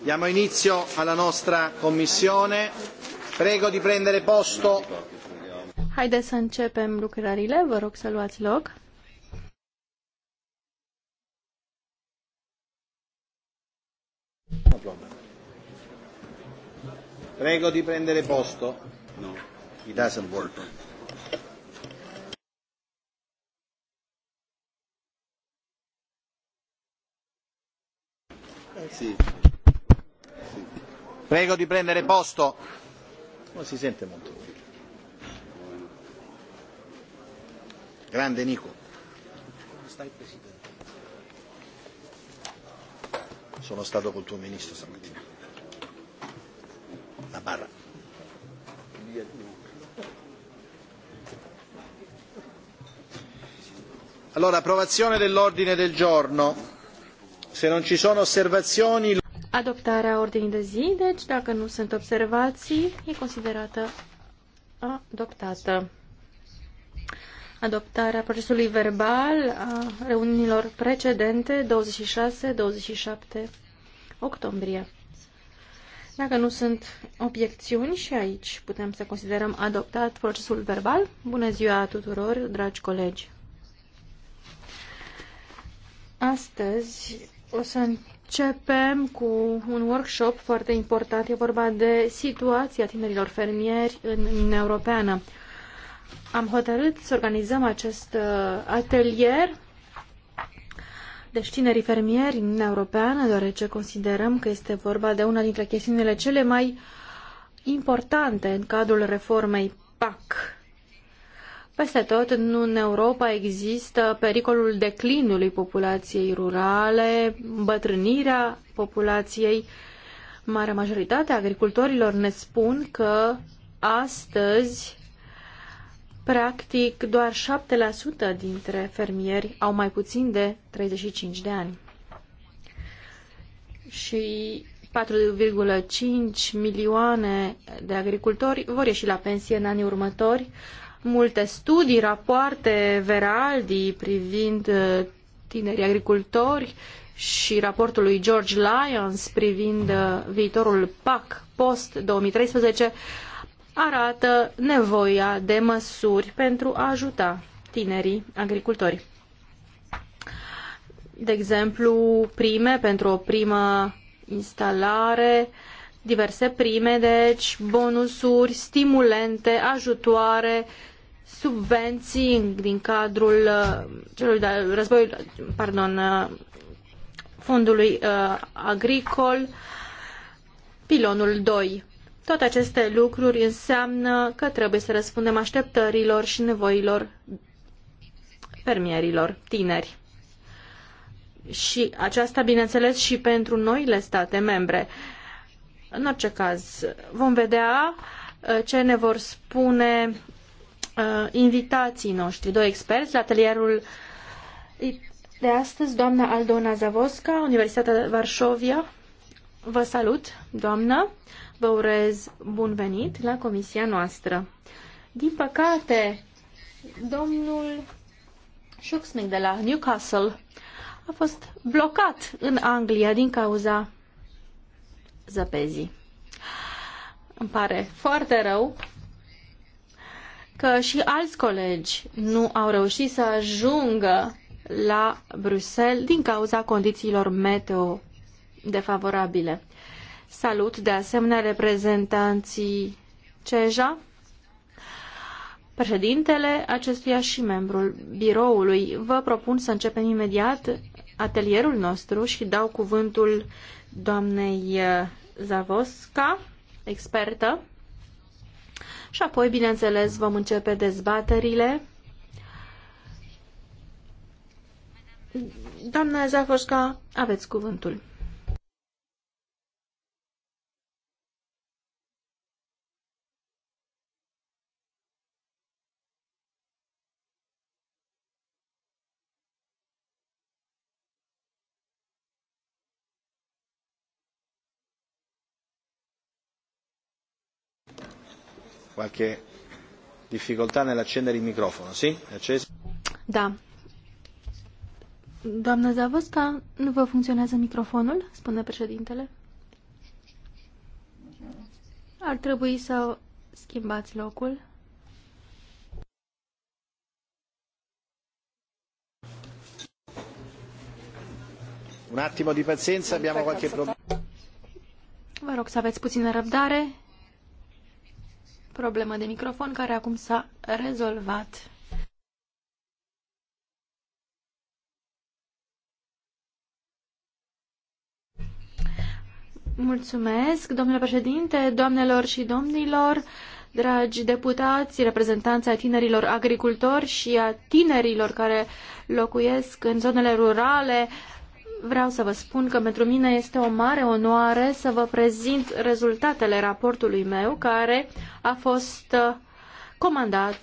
Diamo inizio alla nostra commissione. Prego di prendere posto. Haideți să începem lucrările, vă rog să luați loc. Prego di prendere posto. No, it doesn't work. Sì. Prego di prendere posto. Non si sente molto. Grande Nico. Come stai Presidente? Sono stato col tuo ministro stamattina. La barra. Allora, approvazione dell'ordine del giorno. Se non ci sono osservazioni... Adoptarea ordinii de zi, deci dacă nu sunt observații, e considerată adoptată. Adoptarea procesului verbal a reuniunilor precedente 26-27 octombrie. Dacă nu sunt obiecțiuni și aici putem să considerăm adoptat procesul verbal. Bună ziua tuturor, dragi colegi! Astăzi o să începem cu un workshop foarte important. E vorba de situația tinerilor fermieri în Uniunea Europeană. Am hotărât să organizăm acest uh, atelier deci tinerii fermieri în Uniunea Europeană, deoarece considerăm că este vorba de una dintre chestiunile cele mai importante în cadrul reformei PAC. Peste tot în Europa există pericolul declinului populației rurale, îmbătrânirea populației. Marea majoritate a agricultorilor ne spun că astăzi practic doar 7% dintre fermieri au mai puțin de 35 de ani. Și 4,5 milioane de agricultori vor ieși la pensie în anii următori, multe studii, rapoarte Veraldi privind uh, tinerii agricultori și raportul lui George Lyons privind uh, viitorul PAC post-2013 arată nevoia de măsuri pentru a ajuta tinerii agricultori. De exemplu, prime pentru o primă instalare, diverse prime, deci bonusuri, stimulente, ajutoare subvenții din cadrul uh, celui de război, pardon, uh, fondului uh, agricol, pilonul 2. Toate aceste lucruri înseamnă că trebuie să răspundem așteptărilor și nevoilor fermierilor tineri. Și aceasta, bineînțeles, și pentru noile state membre. În orice caz, vom vedea ce ne vor spune uh, invitații noștri, doi experți, la atelierul de astăzi, doamna Aldona Zavosca, Universitatea Varșovia. Vă salut, doamnă, vă urez bun venit la comisia noastră. Din păcate, domnul Shuxnick de la Newcastle a fost blocat în Anglia din cauza zăpezii. Îmi pare foarte rău, că și alți colegi nu au reușit să ajungă la Bruxelles din cauza condițiilor meteo defavorabile. Salut de asemenea reprezentanții CEJA, președintele acestuia și membrul biroului. Vă propun să începem imediat atelierul nostru și dau cuvântul doamnei Zavosca, expertă și apoi, bineînțeles, vom începe dezbaterile. Doamna Zahoșca, aveți cuvântul. qualche difficoltà nell'accendere il microfono. Sì? Acces- da. Doamna Zavosca, nu vă funcționează microfonul? Spune președintele. Ar trebui să schimbați locul. Un attimo di pazienza, abbiamo qualche problemă. Vă rog să aveți puțină răbdare problemă de microfon care acum s-a rezolvat. Mulțumesc, domnule președinte, doamnelor și domnilor, dragi deputați, reprezentanți ai tinerilor agricultori și a tinerilor care locuiesc în zonele rurale, vreau să vă spun că pentru mine este o mare onoare să vă prezint rezultatele raportului meu care a fost uh, comandat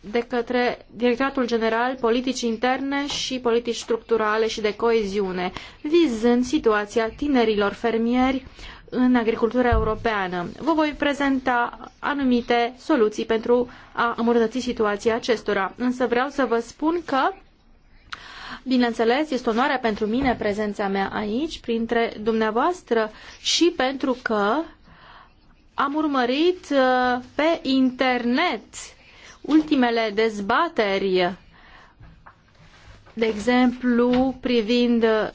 de către Directoratul General Politici Interne și Politici Structurale și de Coeziune, vizând situația tinerilor fermieri în agricultura europeană. Vă voi prezenta anumite soluții pentru a îmbunătăți situația acestora, însă vreau să vă spun că Bineînțeles, este onoarea pentru mine prezența mea aici, printre dumneavoastră, și pentru că am urmărit uh, pe internet ultimele dezbateri, de exemplu, privind uh,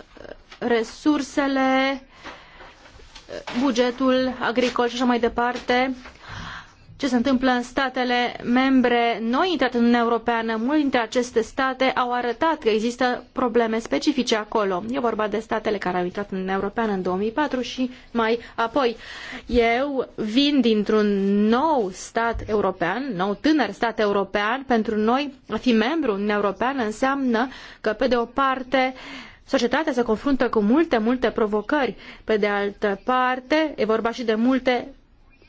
resursele, uh, bugetul agricol și așa mai departe, ce se întâmplă în statele membre noi intrate în Uniunea Europeană. Multe dintre aceste state au arătat că există probleme specifice acolo. E vorba de statele care au intrat în Uniunea Europeană în 2004 și mai apoi. Eu vin dintr-un nou stat european, nou tânăr stat european. Pentru noi, a fi membru în Uniunea Europeană înseamnă că, pe de o parte, Societatea se confruntă cu multe, multe provocări. Pe de altă parte, e vorba și de multe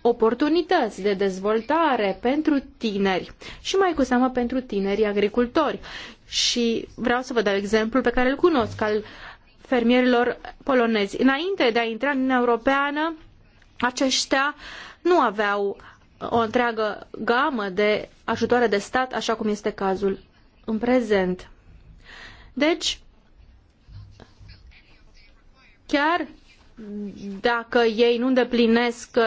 oportunități de dezvoltare pentru tineri și mai cu seamă pentru tinerii agricultori. Și vreau să vă dau exemplul pe care îl cunosc al fermierilor polonezi. Înainte de a intra în Uniunea Europeană, aceștia nu aveau o întreagă gamă de ajutoare de stat, așa cum este cazul în prezent. Deci, chiar dacă ei nu îndeplinesc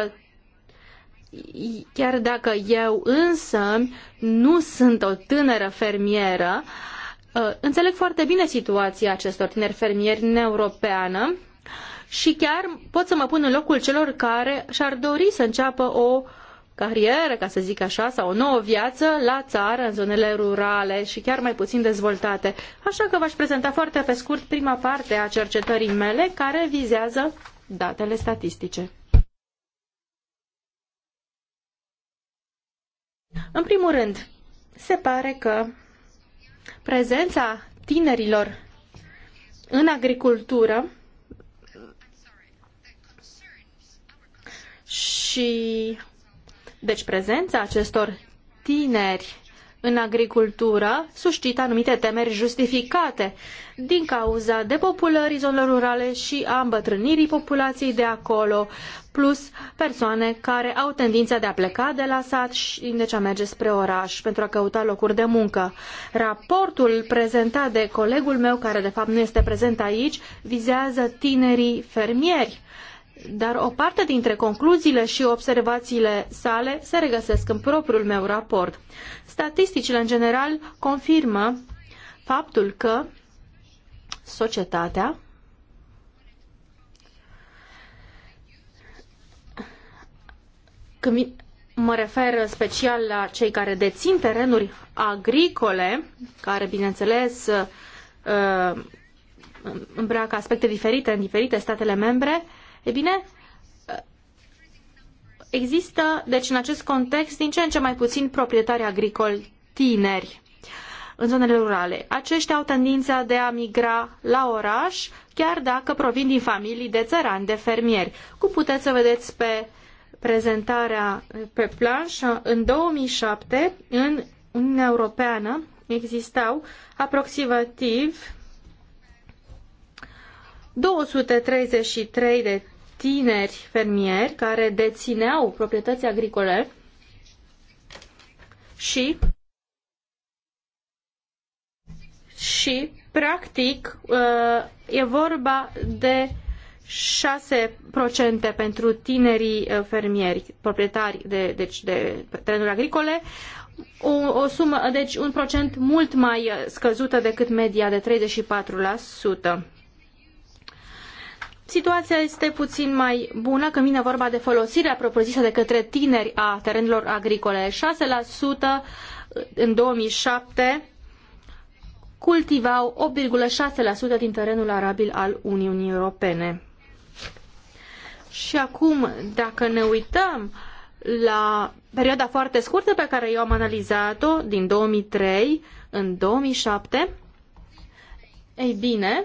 chiar dacă eu însă nu sunt o tânără fermieră, uh, înțeleg foarte bine situația acestor tineri fermieri în europeană și chiar pot să mă pun în locul celor care și-ar dori să înceapă o carieră, ca să zic așa, sau o nouă viață la țară, în zonele rurale și chiar mai puțin dezvoltate. Așa că v-aș prezenta foarte pe scurt prima parte a cercetării mele care vizează datele statistice. În primul rând, se pare că prezența tinerilor în agricultură și deci prezența acestor tineri în agricultură suscită anumite temeri justificate din cauza depopulării zonelor rurale și a îmbătrânirii populației de acolo, plus persoane care au tendința de a pleca de la sat și deci a merge spre oraș pentru a căuta locuri de muncă. Raportul prezentat de colegul meu, care de fapt nu este prezent aici, vizează tinerii fermieri dar o parte dintre concluziile și observațiile sale se regăsesc în propriul meu raport. Statisticile, în general, confirmă faptul că societatea când mă refer special la cei care dețin terenuri agricole, care, bineînțeles, uh, îmbracă aspecte diferite în diferite statele membre, E bine, există, deci în acest context, din ce în ce mai puțin proprietari agricoli tineri în zonele rurale. Aceștia au tendința de a migra la oraș, chiar dacă provin din familii de țărani, de fermieri. Cum puteți să vedeți pe prezentarea pe planșă, în 2007, în Uniunea Europeană, existau aproximativ 233 de tineri fermieri care dețineau proprietăți agricole și și practic uh, e vorba de 6% pentru tinerii uh, fermieri, proprietari de, deci de terenuri agricole, o, o sumă, deci un procent mult mai uh, scăzută decât media de 34%. Situația este puțin mai bună când vine vorba de folosirea propriu-zisă de către tineri a terenurilor agricole. 6% în 2007 cultivau 8,6% din terenul arabil al Uniunii Europene. Și acum, dacă ne uităm la perioada foarte scurtă pe care eu am analizat-o, din 2003 în 2007, ei bine,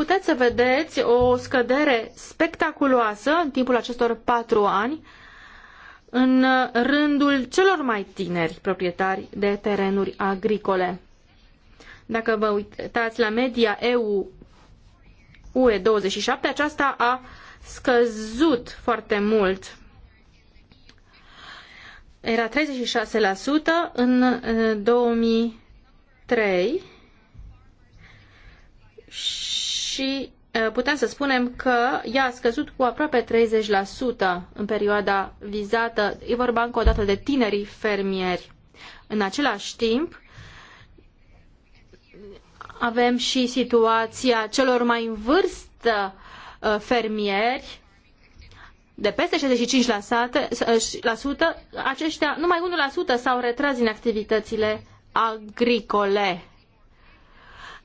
puteți să vedeți o scădere spectaculoasă în timpul acestor patru ani în rândul celor mai tineri proprietari de terenuri agricole. Dacă vă uitați la media EU UE27, aceasta a scăzut foarte mult. Era 36% în 2003 eh, și și uh, putem să spunem că ea a scăzut cu aproape 30% în perioada vizată. E vorba încă o dată de tinerii fermieri. În același timp, avem și situația celor mai în vârstă uh, fermieri de peste 65%, uh, aceștia, numai 1% s-au retras din activitățile agricole.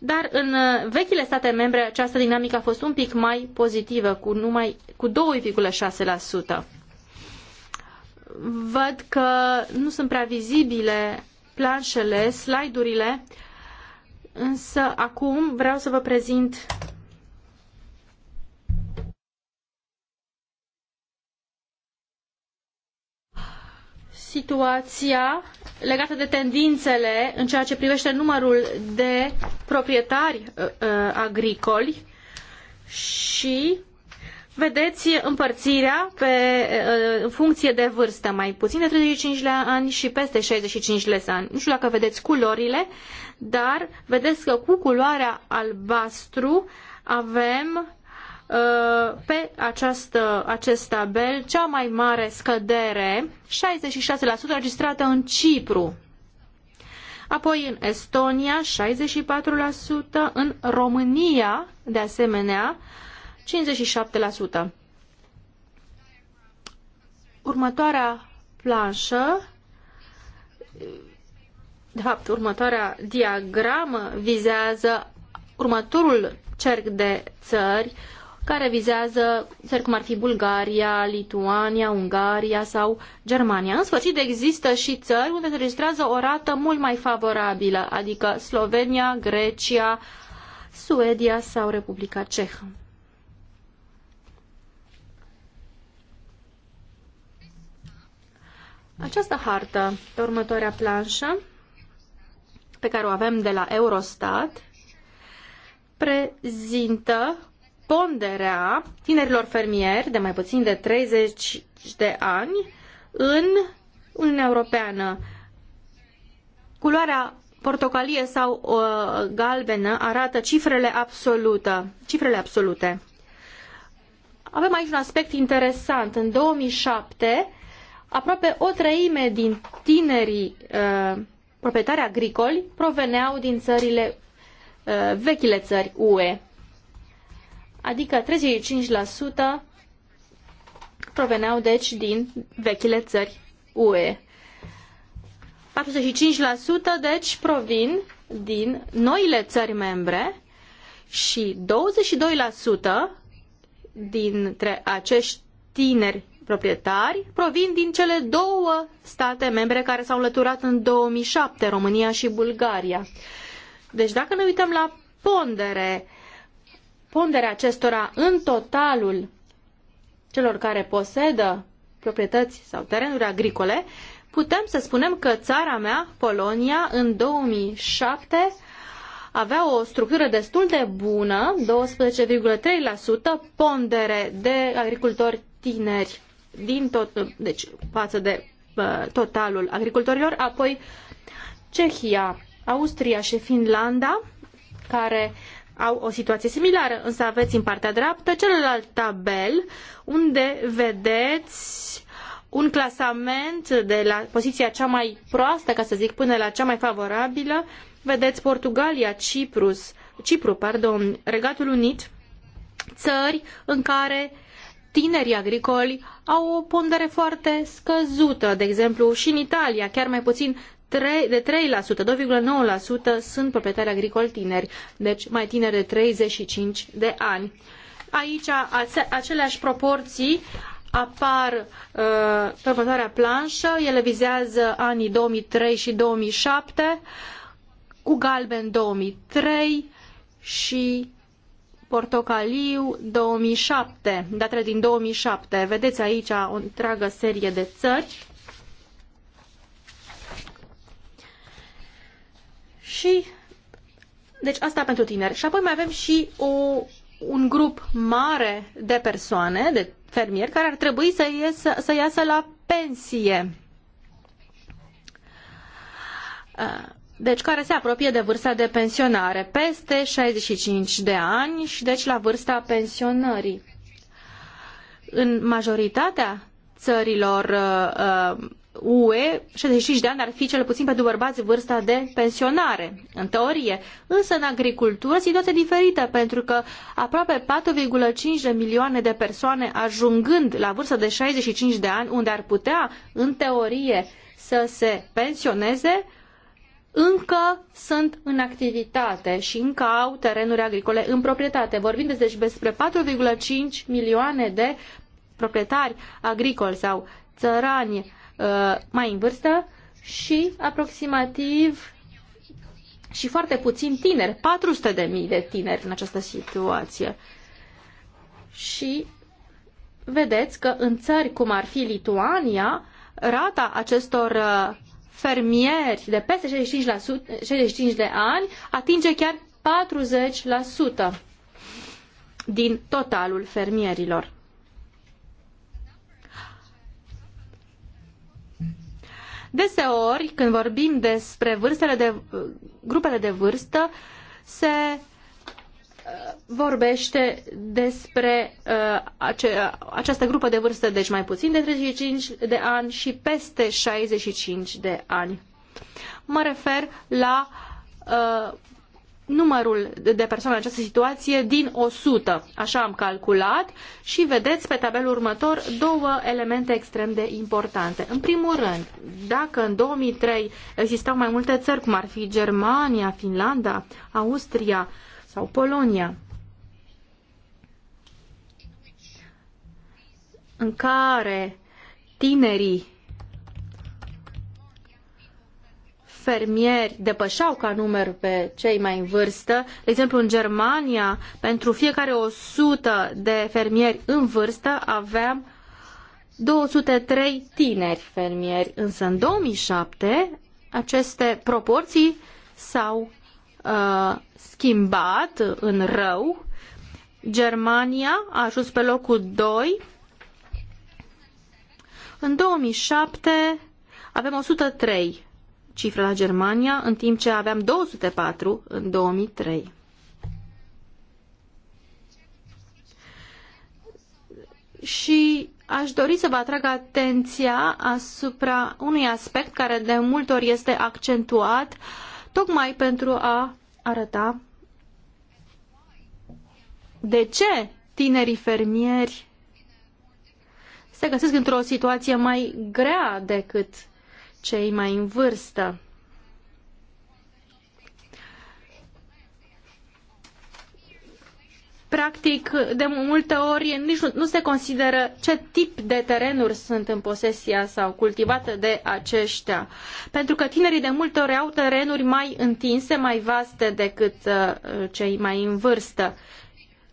Dar în uh, vechile state membre această dinamică a fost un pic mai pozitivă, cu numai cu 2,6%. Văd că nu sunt prea vizibile planșele, slide-urile, însă acum vreau să vă prezint situația legată de tendințele în ceea ce privește numărul de proprietari uh, uh, agricoli și vedeți împărțirea pe, uh, în funcție de vârstă, mai puțin de 35 de ani și peste 65 de ani. Nu știu dacă vedeți culorile, dar vedeți că cu culoarea albastru avem Uh, pe această, acest tabel cea mai mare scădere, 66% registrată în Cipru, apoi în Estonia 64%, în România, de asemenea, 57%. Următoarea planșă, de fapt, următoarea diagramă vizează următorul cerc de țări, care vizează țări cum ar fi Bulgaria, Lituania, Ungaria sau Germania. În sfârșit există și țări unde se registrează o rată mult mai favorabilă, adică Slovenia, Grecia, Suedia sau Republica Cehă. Această hartă, pe următoarea planșă, pe care o avem de la Eurostat, prezintă ponderea tinerilor fermieri de mai puțin de 30 de ani în Uniunea Europeană. Culoarea portocalie sau uh, galbenă arată cifrele, absolută, cifrele absolute. Avem aici un aspect interesant. În 2007, aproape o treime din tinerii uh, proprietari agricoli proveneau din țările, uh, vechile țări UE adică 35% proveneau deci din vechile țări UE. 45% deci provin din noile țări membre și 22% dintre acești tineri proprietari provin din cele două state membre care s-au lăturat în 2007, România și Bulgaria. Deci dacă ne uităm la pondere, uh, ponderea acestora în totalul celor care posedă proprietăți sau terenuri agricole, putem să spunem că țara mea, Polonia, în 2007 avea o structură destul de bună, 12,3% pondere de agricultori tineri din tot, deci față de uh, totalul agricultorilor, apoi Cehia, Austria și Finlanda, care au o situație similară, însă aveți în partea dreaptă celălalt tabel unde vedeți un clasament de la poziția cea mai proastă, ca să zic, până la cea mai favorabilă. Vedeți Portugalia, Ciprus, Cipru, pardon, Regatul Unit, țări în care tinerii agricoli au o pondere foarte scăzută, de exemplu și în Italia, chiar mai puțin 3, de 3%, 2,9% sunt proprietari agricoli tineri, deci mai tineri de 35 de ani. Aici aceleași proporții apar uh, pe următoarea planșă, ele vizează anii 2003 și 2007, cu galben 2003 și portocaliu 2007, datele din 2007. Vedeți aici o întreagă serie de țări Și, deci asta pentru tineri. Și apoi mai avem și o, un grup mare de persoane, de fermieri, care ar trebui să, ies, să iasă la pensie. Deci care se apropie de vârsta de pensionare, peste 65 de ani și deci la vârsta pensionării. În majoritatea țărilor uh, UE, 65 de ani ar fi cel puțin pentru bărbați vârsta de pensionare, în teorie. Însă în agricultură situația diferită, pentru că aproape 4,5 de milioane de persoane ajungând la vârsta de 65 de ani, unde ar putea, în teorie, să se pensioneze, încă sunt în activitate și încă au terenuri agricole în proprietate. Vorbim deci despre 4,5 milioane de proprietari agricoli sau țărani Uh, mai în vârstă și aproximativ și foarte puțin tineri, 400 de mii de tineri în această situație. Și vedeți că în țări cum ar fi Lituania, rata acestor uh, fermieri de peste 65, la 65 de ani atinge chiar 40% din totalul fermierilor. Deseori, când vorbim despre vârstele de, grupele de vârstă, se uh, vorbește despre uh, ace această grupă de vârstă, deci mai puțin de 35 de ani și peste 65 de ani. Mă refer la uh, numărul de persoane în această situație din 100. Așa am calculat și vedeți pe tabelul următor două elemente extrem de importante. În primul rând, dacă în 2003 existau mai multe țări, cum ar fi Germania, Finlanda, Austria sau Polonia, în care tinerii fermieri depășeau ca număr pe cei mai în vârstă. De exemplu, în Germania, pentru fiecare 100 de fermieri în vârstă aveam 203 tineri fermieri, însă în 2007 aceste proporții s-au uh, schimbat în rău. Germania a ajuns pe locul 2. În 2007 avem 103 cifră la Germania, în timp ce aveam 204 în 2003. Și aș dori să vă atrag atenția asupra unui aspect care de multe ori este accentuat, tocmai pentru a arăta de ce tinerii fermieri se găsesc într-o situație mai grea decât cei mai în vârstă. Practic, de multe ori nici nu, nu se consideră ce tip de terenuri sunt în posesia sau cultivate de aceștia. Pentru că tinerii de multe ori au terenuri mai întinse, mai vaste decât uh, cei mai în vârstă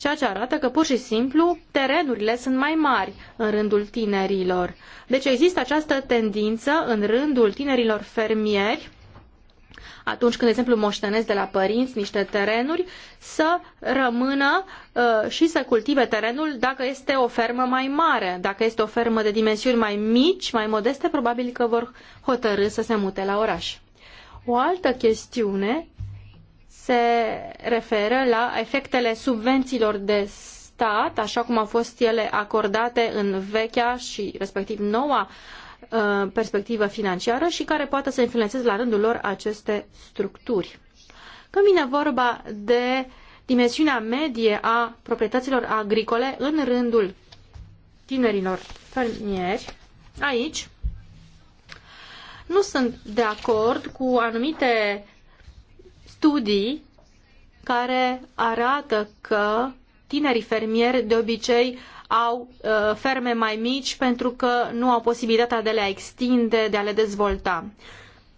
ceea ce arată că pur și simplu terenurile sunt mai mari în rândul tinerilor. Deci există această tendință în rândul tinerilor fermieri atunci când, de exemplu, moștenesc de la părinți niște terenuri, să rămână uh, și să cultive terenul dacă este o fermă mai mare. Dacă este o fermă de dimensiuni mai mici, mai modeste, probabil că vor hotărî să se mute la oraș. O altă chestiune se referă la efectele subvențiilor de stat, așa cum au fost ele acordate în vechea și respectiv noua uh, perspectivă financiară și care poate să influențeze la rândul lor aceste structuri. Când vine vorba de dimensiunea medie a proprietăților agricole în rândul tinerilor fermieri, aici nu sunt de acord cu anumite studii care arată că tinerii fermieri de obicei au uh, ferme mai mici pentru că nu au posibilitatea de a le extinde, de a le dezvolta.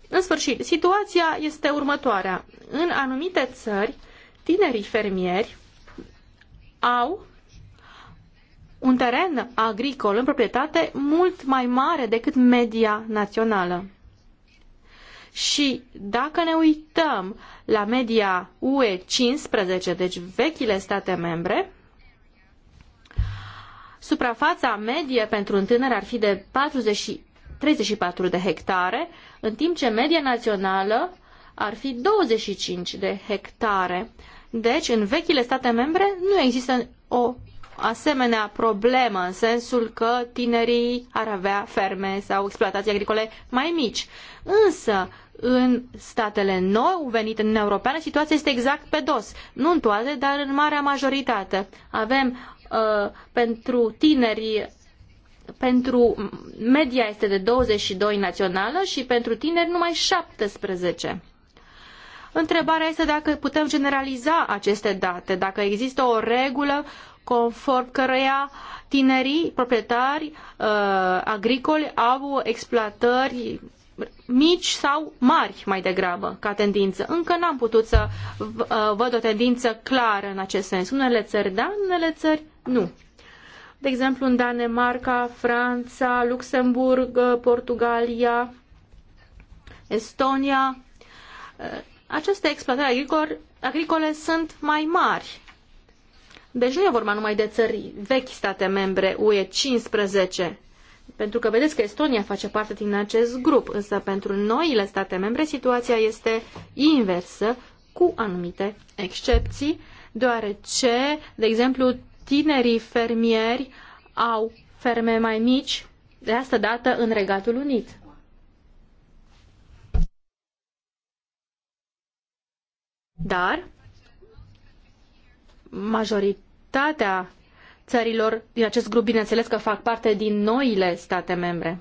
În sfârșit, situația este următoarea. În anumite țări, tinerii fermieri au un teren agricol în proprietate mult mai mare decât media națională. Și dacă ne uităm la media UE 15, deci vechile state membre, suprafața medie pentru un tânăr ar fi de 40, 34 de hectare, în timp ce media națională ar fi 25 de hectare. Deci, în vechile state membre nu există o asemenea problemă, în sensul că tinerii ar avea ferme sau exploatații agricole mai mici. Însă, în statele nou venite în Uniunea Europeană, situația este exact pe dos. Nu în toate, dar în marea majoritate. Avem uh, pentru tineri pentru media este de 22 națională și pentru tineri numai 17. Întrebarea este dacă putem generaliza aceste date, dacă există o regulă uh, conform căreia tinerii proprietari uh, agricoli au exploatări mici sau mari mai degrabă ca tendință. Încă n-am putut să uh, văd o tendință clară în acest sens. Unele țări da, unele țări nu. De exemplu, în Danemarca, Franța, Luxemburg, Portugalia, Estonia, uh, aceste exploatări agricole, agricole sunt mai mari deci nu e vorba numai de țări vechi state membre, UE 15, pentru că vedeți că Estonia face parte din acest grup, însă pentru noile state membre situația este inversă, cu anumite excepții, deoarece, de exemplu, tinerii fermieri au ferme mai mici, de asta dată în Regatul Unit. Dar majoritatea țărilor din acest grup, bineînțeles că fac parte din noile state membre.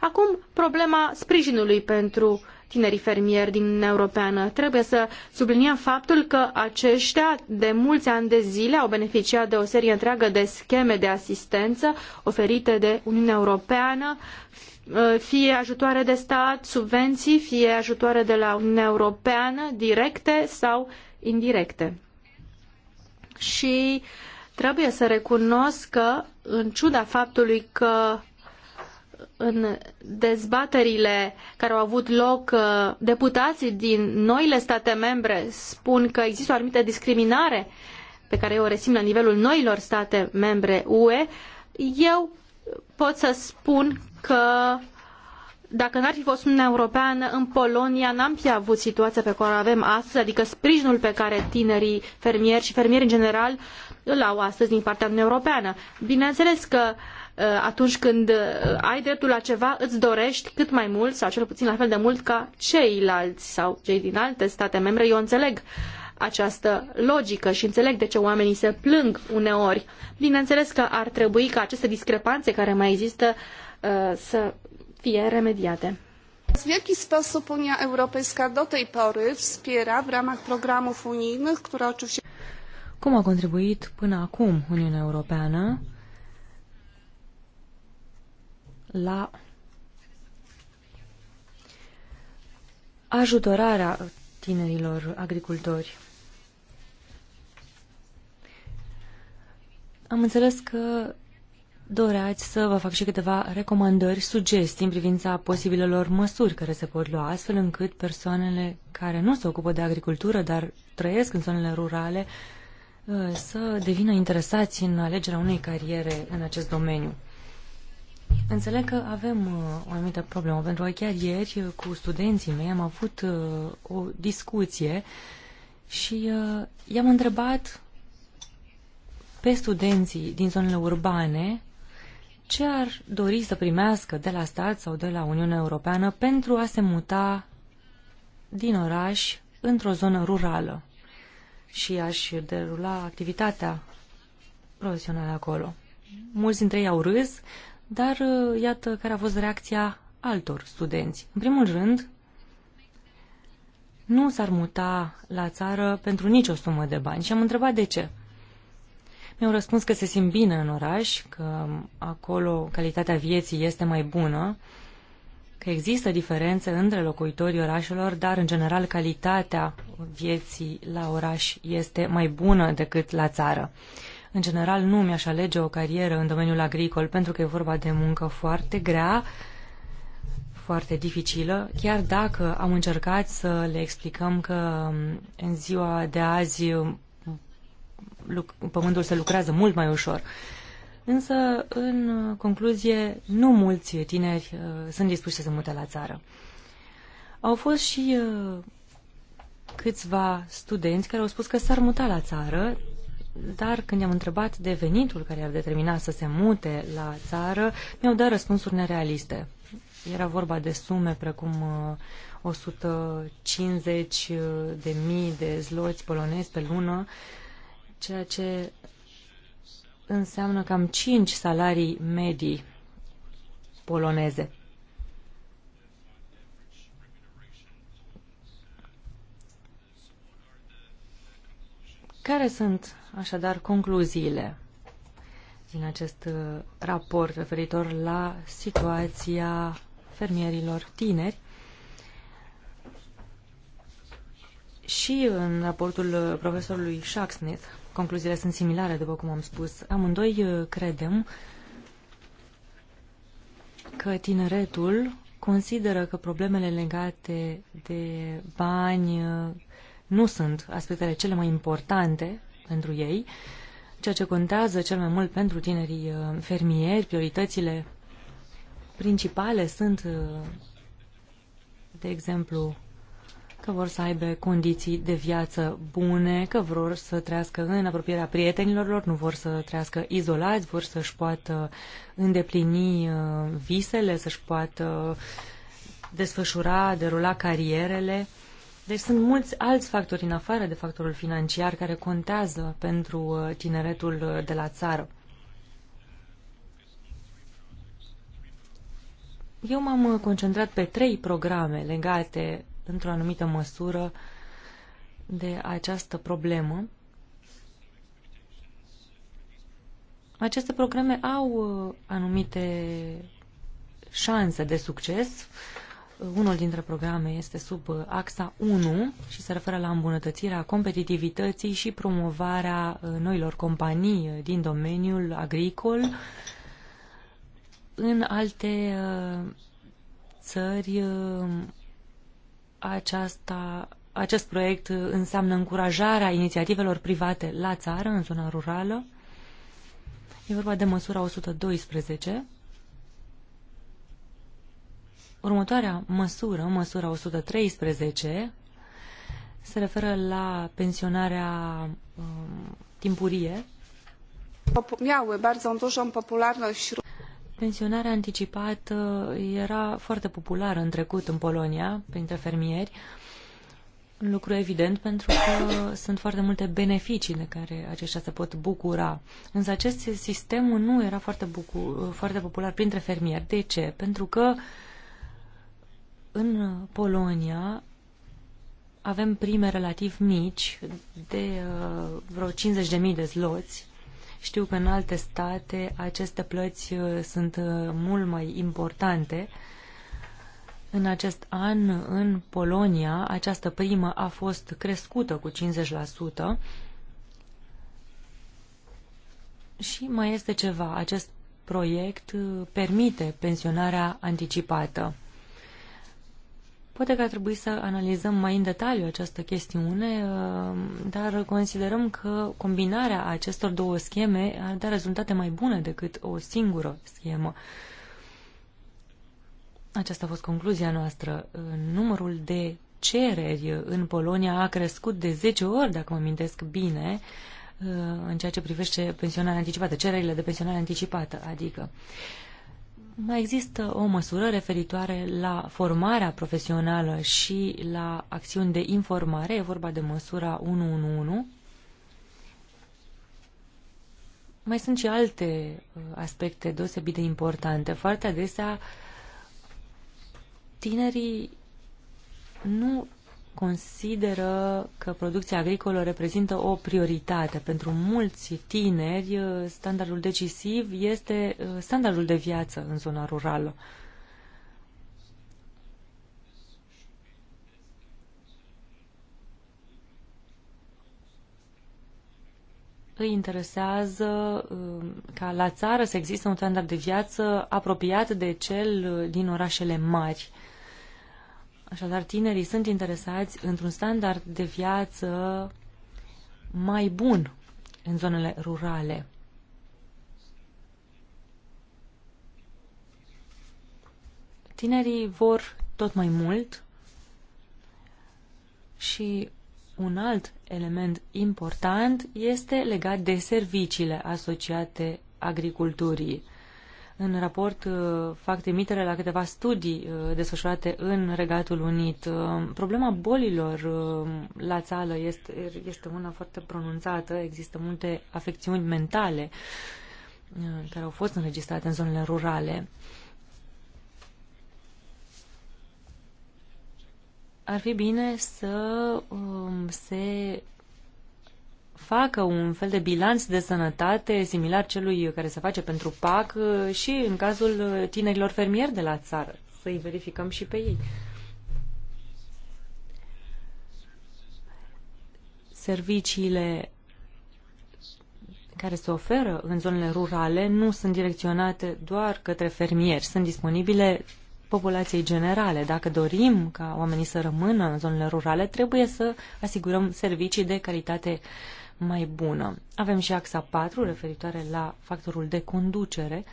Acum, problema sprijinului pentru tinerii fermieri din Uniunea Europeană. Trebuie să subliniem faptul că aceștia de mulți ani de zile au beneficiat de o serie întreagă de scheme de asistență oferite de Uniunea Europeană, fie ajutoare de stat, subvenții, fie ajutoare de la Uniunea Europeană, directe sau indirecte și trebuie să recunosc că, în ciuda faptului că în dezbaterile care au avut loc, uh, deputații din noile state membre spun că există o anumită discriminare pe care eu o resim la nivelul noilor state membre UE, eu pot să spun că uh, dacă n-ar fi fost Uniunea Europeană, în Polonia n-am fi avut situația pe care o avem astăzi, adică sprijinul pe care tinerii fermieri și fermieri în general îl au astăzi din partea Uniunii Europeană. Bineînțeles că uh, atunci când uh, ai dreptul la ceva, îți dorești cât mai mult sau cel puțin la fel de mult ca ceilalți sau cei din alte state membre. Eu înțeleg această logică și înțeleg de ce oamenii se plâng uneori. Bineînțeles că ar trebui ca aceste discrepanțe care mai există uh, să fie remediate. W jaki sposób Unia Europejska do tej pory wspiera w ramach programów unijnych, które oczywiście... Cum a contribuit până acum Uniunea Europeană la ajutorarea tinerilor agricultori. Am înțeles că doreați să vă fac și câteva recomandări, sugestii în privința posibilelor măsuri care se pot lua, astfel încât persoanele care nu se ocupă de agricultură, dar trăiesc în zonele rurale, uh, să devină interesați în alegerea unei cariere în acest domeniu. Înțeleg că avem uh, o anumită problemă, pentru că chiar ieri uh, cu studenții mei am avut o discuție și i-am întrebat pe studenții din zonele urbane ce ar dori să primească de la stat sau de la Uniunea Europeană pentru a se muta din oraș într-o zonă rurală și aș derula activitatea profesională acolo. Mulți dintre ei au râs, dar uh, iată care a fost reacția altor studenți. În primul rând, nu s-ar muta la țară pentru nicio sumă de bani și am întrebat de ce. Mi-au răspuns că se simt bine în oraș, că acolo calitatea vieții este mai bună, că există diferențe între locuitorii orașelor, dar, în general, calitatea vieții la oraș este mai bună decât la țară. În general, nu mi-aș alege o carieră în domeniul agricol, pentru că e vorba de muncă foarte grea, foarte dificilă, chiar dacă am încercat să le explicăm că în ziua de azi pământul se lucrează mult mai ușor. Însă, în concluzie, nu mulți tineri uh, sunt dispuși să se mute la țară. Au fost și uh, câțiva studenți care au spus că s-ar muta la țară, dar când i-am întrebat de venitul care ar determina să se mute la țară, mi-au dat răspunsuri nerealiste. Era vorba de sume precum uh, 150 uh, de mii de zloți polonezi pe lună, uh, ceea ce înseamnă cam 5 salarii medii poloneze. Care sunt așadar concluziile din acest uh, raport referitor la situația fermierilor tineri și în raportul uh, profesorului Shacksmith Concluziile sunt similare, după cum am spus. Amândoi uh, credem că tineretul consideră că problemele legate de bani uh, nu sunt aspectele cele mai importante pentru ei. Ceea ce contează cel mai mult pentru tinerii uh, fermieri, prioritățile principale sunt, de exemplu, că vor să aibă condiții de viață bune, că vor să trăiască în apropierea prietenilor lor, nu vor să trăiască izolați, vor să-și poată îndeplini uh, visele, să-și poată desfășura, derula carierele. Deci sunt mulți alți factori în afară de factorul financiar care contează pentru uh, tineretul uh, de la țară. Eu m-am concentrat pe trei programe legate într-o anumită măsură de această problemă. Aceste programe au uh, anumite șanse de succes. Uh, unul dintre programe este sub uh, axa 1 și se referă la îmbunătățirea competitivității și promovarea noilor companii din domeniul agricol în alte țări aceasta, acest proiect înseamnă încurajarea inițiativelor private la țară, în zona rurală. E vorba de măsura 112. Următoarea măsură, măsura 113, se referă la pensionarea um, timpurie. Miały bardzo dużą popularność wśród Pensionarea anticipată uh, era foarte populară în trecut în Polonia, printre fermieri. Un lucru evident pentru că sunt foarte multe beneficii de care aceștia se pot bucura. Însă acest sistem nu era foarte, bucu- uh, foarte popular printre fermieri. De ce? Pentru că în Polonia avem prime relativ mici, de uh, vreo 50.000 de zloți, știu că în alte state aceste plăți uh, sunt uh, mult mai importante. În acest an, în Polonia, această primă a fost crescută cu 50%. Și mai este ceva, acest proiect uh, permite pensionarea anticipată. Poate că ar trebui să analizăm mai în detaliu această chestiune, uh, dar considerăm că combinarea acestor două scheme ar da rezultate mai bune decât o singură schemă. Aceasta a fost concluzia noastră. Uh, numărul de cereri în Polonia a crescut de 10 ori, dacă mă amintesc bine, uh, în ceea ce privește pensionarea anticipată, cererile de pensionare anticipată, adică. Mai există o măsură referitoare la formarea profesională și la acțiuni de informare, e vorba de măsura 111. Mai sunt și alte uh, aspecte deosebit de importante. Foarte adesea tinerii nu consideră că producția agricolă reprezintă o prioritate. Pentru mulți tineri, standardul decisiv este uh, standardul de viață în zona rurală. îi interesează uh, ca la țară să există un standard de viață apropiat de cel uh, din orașele mari. Așadar, tinerii sunt interesați într-un standard de viață mai bun în zonele rurale. Tinerii vor tot mai mult și un alt element important este legat de serviciile asociate agriculturii. În raport uh, fac trimitere la câteva studii uh, desfășurate în Regatul Unit. Uh, problema bolilor la țală este, este una foarte pronunțată. Există multe afecțiuni mentale care au fost înregistrate în zonele rurale. Ar fi bine să um, se facă un fel de bilanț de sănătate similar celui care se face pentru PAC uh, și în cazul uh, tinerilor fermieri de la țară, să-i verificăm și pe ei. Serviciile care se oferă în zonele rurale nu sunt direcționate doar către fermieri, sunt disponibile populației generale. Dacă dorim ca oamenii să rămână în zonele rurale, trebuie să asigurăm servicii de calitate uh, mai bună. Avem și axa 4 referitoare la factorul de conducere.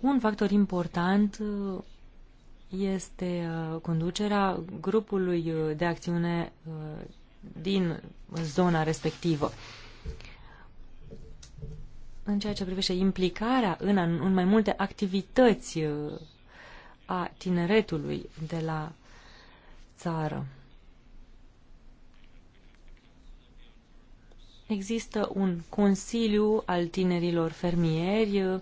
Un factor important uh, este uh, conducerea grupului uh, de acțiune din zona respectivă. În ceea ce privește implicarea în, în mai multe activități a tineretului de la țară. Există un consiliu al tinerilor fermieri uh,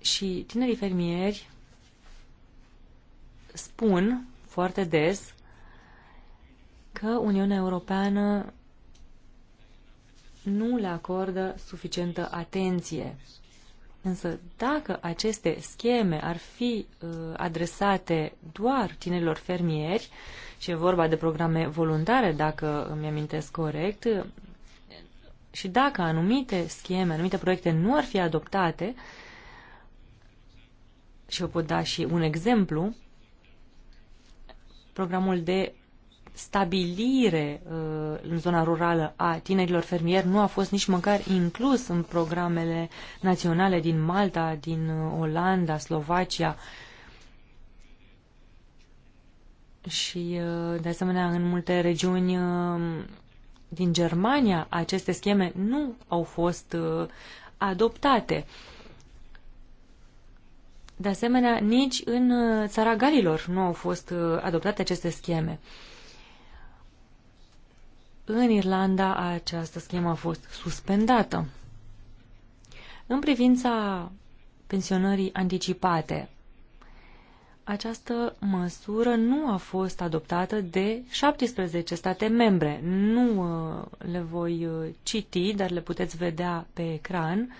și tinerii fermieri spun foarte des că Uniunea Europeană nu le acordă suficientă atenție. Însă dacă aceste scheme ar fi uh, adresate doar tinerilor fermieri, uh, și e vorba de programe voluntare, dacă îmi amintesc corect, și dacă anumite scheme, anumite proiecte nu ar fi adoptate, și eu pot da și un exemplu, programul de stabilire uh, în zona rurală a tinerilor fermieri nu a fost nici măcar inclus în programele naționale din Malta, din uh, Olanda, Slovacia, și, uh, de asemenea, în multe regiuni uh, din Germania, aceste scheme nu au fost uh, adoptate. De asemenea, nici în țara Galilor nu au fost adoptate aceste scheme. În Irlanda această schemă a fost suspendată. În privința pensionării anticipate, această măsură nu a fost adoptată de 17 state membre. Nu uh, le voi uh, citi, dar le puteți vedea pe ecran.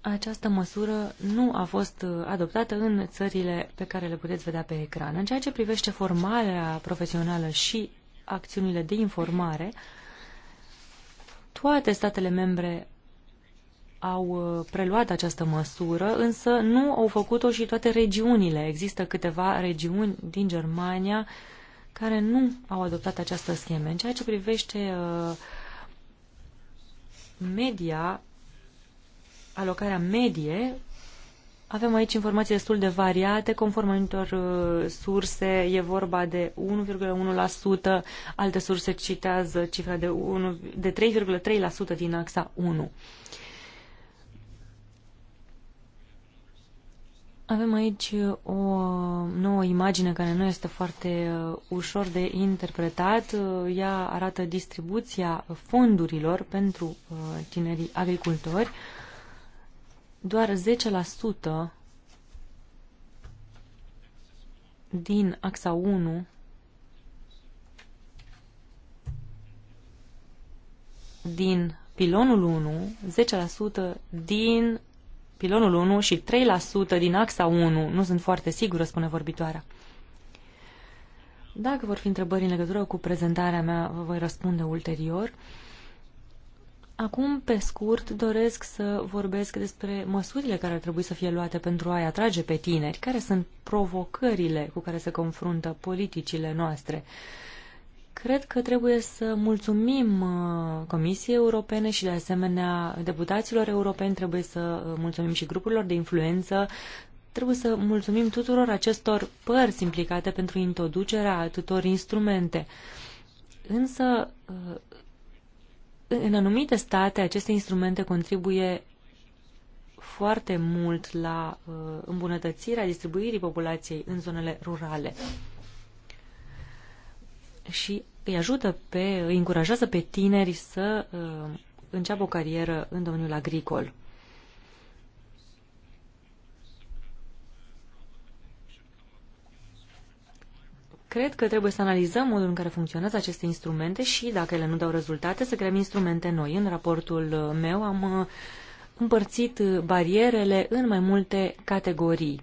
Această măsură nu a fost uh, adoptată în țările pe care le puteți vedea pe ecran. În ceea ce privește formarea profesională și acțiunile de informare, toate statele membre au uh, preluat această măsură, însă nu au făcut-o și toate regiunile. Există câteva regiuni din Germania care nu au adoptat această scheme. În ceea ce privește uh, media, alocarea medie, avem aici informații destul de variate, conform anumitor uh, surse e vorba de 1,1%, alte surse citează cifra de, 1, de 3,3% din axa 1. Avem aici uh, o nouă imagine care nu este foarte uh, ușor de interpretat. Uh, ea arată distribuția fondurilor pentru tinerii agricultori. Doar 10% din axa 1 din pilonul 1, 10% din pilonul 1 și 3% din axa 1. Nu sunt foarte sigură, spune vorbitoarea. Dacă vor fi întrebări în legătură cu prezentarea mea, vă voi răspunde ulterior. Acum, pe scurt, doresc să vorbesc despre măsurile care ar trebui să fie luate pentru a-i atrage pe tineri, care sunt provocările cu care se confruntă politicile noastre. Uh, Cred că trebuie să mulțumim uh, Comisiei Europene și de asemenea deputaților europeni, trebuie să uh, mulțumim și grupurilor de influență, trebuie să mulțumim tuturor acestor părți implicate pentru introducerea tuturor instrumente. Însă, uh, în anumite state, aceste instrumente contribuie foarte mult la îmbunătățirea distribuirii populației în zonele rurale și îi ajută pe, îi încurajează pe tineri să uh, înceapă o carieră în domeniul agricol. Cred că trebuie să analizăm modul în care funcționează aceste instrumente și, dacă ele nu dau rezultate, să creăm instrumente noi. În raportul uh, meu am uh, împărțit barierele în mai multe categorii.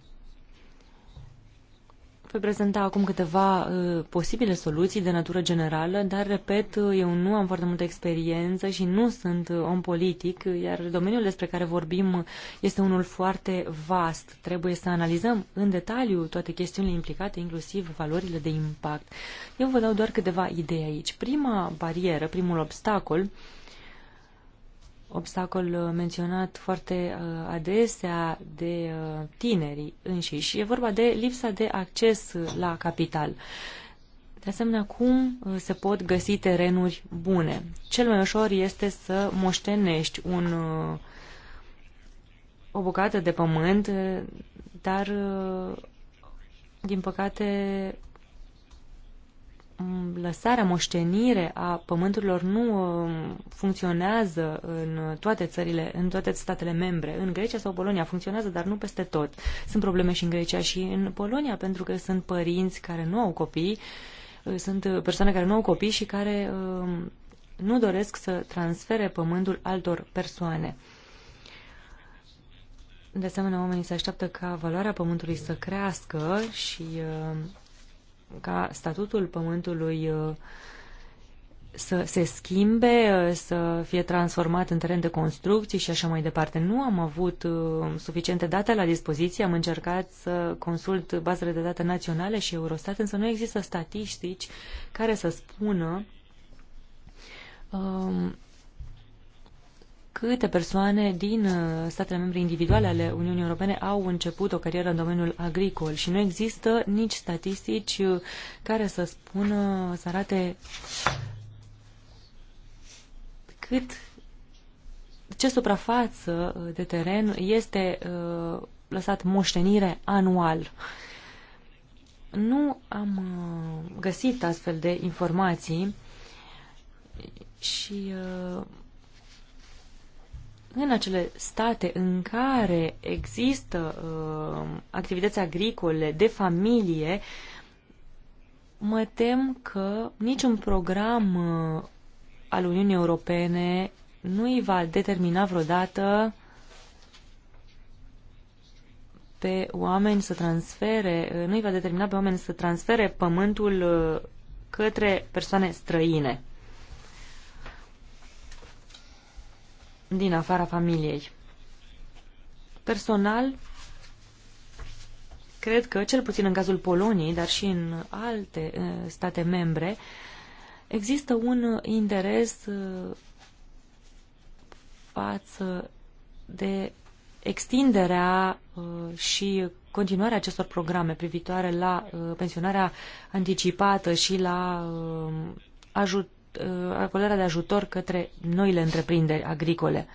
Voi prezenta acum câteva uh, posibile soluții de natură generală, dar, repet, uh, eu nu am foarte multă experiență și nu sunt uh, om politic, iar domeniul despre care vorbim uh, este unul foarte vast. Trebuie să analizăm în detaliu toate chestiunile implicate, inclusiv valorile de impact. Eu vă dau doar câteva idei aici. Prima barieră, primul obstacol, uh, obstacol uh, menționat foarte uh, adesea de uh, tinerii înșiși. E vorba de lipsa de acces la capital. De asemenea, cum se pot găsi terenuri bune? Cel mai ușor este să moștenești un, o bucată de pământ, dar, din păcate, Mm, lăsarea, moștenire a pământurilor nu uh, funcționează în toate țările, în toate statele membre. În Grecia sau Polonia funcționează, dar nu peste tot. Sunt probleme și în Grecia și în Polonia, pentru că sunt părinți care nu au copii, uh, sunt uh, persoane care nu au copii și care nu doresc să transfere pământul altor persoane. De asemenea, oamenii se așteaptă ca valoarea pământului să crească și uh, ca statutul pământului uh, să se schimbe, uh, să fie transformat în teren de construcții și așa mai departe. Nu am avut uh, suficiente date la dispoziție, am încercat să consult bazele de date naționale și Eurostat, însă nu există statistici care să spună um, câte persoane din uh, statele membre individuale ale Uniunii Europene au început o carieră în domeniul agricol și nu există nici statistici uh, care să spună, să arate cât ce suprafață uh, de teren este lăsat moștenire anual. Nu am găsit astfel de informații și în acele state în care există uh, activități agricole de familie, mă tem că niciun program uh, al Uniunii Europene nu îi va determina vreodată pe oameni să transfere, uh, nu îi va determina pe oameni să transfere pământul uh, către persoane străine. din afara familiei. Personal, cred că, cel puțin în cazul Poloniei, dar și în alte eh, state membre, există un interes eh, față de extinderea eh, și continuarea acestor programe privitoare la pensionarea anticipată și la ajut Uh, acordarea de ajutor către noile întreprinderi agricole.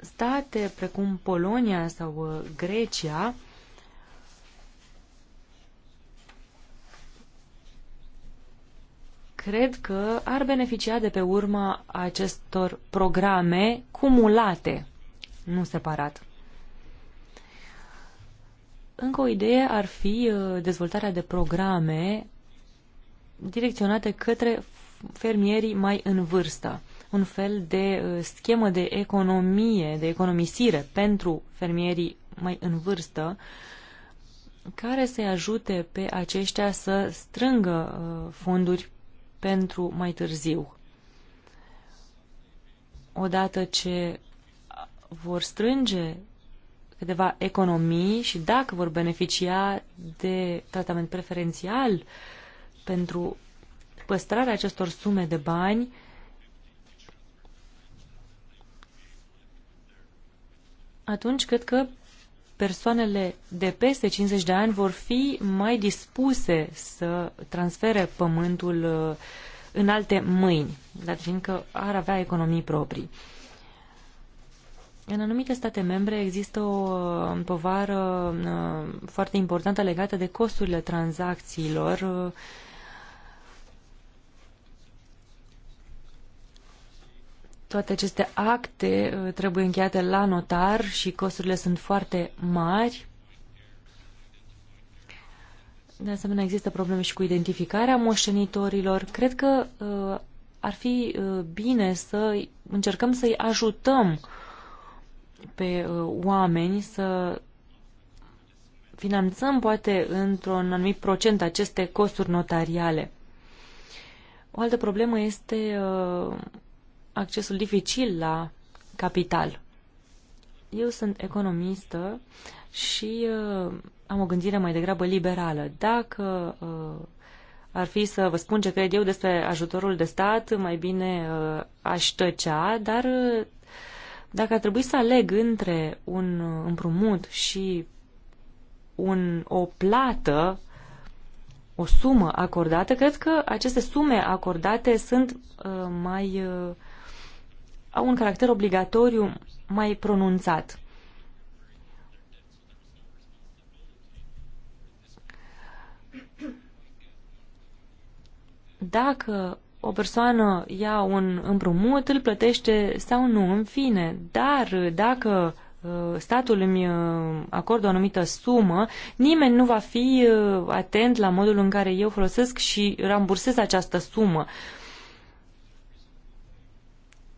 State precum Polonia sau uh, Grecia cred că ar beneficia de pe urma acestor programe cumulate, nu separat. Încă o idee ar fi uh, dezvoltarea de programe direcționate către fermierii mai în vârstă. Un fel de uh, schemă de economie, de economisire pentru fermierii mai în vârstă, care să-i ajute pe aceștia să strângă uh, fonduri pentru mai târziu. Odată ce vor strânge câteva economii și dacă vor beneficia de tratament preferențial pentru păstrarea acestor sume de bani, atunci cred că persoanele de peste 50 de ani vor fi mai dispuse să transfere pământul uh, în alte mâini, dar fiindcă ar avea economii proprii. În anumite state membre există o um, povară uh, foarte importantă legată de costurile tranzacțiilor toate aceste acte uh, trebuie încheiate la notar și costurile sunt foarte mari. De asemenea, există probleme și cu identificarea moștenitorilor. Cred că uh, ar fi uh, bine să încercăm să-i ajutăm uh, pe uh, oameni să finanțăm poate într-un anumit procent aceste costuri notariale. O altă problemă este uh, accesul dificil la capital. Eu sunt economistă și uh, am o gândire mai degrabă liberală. Dacă ar fi să vă spun ce cred eu despre ajutorul de stat, mai bine uh, aș tăcea, dar dacă ar trebui să aleg între un împrumut și un, o plată, o sumă acordată, cred că aceste sume acordate sunt uh, mai. Uh, au un caracter obligatoriu mai pronunțat. Dacă o persoană ia un împrumut, îl plătește sau nu, în fine. Dar dacă uh, statul îmi uh, acordă o anumită sumă, nimeni nu va fi uh, atent la modul în care eu folosesc și rambursez această sumă.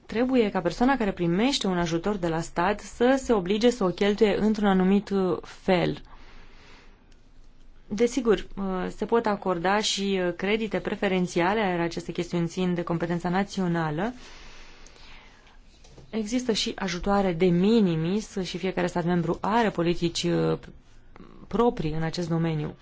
Trebuie ca persoana care primește un ajutor de la stat să se oblige să o cheltuie într-un anumit fel. Desigur, uh, se pot acorda și uh, credite preferențiale, aceste chestiuni țin de competența națională. Există și ajutoare de minimis și fiecare stat membru are politici uh, proprii în acest domeniu.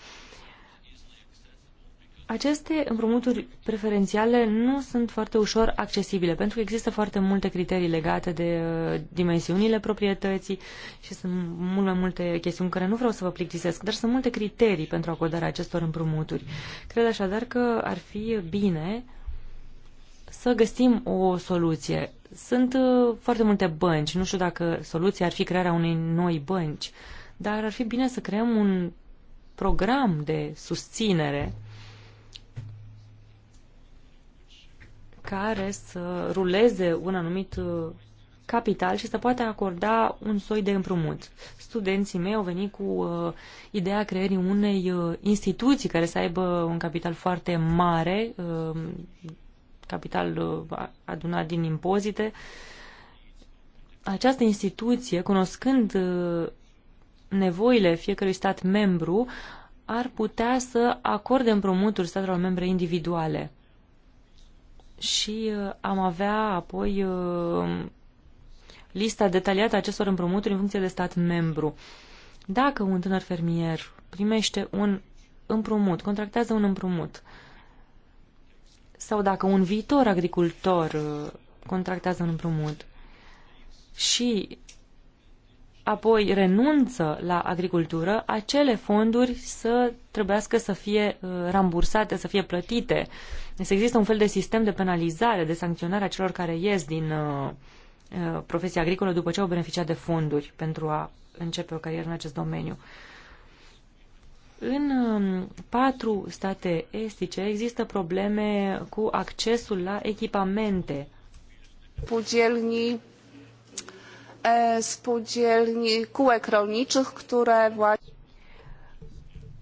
Aceste împrumuturi preferențiale nu sunt foarte ușor accesibile, pentru că există foarte multe criterii legate de uh, dimensiunile proprietății și sunt mult mai multe chestiuni care nu vreau să vă plictisesc, dar sunt multe criterii pentru acordarea acestor împrumuturi. Cred așadar că ar fi bine să găsim o soluție. Sunt uh, foarte multe bănci, nu știu dacă soluția ar fi crearea unei noi bănci, dar ar fi bine să creăm un program de susținere care să ruleze un anumit uh, capital și să poată acorda un soi de împrumut. Studenții mei au venit cu uh, ideea creării unei uh, instituții care să aibă un capital foarte mare, uh, capital uh, adunat din impozite. Această instituție, cunoscând uh, nevoile fiecărui stat membru, ar putea să acorde împrumuturi statelor membre individuale și uh, am avea apoi uh, lista detaliată a acestor împrumuturi în funcție de stat membru. Dacă un tânăr fermier primește un împrumut, contractează un împrumut, sau dacă un viitor agricultor uh, contractează un împrumut și apoi renunță la agricultură, acele fonduri să trebuiască să fie uh, rambursate, să fie plătite. Deci există un fel de sistem de penalizare, de sancționare a celor care ies din uh, uh, profesia agricolă după ce au beneficiat de fonduri pentru a începe o carieră în acest domeniu. În um, patru state estice există probleme cu accesul la echipamente. Pugelnii spółdzielni, kółek rolniczych, które właśnie...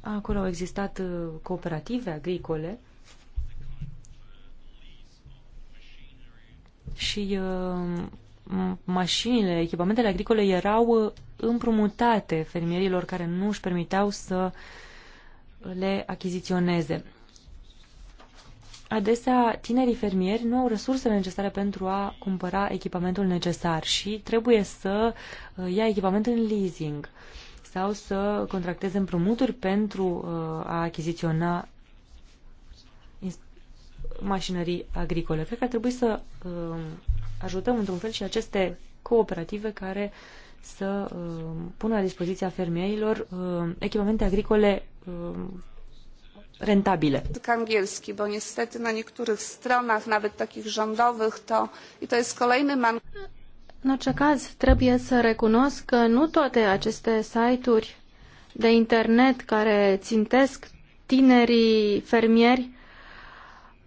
Acolo au existat cooperative agricole și mașinile, echipamentele agricole erau împrumutate fermierilor care nu își permiteau să le achiziționeze adesea tinerii fermieri nu au resursele necesare pentru a cumpăra echipamentul necesar și trebuie să uh, ia echipament în leasing sau să contracteze împrumuturi pentru uh, a achiziționa mașinării agricole. Cred că ar trebui să uh, ajutăm într-un fel și aceste cooperative care să pună la dispoziția fermierilor echipamente agricole rentabile. Angielski, bo niestety na niektórych stronach, nawet takich rządowych, to i to jest kolejny man... În orice caz, trebuie să recunosc că nu toate aceste site-uri de internet care țintesc tinerii fermieri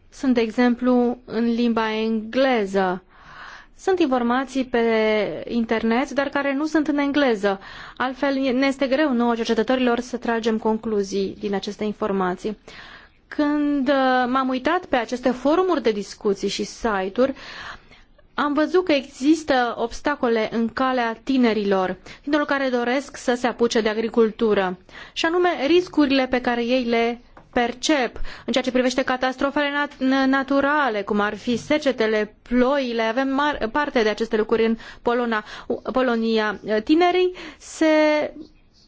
sunt, de exemplu, în limba engleză. Sunt informații pe internet, dar care nu sunt în engleză. Altfel, ne este greu nouă cercetătorilor să tragem concluzii din aceste informații. Când uh, m-am uitat pe aceste forumuri de discuții și site-uri, am văzut că există obstacole în calea tinerilor, tinerilor care doresc să se apuce de agricultură, și anume riscurile pe care ei le percep. În ceea ce privește catastrofele nat naturale, cum ar fi secetele, ploile, avem parte de aceste lucruri în Polona, Polonia. Tinerii se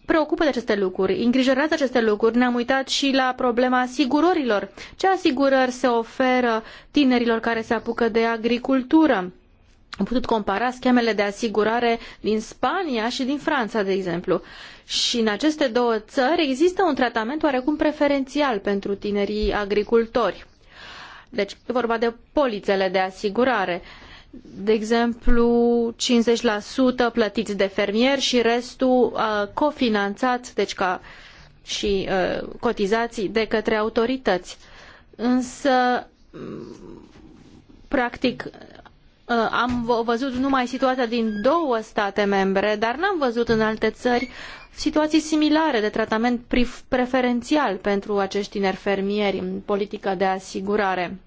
preocupă de aceste lucruri, îngrijorează aceste lucruri. Ne-am uitat și la problema asigurărilor. Ce asigurări se oferă tinerilor care se apucă de agricultură? am putut compara schemele de asigurare din Spania și din Franța, de exemplu. Și în aceste două țări există un tratament oarecum preferențial pentru tinerii agricultori. Deci e vorba de polițele de asigurare. De exemplu, 50% plătiți de fermier și restul uh, cofinanțați, deci ca și uh, cotizații de către autorități. Însă practic Uh, am văzut numai situația din două state membre, dar n-am văzut în alte țări situații similare de tratament preferențial pentru acești tineri fermieri în politica de asigurare.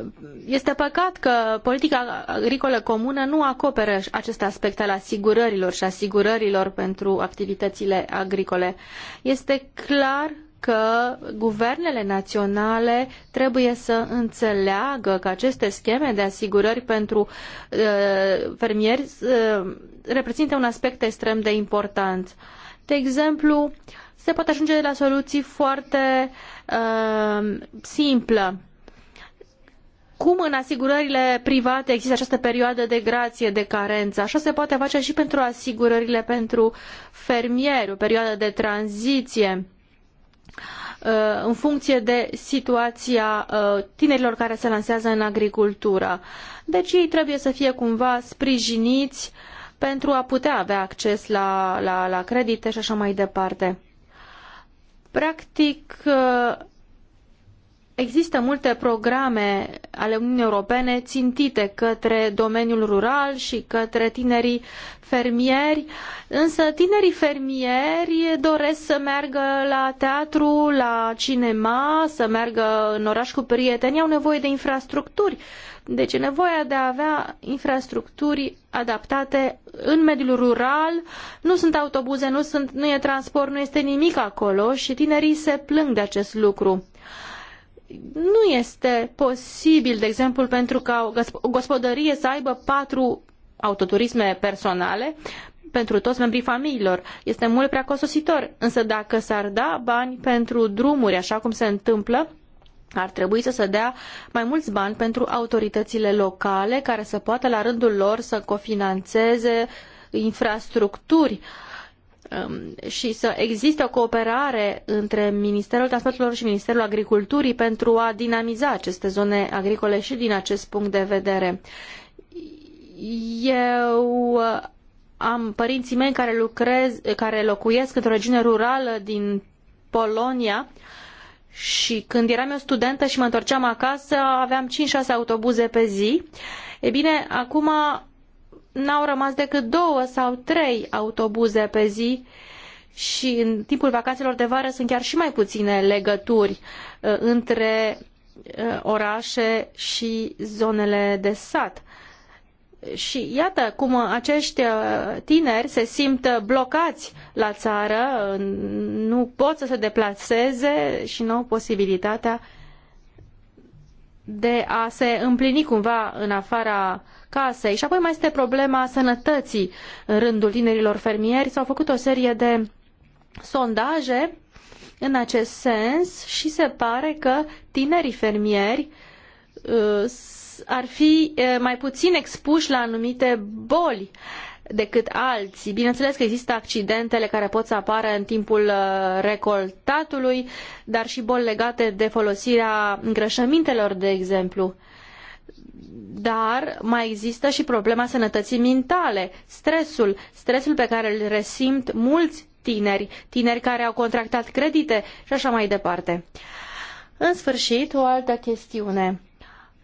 Uh, este păcat că politica agricolă comună nu acoperă acest aspect al asigurărilor și asigurărilor pentru activitățile agricole. Este clar că guvernele naționale trebuie să înțeleagă că aceste scheme de asigurări pentru uh, fermieri uh, reprezintă un aspect extrem de important. De exemplu, se poate ajunge la soluții foarte uh, simplă. Cum în asigurările private există această perioadă de grație, de carență, așa se poate face și pentru asigurările pentru fermieri, o perioadă de tranziție Uh, în funcție de situația uh, tinerilor care se lansează în agricultură. Deci ei trebuie să fie cumva sprijiniți pentru a putea avea acces la, la, la credite și așa mai departe. Practic, uh, Există multe programe ale Uniunii Europene țintite către domeniul rural și către tinerii fermieri, însă tinerii fermieri doresc să meargă la teatru, la cinema, să meargă în oraș cu prieteni, au nevoie de infrastructuri. Deci e nevoia de a avea infrastructuri adaptate în mediul rural, nu sunt autobuze, nu, sunt, nu e transport, nu este nimic acolo și tinerii se plâng de acest lucru nu este posibil, de exemplu, pentru ca o gospodărie să aibă patru autoturisme personale pentru toți membrii familiilor. Este mult prea costisitor, însă dacă s-ar da bani pentru drumuri, așa cum se întâmplă, ar trebui să se dea mai mulți bani pentru autoritățile locale care să poată la rândul lor să cofinanțeze infrastructuri uh, Um, și să existe o cooperare între Ministerul Transporturilor și Ministerul Agriculturii pentru a dinamiza aceste zone agricole și din acest punct de vedere. Eu uh, am părinții mei care, lucrez, care locuiesc într-o regiune rurală din Polonia și când eram eu studentă și mă întorceam acasă, aveam 5-6 autobuze pe zi. E bine, acum n-au rămas decât două sau trei autobuze pe zi și în timpul vacanțelor de vară sunt chiar și mai puține legături uh, între uh, orașe și zonele de sat. Și iată cum acești uh, tineri se simt uh, blocați la țară, uh, nu pot să se deplaseze și nu au posibilitatea de a se împlini cumva în afara casei. Și apoi mai este problema sănătății în rândul tinerilor fermieri. S-au făcut o serie de sondaje în acest sens și se pare că tinerii fermieri uh, ar fi uh, mai puțin expuși la anumite boli decât alții. Bineînțeles că există accidentele care pot să apară în timpul uh, recoltatului, dar și boli legate de folosirea îngrășămintelor, de exemplu dar mai există și problema sănătății mentale, stresul, stresul pe care îl resimt mulți tineri, tineri care au contractat credite și așa mai departe. În sfârșit, o altă chestiune.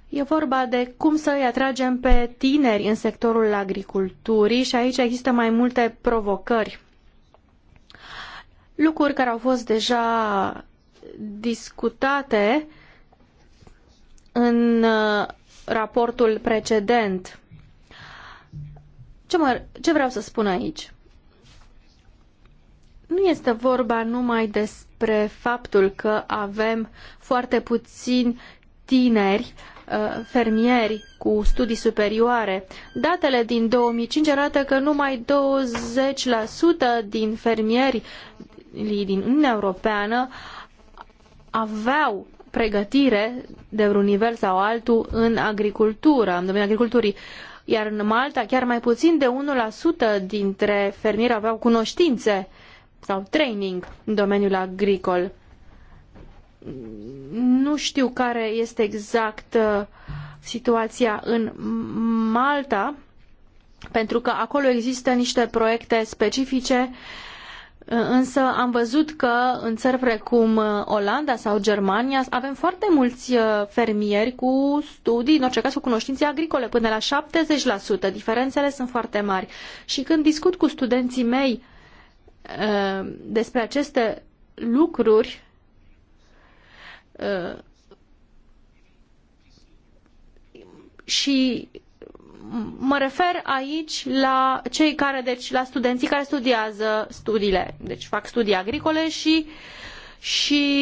E vorba de cum să îi atragem pe tineri în sectorul agriculturii și aici există mai multe provocări. Lucruri care au fost deja discutate în raportul precedent. Ce, mă, ce vreau să spun aici? Nu este vorba numai despre faptul că avem foarte puțini tineri uh, fermieri cu studii superioare. Datele din 2005 arată că numai 20% din fermieri din Uniunea Europeană aveau pregătire de un nivel sau altul în agricultură, în domeniul agriculturii. Iar în Malta chiar mai puțin de 1% dintre fermieri aveau cunoștințe sau training în domeniul agricol. Nu știu care este exact uh, situația în Malta, pentru că acolo există niște proiecte specifice uh, Însă am văzut că în țări precum uh, Olanda sau Germania avem foarte mulți uh, fermieri cu studii, în orice caz cu cunoștințe agricole, până la 70%. Diferențele sunt foarte mari. Și când discut cu studenții mei uh, despre aceste lucruri, și mă refer aici la cei care, deci la studenții care studiază studiile, deci fac studii agricole și, și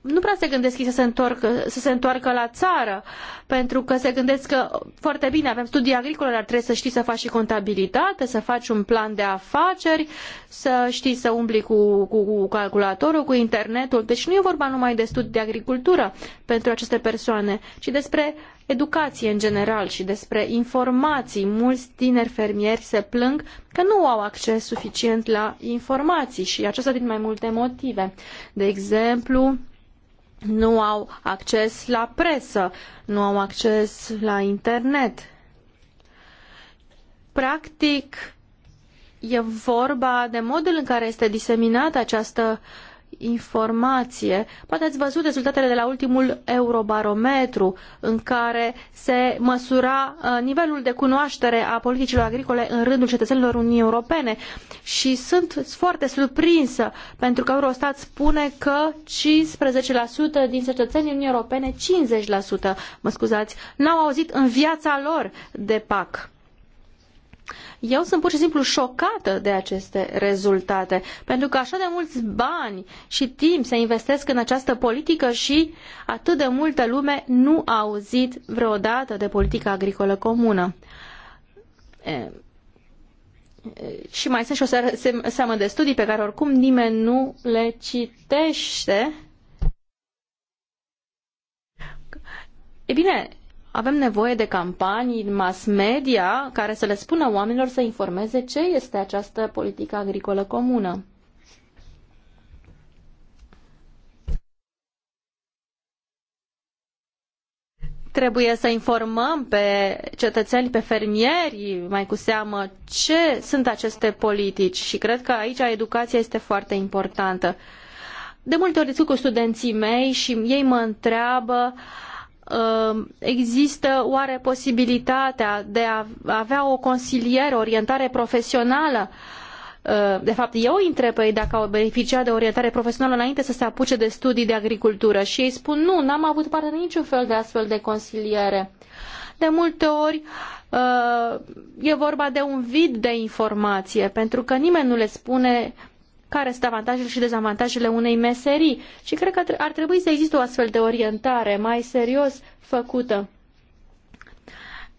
nu prea se gândesc ei să se, întoarcă să se întoarcă la țară, pentru că se gândesc că foarte bine avem studii agricole, dar trebuie să știi să faci și contabilitate, să faci un plan de afaceri, să știi să umbli cu, cu, cu calculatorul, cu internetul. Deci nu e vorba numai de studii de agricultură pentru aceste persoane, ci despre educație în general și despre informații. Mulți tineri fermieri se plâng că nu au acces suficient la informații și aceasta din mai multe motive. De exemplu, nu au acces la presă, nu au acces la internet. Practic, e vorba de modul în care este diseminată această informație. Poate ați văzut rezultatele de la ultimul Eurobarometru în care se măsura uh, nivelul de cunoaștere a politicilor agricole în rândul cetățenilor Uniunii Europene și sunt foarte surprinsă pentru că Eurostat spune că 15% din cetățenii Uniunii Europene, 50%, mă scuzați, n-au auzit în viața lor de PAC. Eu sunt pur și simplu șocată de aceste rezultate, pentru că așa de mulți bani și timp se investesc în această politică și atât de multă lume nu a auzit vreodată de politica agricolă comună. E, și mai sunt și o seamă de studii pe care oricum nimeni nu le citește. E bine, avem nevoie de campanii mass media care să le spună oamenilor să informeze ce este această politică agricolă comună. trebuie să informăm pe cetățeni, pe fermieri, mai cu seamă, ce sunt aceste politici și cred că aici educația este foarte importantă. De multe ori discut cu studenții mei și ei mă întreabă uh, Um, există oare posibilitatea de a avea o consiliere, orientare profesională? Uh, de fapt, eu îi întreb pe ei dacă au beneficiat de orientare profesională înainte să se apuce de studii de agricultură și ei spun nu, n-am avut parte de niciun fel de astfel de consiliere. De multe ori uh, e vorba de un vid de informație, pentru că nimeni nu le spune care sunt avantajele și dezavantajele unei meserii. Și cred că ar trebui să existe o astfel de orientare mai serios făcută.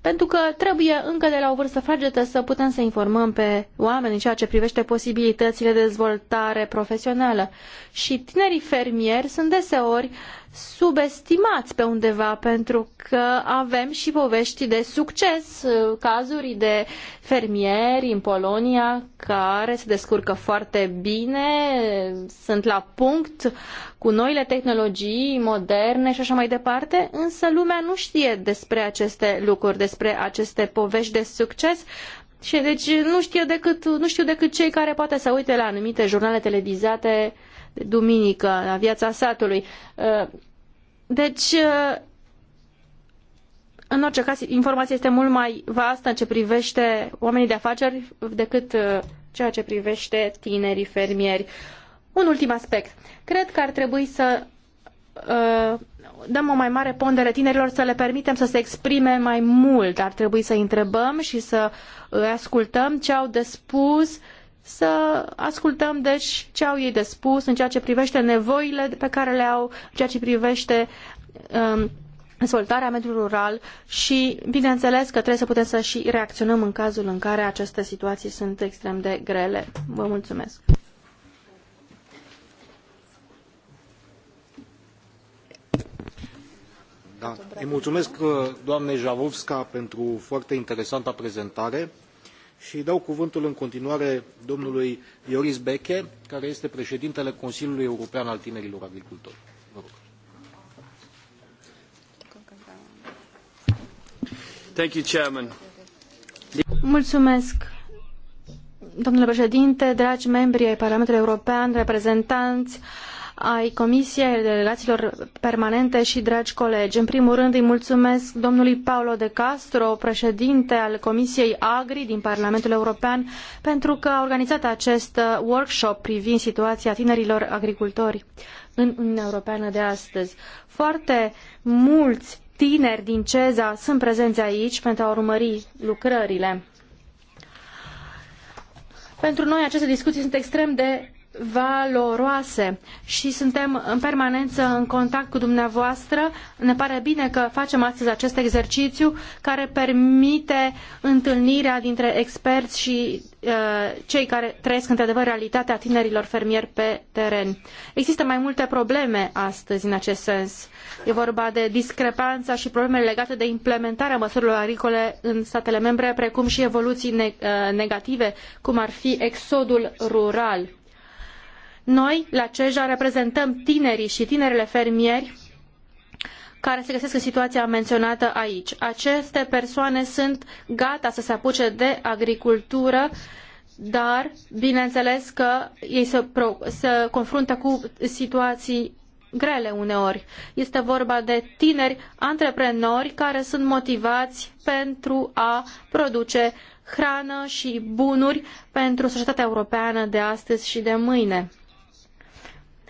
Pentru că trebuie încă de la o vârstă fragedă să putem să informăm pe oameni în ceea ce privește posibilitățile de dezvoltare profesională. Și tinerii fermieri sunt deseori uh, subestimați pe undeva pentru că avem și povești de succes, cazuri de fermieri în Polonia care se descurcă foarte bine, sunt la punct cu noile tehnologii moderne și așa mai departe, însă lumea nu știe despre aceste lucruri, despre aceste povești de succes. Și deci nu, știe decât, nu știu decât cei care poate să uite la anumite jurnale televizate de duminică, la viața satului. Uh, deci, uh, în orice caz, informația este mult mai vastă în ce privește oamenii de afaceri decât uh, ceea ce privește tinerii fermieri. Un ultim aspect. Cred că ar trebui să dăm o mai mare pondere tinerilor, să le permitem să se exprime mai mult. Ar trebui să întrebăm și să ascultăm ce au de spus uh, să ascultăm, deci, ce au ei de spus în ceea ce privește nevoile pe care le au, în ceea ce privește um, dezvoltarea mediului rural și, bineînțeles, că trebuie să putem să și reacționăm în cazul în care aceste situații sunt extrem de grele. Vă mulțumesc! Da. Îi mulțumesc uh, doamnei Javovska pentru foarte interesanta prezentare și dau cuvântul în continuare domnului Ioris Beche, care este președintele Consiliului European al Tinerilor Agricultori. Vă rog. Thank you, Chairman. Mulțumesc, domnule președinte, dragi membri ai Parlamentului European, reprezentanți, uh, ai Comisiei delegaților Permanente și dragi colegi. În primul rând îi mulțumesc domnului Paolo de Castro, președinte al Comisiei Agri din Parlamentul European, pentru că a organizat acest uh, workshop privind situația tinerilor agricultori în Uniunea Europeană de astăzi. Foarte mulți tineri din CEZA sunt prezenți aici pentru a urmări lucrările. Pentru noi aceste discuții sunt extrem de valoroase și suntem în permanență în contact cu dumneavoastră. Ne pare bine că facem astăzi acest exercițiu care permite întâlnirea dintre experți și uh, cei care trăiesc într-adevăr realitatea tinerilor fermieri pe teren. Există mai multe probleme astăzi în acest sens. E vorba de discrepanța și problemele legate de implementarea măsurilor agricole în statele membre, precum și evoluții uh, negative, cum ar fi exodul rural noi, la CEJA, reprezentăm tinerii și tinerele fermieri care se găsesc în situația menționată aici. Aceste persoane sunt gata să se apuce de agricultură, dar bineînțeles că ei se, pro, se confruntă cu situații grele uneori. Este vorba de tineri antreprenori care sunt motivați pentru a produce hrană și bunuri pentru societatea europeană de astăzi și de mâine.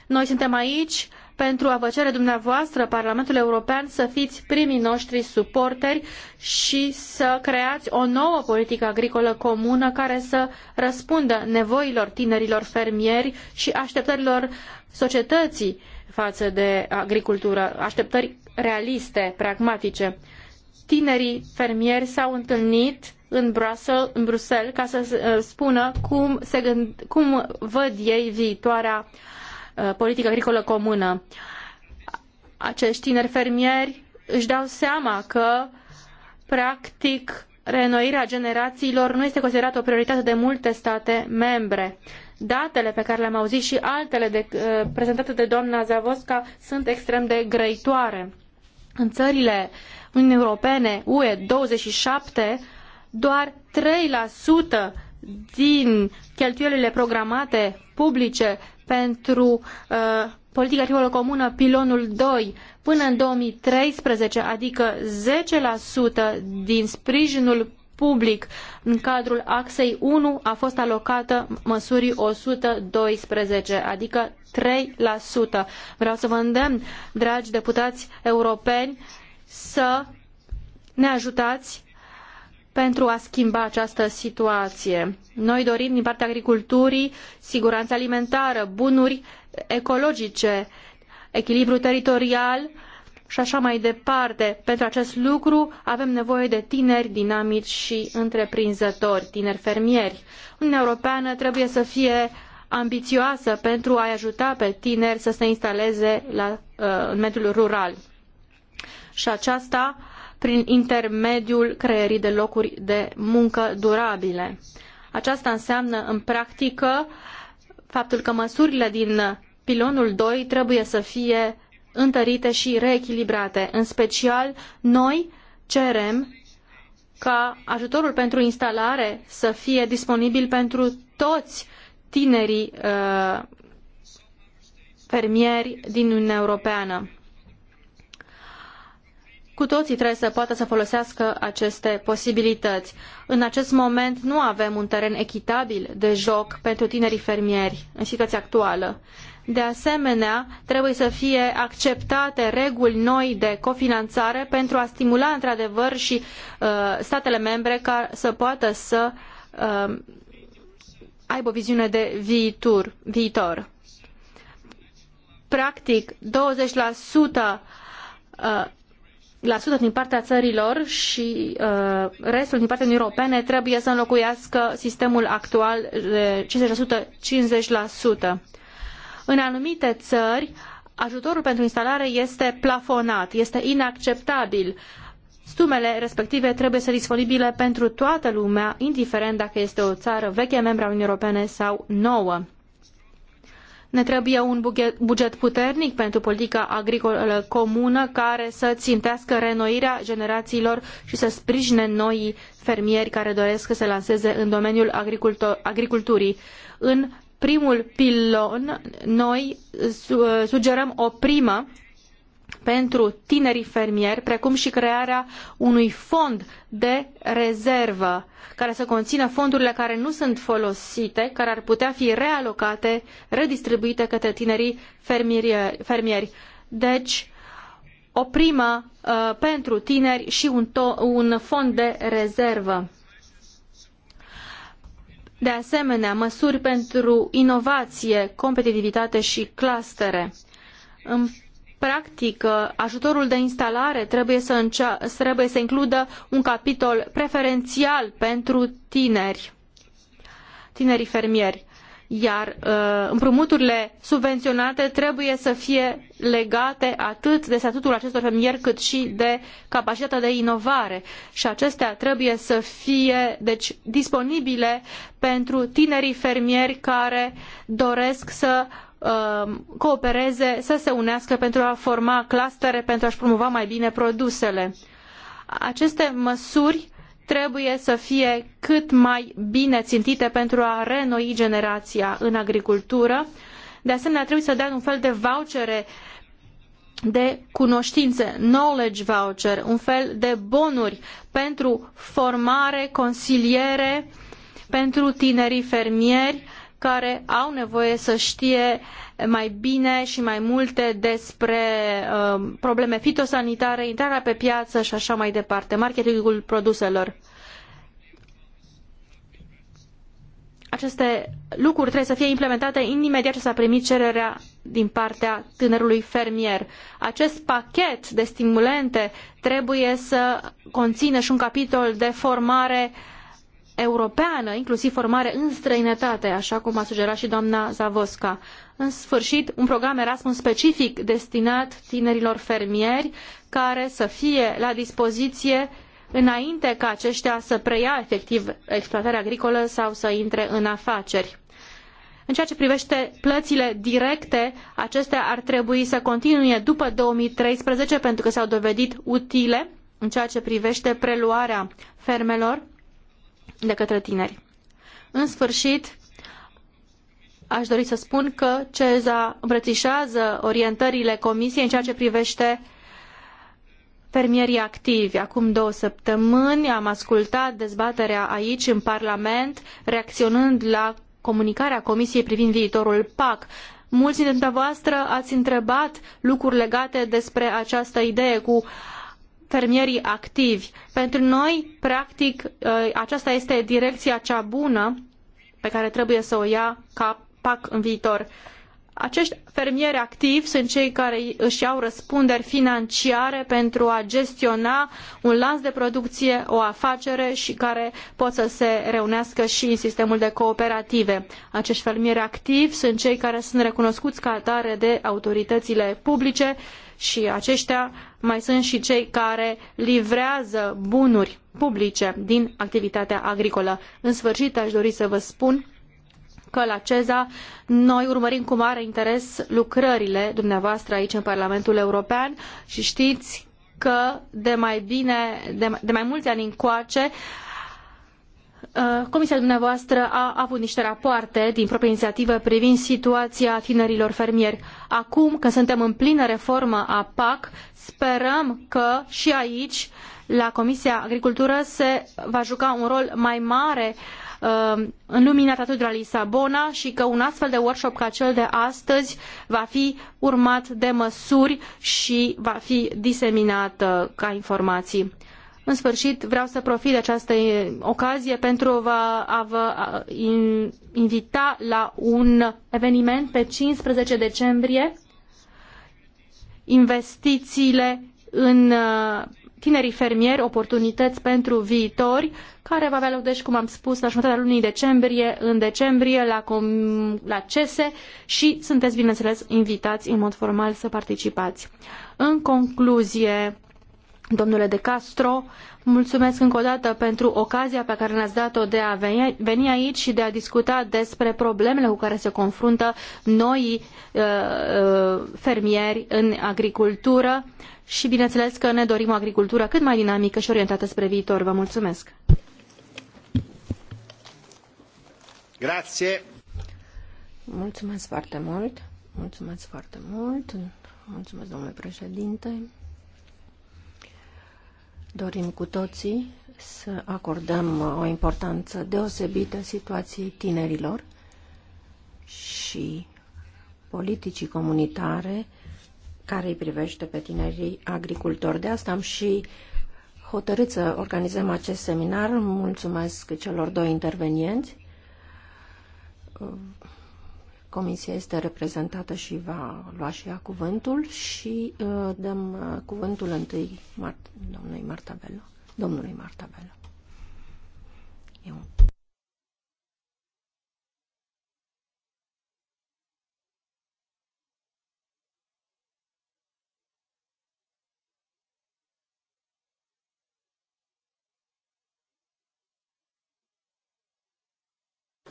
Noi suntem aici pentru a vă cere dumneavoastră, Parlamentul European, să fiți primii noștri suporteri și să creați o nouă politică agricolă comună care să răspundă nevoilor tinerilor fermieri și așteptărilor societății față de agricultură, așteptări realiste, pragmatice. Tinerii fermieri s-au întâlnit în Bruxelles, în Bruxelles ca să uh, spună cum, se gând, cum văd ei viitoarea uh, Uh, politică agricolă comună. Acești tineri fermieri își dau seama că, practic, reînnoirea generațiilor nu este considerată o prioritate de multe state membre. Datele pe care le-am auzit și altele de, uh, prezentate de doamna Zavosca sunt extrem de grăitoare. În țările Uniunii Europene, UE 27, doar 3% din cheltuielile programate publice pentru uh, politica agricolă comună, pilonul 2, până în 2013, adică 10% din sprijinul public în cadrul axei 1 a fost alocată măsurii 112, adică 3%. Vreau să vă îndemn, dragi deputați europeni, să ne ajutați pentru a schimba această situație. Noi dorim din partea agriculturii siguranță alimentară, bunuri ecologice, echilibru teritorial și așa mai departe. Pentru acest lucru avem nevoie de tineri dinamici și întreprinzători, tineri fermieri. Uniunea Europeană trebuie să fie ambițioasă pentru a-i ajuta pe tineri să se instaleze la, uh, în mediul rural. Și aceasta prin intermediul creierii de locuri de muncă durabile. Aceasta înseamnă, în practică, faptul că măsurile din pilonul 2 trebuie să fie întărite și reechilibrate. În special, noi cerem ca ajutorul pentru instalare să fie disponibil pentru toți tinerii uh, fermieri din Uniunea Europeană. Cu toții trebuie să poată să folosească aceste posibilități. În acest moment nu avem un teren echitabil de joc pentru tinerii fermieri în situația actuală. De asemenea, trebuie să fie acceptate reguli noi de cofinanțare pentru a stimula într-adevăr și uh, statele membre ca să poată să uh, aibă o viziune de viitor. viitor. Practic, 20% uh, din partea țărilor și uh, restul din partea Uniunii Europene trebuie să înlocuiască sistemul actual de 50%-50%. În anumite țări, ajutorul pentru instalare este plafonat, este inacceptabil. Sumele respective trebuie să disponibile pentru toată lumea, indiferent dacă este o țară veche membra Uniunii Europene sau nouă. Ne trebuie un buget puternic pentru politica agricolă comună care să țintească renoirea generațiilor și să sprijine noi fermieri care doresc să se lanseze în domeniul agriculturii. În primul pilon, noi sugerăm o primă pentru tinerii fermieri, precum și crearea unui fond de rezervă care să conțină fondurile care nu sunt folosite, care ar putea fi realocate, redistribuite către tinerii fermieri. Deci, o primă uh, pentru tineri și un, un fond de rezervă. De asemenea, măsuri pentru inovație, competitivitate și clustere. În practic, ajutorul de instalare trebuie să, trebuie să includă un capitol preferențial pentru tineri, tinerii fermieri, iar uh, împrumuturile subvenționate trebuie să fie legate atât de statutul acestor fermieri cât și de capacitatea de inovare și acestea trebuie să fie deci disponibile pentru tinerii fermieri care doresc să Um, coopereze, să se unească pentru a forma clustere, pentru a-și promova mai bine produsele. Aceste măsuri trebuie să fie cât mai bine țintite pentru a reînnoi generația în agricultură. De asemenea, trebuie să dea un fel de vouchere de cunoștințe, knowledge voucher, un fel de bonuri pentru formare, consiliere, pentru tinerii fermieri, uh, care au nevoie să știe mai bine și mai multe despre uh, probleme fitosanitare, intrarea pe piață și așa mai departe, marketingul produselor. Aceste lucruri trebuie să fie implementate imediat ce s-a primit cererea din partea tânărului fermier. Acest pachet de stimulente trebuie să conțină și un capitol de formare uh, europeană, inclusiv formare în străinătate, așa cum a sugerat și doamna Zavosca. În sfârșit, un program Erasmus specific destinat tinerilor fermieri care să fie la dispoziție înainte ca aceștia să preia efectiv exploatarea agricolă sau să intre în afaceri. În ceea ce privește plățile directe, acestea ar trebui să continue după 2013 pentru că s-au dovedit utile în ceea ce privește preluarea fermelor de către tineri. În sfârșit, aș dori să spun că CEZA îmbrățișează orientările Comisiei în ceea ce privește fermierii activi. Acum două săptămâni am ascultat dezbaterea aici, în Parlament, reacționând la comunicarea Comisiei privind viitorul PAC. Mulți dintre voastre ați întrebat lucruri legate despre această idee cu uh, fermierii activi. Pentru noi, practic, ă, aceasta este direcția cea bună pe care trebuie să o ia ca PAC în viitor. Acești fermieri activi sunt cei care își iau răspunderi financiare pentru a gestiona un lanț de producție, o afacere și care pot să se reunească și în sistemul de cooperative. Acești fermieri activi sunt cei care sunt recunoscuți ca atare de autoritățile publice și aceștia mai sunt și cei care livrează bunuri publice din activitatea agricolă. În sfârșit, aș dori să vă spun că la CEZA noi urmărim cu mare interes lucrările dumneavoastră aici în Parlamentul European și știți că de mai bine, de, de mai mulți ani încoace, uh, Comisia dumneavoastră a avut niște rapoarte din proprie inițiativă privind situația tinerilor fermieri. Acum, că suntem în plină reformă a PAC, sperăm că și aici, la Comisia Agricultură, se va juca un rol mai mare uh, Uh, în lumina tratatului de la Lisabona și că un astfel de workshop ca cel de astăzi va fi urmat de măsuri și va fi diseminat uh, ca informații. În sfârșit, vreau să profit de această uh, ocazie pentru a vă invita la un eveniment pe 15 decembrie investițiile în tinerii fermieri oportunități pentru viitori, care va avea loc, deci, cum am spus, la jumătatea lunii decembrie, în decembrie, la, com- la CESE și sunteți, bineînțeles, invitați în mod formal să participați. În concluzie, domnule De Castro, mulțumesc încă o dată pentru ocazia pe care ne-ați dat-o de a veni aici și de a discuta despre problemele cu care se confruntă noi uh, uh, fermieri în agricultură. Uh, și bineînțeles că ne dorim o agricultură cât mai dinamică și orientată spre viitor. Vă mulțumesc! Grazie. Mulțumesc foarte mult! Mulțumesc foarte mult! Mulțumesc, domnule președinte! Dorim cu toții să acordăm o importanță deosebită situației tinerilor și politicii comunitare care îi privește pe tinerii agricultori. De asta am și hotărât să organizăm acest seminar. Mulțumesc celor doi intervenienți. Comisia este reprezentată și va lua și ea cuvântul și uh, dăm uh, cuvântul întâi Mart- domnului Bello. Domnului Bello. Eu.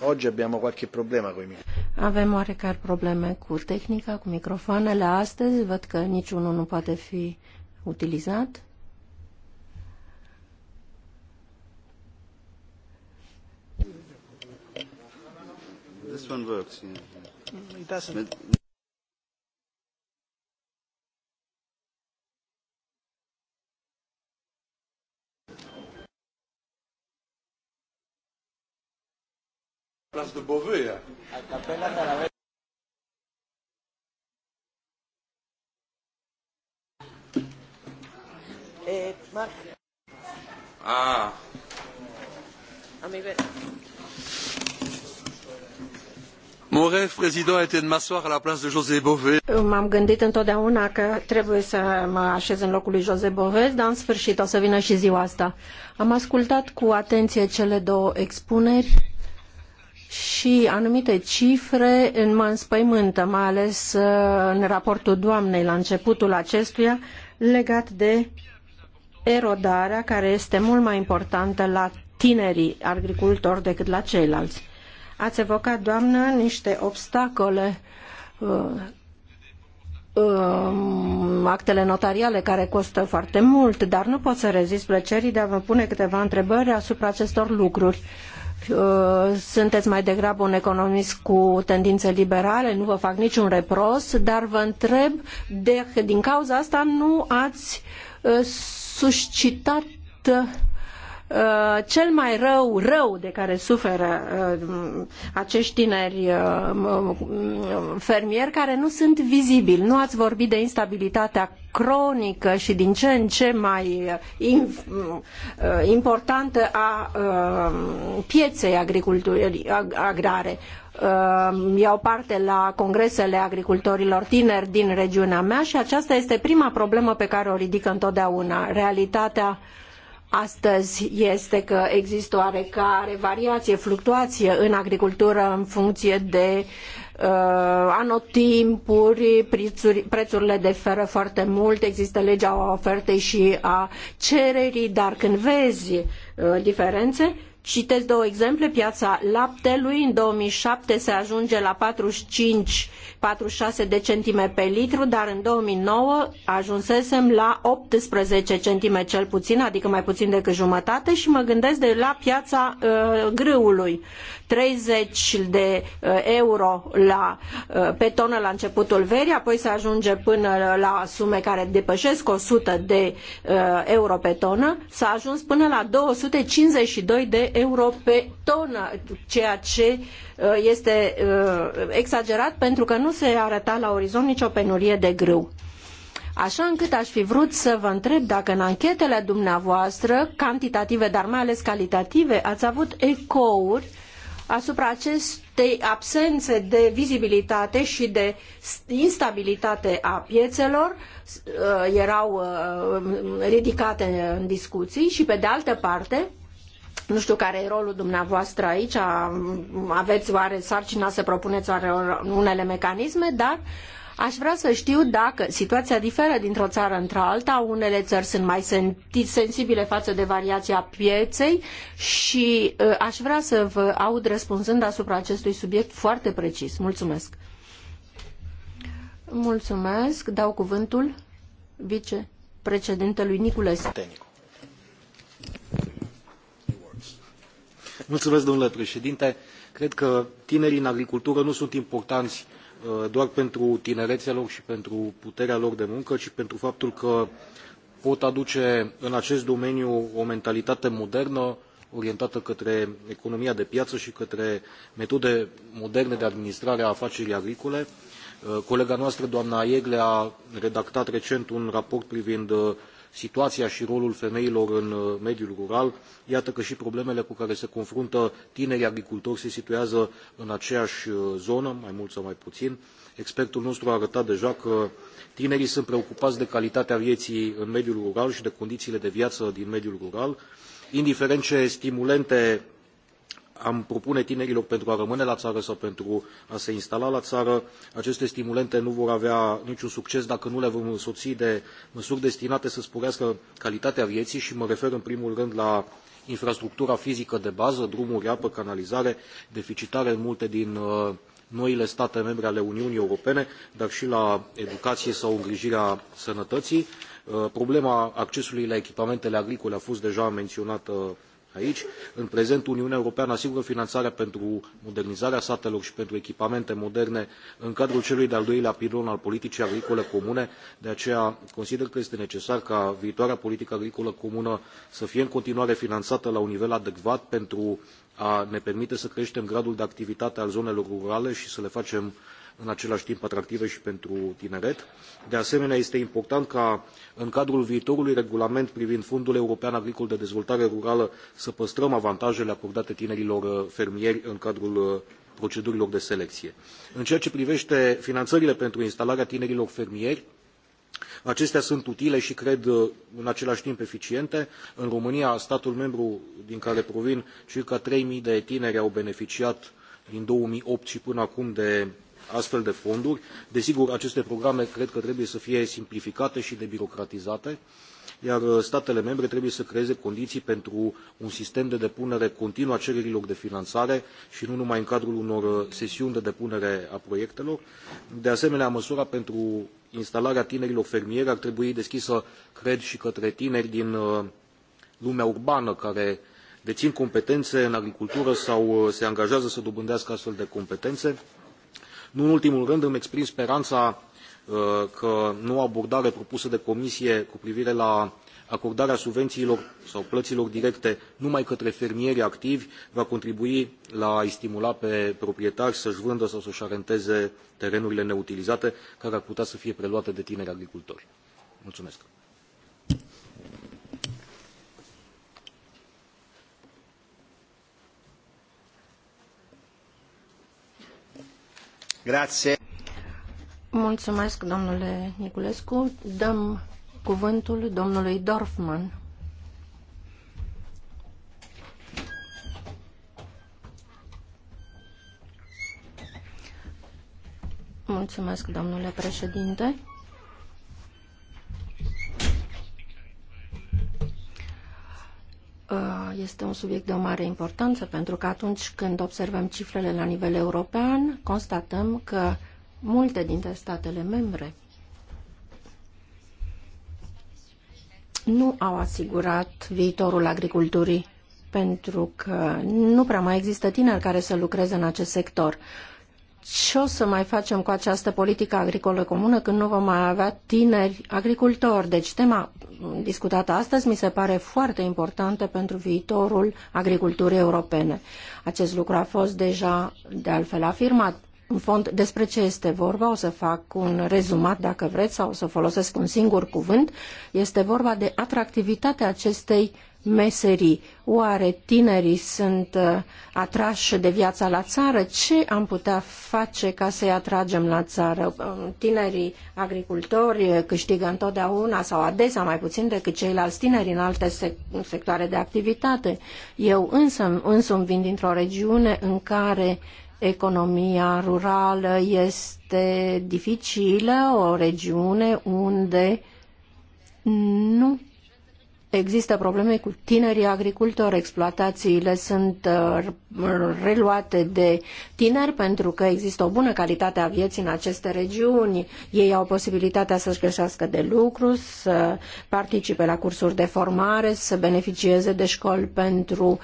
Oggi abbiamo qualche problema con i microfoni. Avem oarecare probleme cu tehnica, cu microfoanele astăzi. Văd că niciunul nu poate fi utilizat. This one works. Yeah. It doesn't. Las de Eh, Marc. Ah. ah Mon rêve, président, était de m'asseoir à la place de José Bové. M-am gândit întotdeauna că trebuie să mă așez în locul lui José Bové, dar în sfârșit o să vină și ziua asta. Am ascultat cu atenție cele două expuneri și anumite cifre mă înspăimântă, mai ales uh, în raportul doamnei la începutul acestuia, legat de erodarea care este mult mai importantă la tinerii agricultori decât la ceilalți. Ați evocat, doamnă, niște obstacole uh, uh, actele notariale care costă foarte mult, dar nu pot să rezist plăcerii de a vă pune câteva întrebări asupra acestor lucruri. Uh, sunteți mai degrabă un economist cu tendințe liberale, nu vă fac niciun repros, dar vă întreb dacă din cauza asta nu ați uh, suscitat Uh, cel mai rău, rău de care suferă uh, acești tineri uh, fermieri care nu sunt vizibili. Nu ați vorbit de instabilitatea cronică și din ce în ce mai importantă a pieței agriculturii agrare iau parte la congresele agricultorilor tineri din regiunea mea și aceasta este prima problemă pe care o ridic întotdeauna. Realitatea uh, astăzi este că există oarecare variație, fluctuație în agricultură în funcție de uh, anotimpuri, prețuri, prețurile diferă foarte mult, există legea ofertei și a cererii, dar când vezi uh, diferențe, Citez două exemple, piața laptelui în 2007 se ajunge la 45-46 de centime pe litru, dar în 2009 ajunsesem la 18 centime cel puțin, adică mai puțin decât jumătate și mă gândesc de la piața uh, grâului. 30 de eh, euro la, eh, pe tonă la începutul verii, apoi se ajunge până la sume care depășesc 100 de eh, euro pe tonă, s-a ajuns până la 252 de euro pe tonă, ceea ce este exagerat pentru că nu se arăta la orizont nicio penurie de grâu. Așa încât aș fi vrut să vă întreb dacă în anchetele dumneavoastră, cantitative, dar mai ales calitative, ați avut ecouri asupra acestei absențe de vizibilitate și de instabilitate a piețelor uh, erau uh, ridicate în discuții și pe de altă parte nu știu care e rolul dumneavoastră aici, aveți oare sarcina să propuneți oare unele mecanisme, dar uh, Aș vrea să știu dacă situația diferă dintr-o țară într-alta, unele țări sunt mai sensibile față de variația pieței și uh, aș vrea să vă aud răspunzând asupra acestui subiect foarte precis. Mulțumesc! Mulțumesc! Dau cuvântul vicepreședintelui Niculescu. Mulțumesc, domnule președinte! Cred că tinerii în agricultură nu sunt importanți Uh, doar pentru tinerețea lor și pentru puterea lor de muncă, ci pentru faptul că pot aduce în acest domeniu o mentalitate modernă, orientată către economia de piață și către metode moderne de administrare a afacerii agricole. Uh, colega noastră, doamna Iegle, a redactat recent un raport privind uh, situația și rolul femeilor în uh, mediul rural. Iată că și problemele cu care se confruntă tinerii agricultori se situează în aceeași uh, zonă, mai mult sau mai puțin. Expertul nostru a arătat deja că tinerii sunt preocupați de calitatea vieții în mediul rural și de condițiile de viață din mediul rural, indiferent ce stimulente am propune tinerilor pentru a rămâne la țară sau pentru a se instala la țară. Aceste stimulente nu vor avea niciun succes dacă nu le vom însoți de măsuri destinate să sporească calitatea vieții și mă refer în primul rând la infrastructura fizică de bază, drumuri, apă, canalizare, deficitare în multe din uh, noile state membre ale Uniunii Europene, dar și la educație sau îngrijirea sănătății. Uh, problema accesului la echipamentele agricole a fost deja menționată aici. În prezent, Uniunea Europeană asigură finanțarea pentru modernizarea satelor și pentru echipamente moderne în cadrul celui de-al doilea pilon al politicii agricole comune. De aceea, consider că este necesar ca viitoarea politică agricolă comună să fie în continuare finanțată la un nivel adecvat pentru a ne permite să creștem gradul de activitate al zonelor rurale și să le facem în același timp atractive și pentru tineret. De asemenea, este important ca în cadrul viitorului regulament privind Fondul European Agricol de Dezvoltare Rurală să păstrăm avantajele acordate tinerilor uh, fermieri în cadrul uh, procedurilor de selecție. În ceea ce privește finanțările pentru instalarea tinerilor fermieri, Acestea sunt utile și cred uh, în același timp eficiente. În România, statul membru din care provin, circa 3.000 de tineri au beneficiat din 2008 și până acum de astfel de fonduri. Desigur, aceste programe cred că trebuie să fie simplificate și debirocratizate, iar uh, statele membre trebuie să creeze condiții pentru un sistem de depunere continuă a cererilor de finanțare și nu numai în cadrul unor uh, sesiuni de depunere a proiectelor. De asemenea, măsura pentru instalarea tinerilor fermieri ar trebui deschisă, cred, și către tineri din uh, lumea urbană care dețin competențe în agricultură sau se angajează să dobândească astfel de competențe. Nu în ultimul rând îmi exprim speranța uh, că noua abordare propusă de comisie cu privire la acordarea subvențiilor sau plăților directe numai către fermierii activi va contribui la a-i stimula pe proprietari să-și vândă sau să-și arendeze terenurile neutilizate, care ar putea să fie preluate de tineri agricultori. Mulțumesc! Mulțumesc, domnule Niculescu. Dăm cuvântul domnului Dorfman. Mulțumesc, domnule președinte. Uh, este un subiect de o mare importanță pentru că atunci când observăm cifrele la nivel european, constatăm că multe dintre statele membre nu au asigurat viitorul agriculturii pentru că nu prea mai există tineri care să lucreze în acest sector ce o să mai facem cu această politică agricolă comună când nu vom mai avea tineri agricultori. Deci tema discutată astăzi mi se pare foarte importantă pentru viitorul agriculturii europene. Acest lucru a fost deja de altfel afirmat. În fond, despre ce este vorba, o să fac un rezumat dacă vreți sau o să folosesc un singur cuvânt, este vorba de atractivitatea acestei meserii. Oare tinerii sunt uh, atrași de viața la țară? Ce am putea face ca să-i atragem la țară? Um, tinerii agricultori câștigă întotdeauna sau adesea mai puțin decât ceilalți tineri în alte sectoare de activitate. Eu însă însumi vin dintr-o regiune în care economia rurală este dificilă, o regiune unde nu Există probleme cu tinerii agricultori, exploatațiile sunt uh, reluate de tineri pentru că există o bună calitate a vieții în aceste regiuni. Ei au posibilitatea să-și găsească de lucru, să participe la cursuri de formare, să beneficieze de școli pentru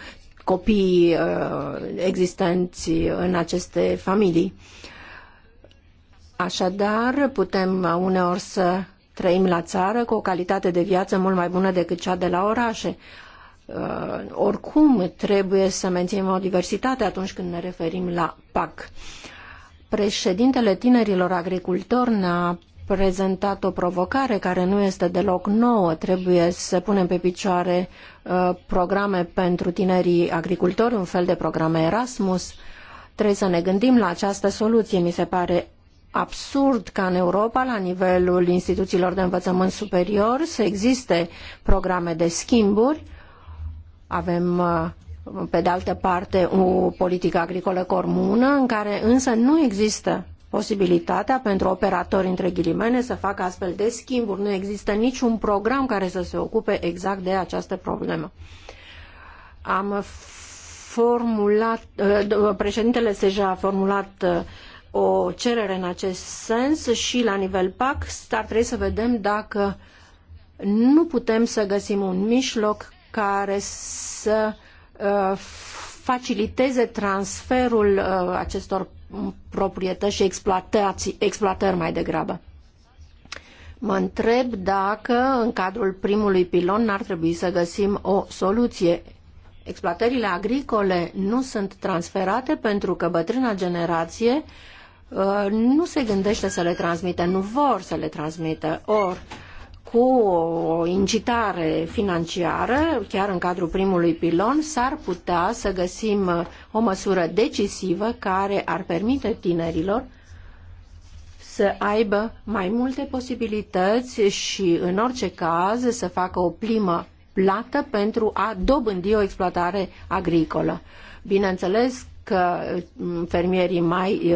copiii uh, existenți în aceste familii. Așadar, putem uneori să Trăim la țară cu o calitate de viață mult mai bună decât cea de la orașe. Uh, oricum trebuie să menținem o diversitate atunci când ne referim la PAC. Președintele tinerilor agricultori ne-a prezentat o provocare care nu este deloc nouă. Trebuie să punem pe picioare uh, programe pentru tinerii agricultori, un fel de programe Erasmus. Trebuie să ne gândim la această soluție. Mi se pare absurd ca în Europa, la nivelul instituțiilor de învățământ superior, să existe programe de schimburi. Avem, uh, pe de altă parte, o politică agricolă comună, în care însă nu există posibilitatea pentru operatori între ghilimene să facă astfel de schimburi. Nu există niciun program care să se ocupe exact de această problemă. Am formulat, uh, președintele Seja a formulat uh, o cerere în acest sens și la nivel PAC ar trebui să vedem dacă nu putem să găsim un mijloc care să uh, faciliteze transferul uh, acestor proprietăți și exploatații, exploatări mai degrabă. Mă întreb dacă în cadrul primului pilon n-ar trebui să găsim o soluție. Exploatările agricole nu sunt transferate pentru că bătrâna generație Uh, nu se gândește să le transmită, nu vor să le transmită. Ori, cu o incitare financiară, chiar în cadrul primului pilon, s-ar putea să găsim o măsură decisivă care ar permite tinerilor să aibă mai multe posibilități și, în orice caz, să facă o primă plată pentru a dobândi o exploatare agricolă. Bineînțeles că mm, fermierii mai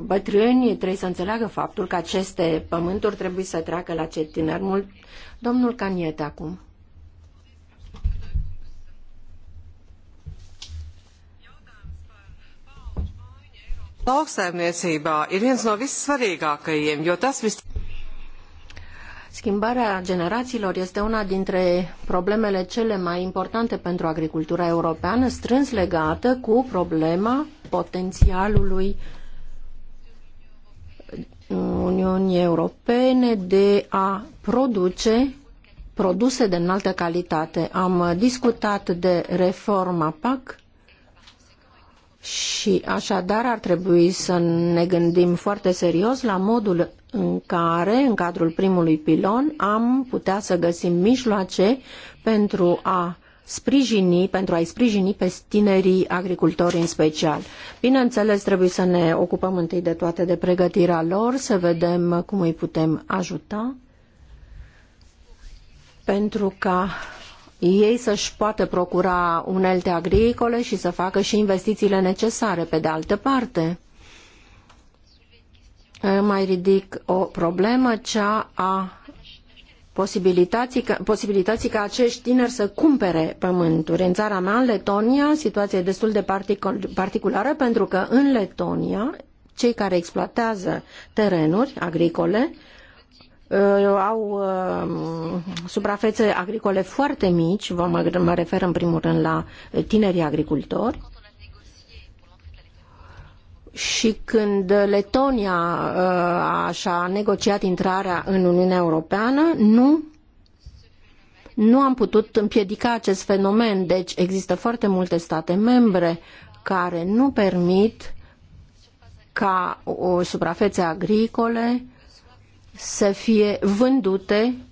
bătrâni trebuie să înțeleagă faptul că aceste pământuri trebuie să treacă la cei tineri mult. Domnul Caniet acum. Lauksaimniecībā ir viens no vissvarīgākajiem, jo tas viss... Schimbarea generațiilor este una dintre problemele cele mai importante pentru agricultura europeană, strâns legată cu problema potențialului Uniunii Europene de a produce produse de înaltă calitate. Am discutat de reforma PAC și așadar ar trebui să ne gândim foarte serios la modul în care, în cadrul primului pilon, am putea să găsim mijloace pentru a sprijini, pentru a-i sprijini pe tinerii agricultori în special. Bineînțeles, trebuie să ne ocupăm întâi de toate de pregătirea lor, să vedem cum îi putem ajuta pentru ca ei să-și poată procura unelte agricole și să facă și investițiile necesare. Pe de altă parte, Eh, mai ridic o problemă, cea a posibilității ca, posibilității ca acești tineri să cumpere pământuri. În țara mea, în Letonia, situația e destul de particulară pentru că în Letonia cei care exploatează terenuri agricole eh, au eh, suprafețe agricole foarte mici, mă refer în primul rând la tinerii agricultori, și când Letonia uh, a negociat intrarea în Uniunea Europeană, nu nu am putut împiedica acest fenomen. Deci există foarte multe state membre care nu permit ca o suprafețe agricole să fie vândute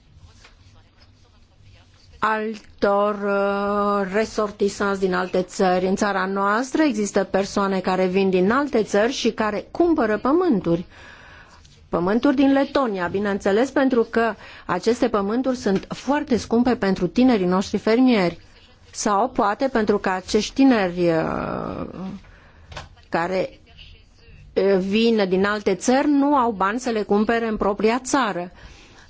altor uh, resortisanți din alte țări. În țara noastră există persoane care vin din alte țări și care cumpără pământuri. Pământuri din Letonia, bineînțeles, pentru că aceste pământuri sunt foarte scumpe pentru tinerii noștri fermieri. Sau poate pentru că acești tineri uh, care uh, vin din alte țări nu au bani să le cumpere în propria țară.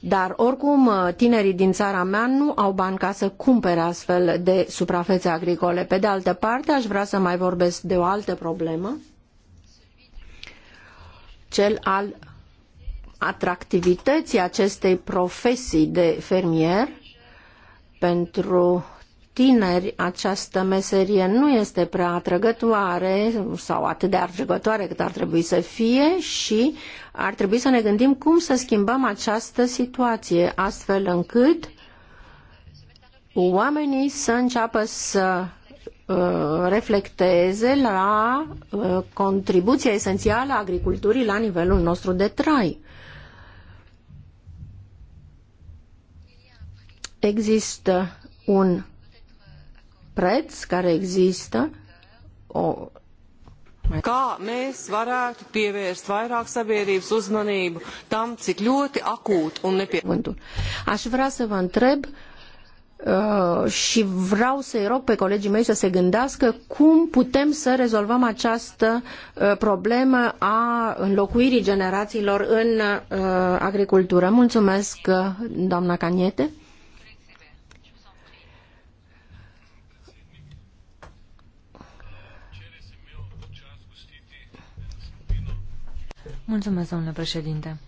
Dar oricum uh, tinerii din țara mea nu au bani ca să cumpere astfel de suprafețe agricole. Pe de altă parte, aș vrea să mai vorbesc de o altă problemă, cel al atractivității acestei profesii de fermier pentru tineri această meserie nu este prea atrăgătoare sau atât de atrăgătoare cât ar trebui să fie și ar trebui să ne gândim cum să schimbăm această situație astfel încât oamenii să înceapă să uh, reflecteze la uh, contribuția esențială a agriculturii la nivelul nostru de trai. Există un preț care există, o Kā mēs varētu pievērst vairāk sabiedrības uzmanību tam, cik ļoti akūti un nepieciešami? Aș vrea să vă întreb uh, și vreau să-i rog pe colegii mei să se gândească cum putem să rezolvăm această uh, problemă a înlocuirii generațiilor în uh, agricultură. Mulțumesc, uh, doamna Caniete. Mulțumesc, domnule președinte.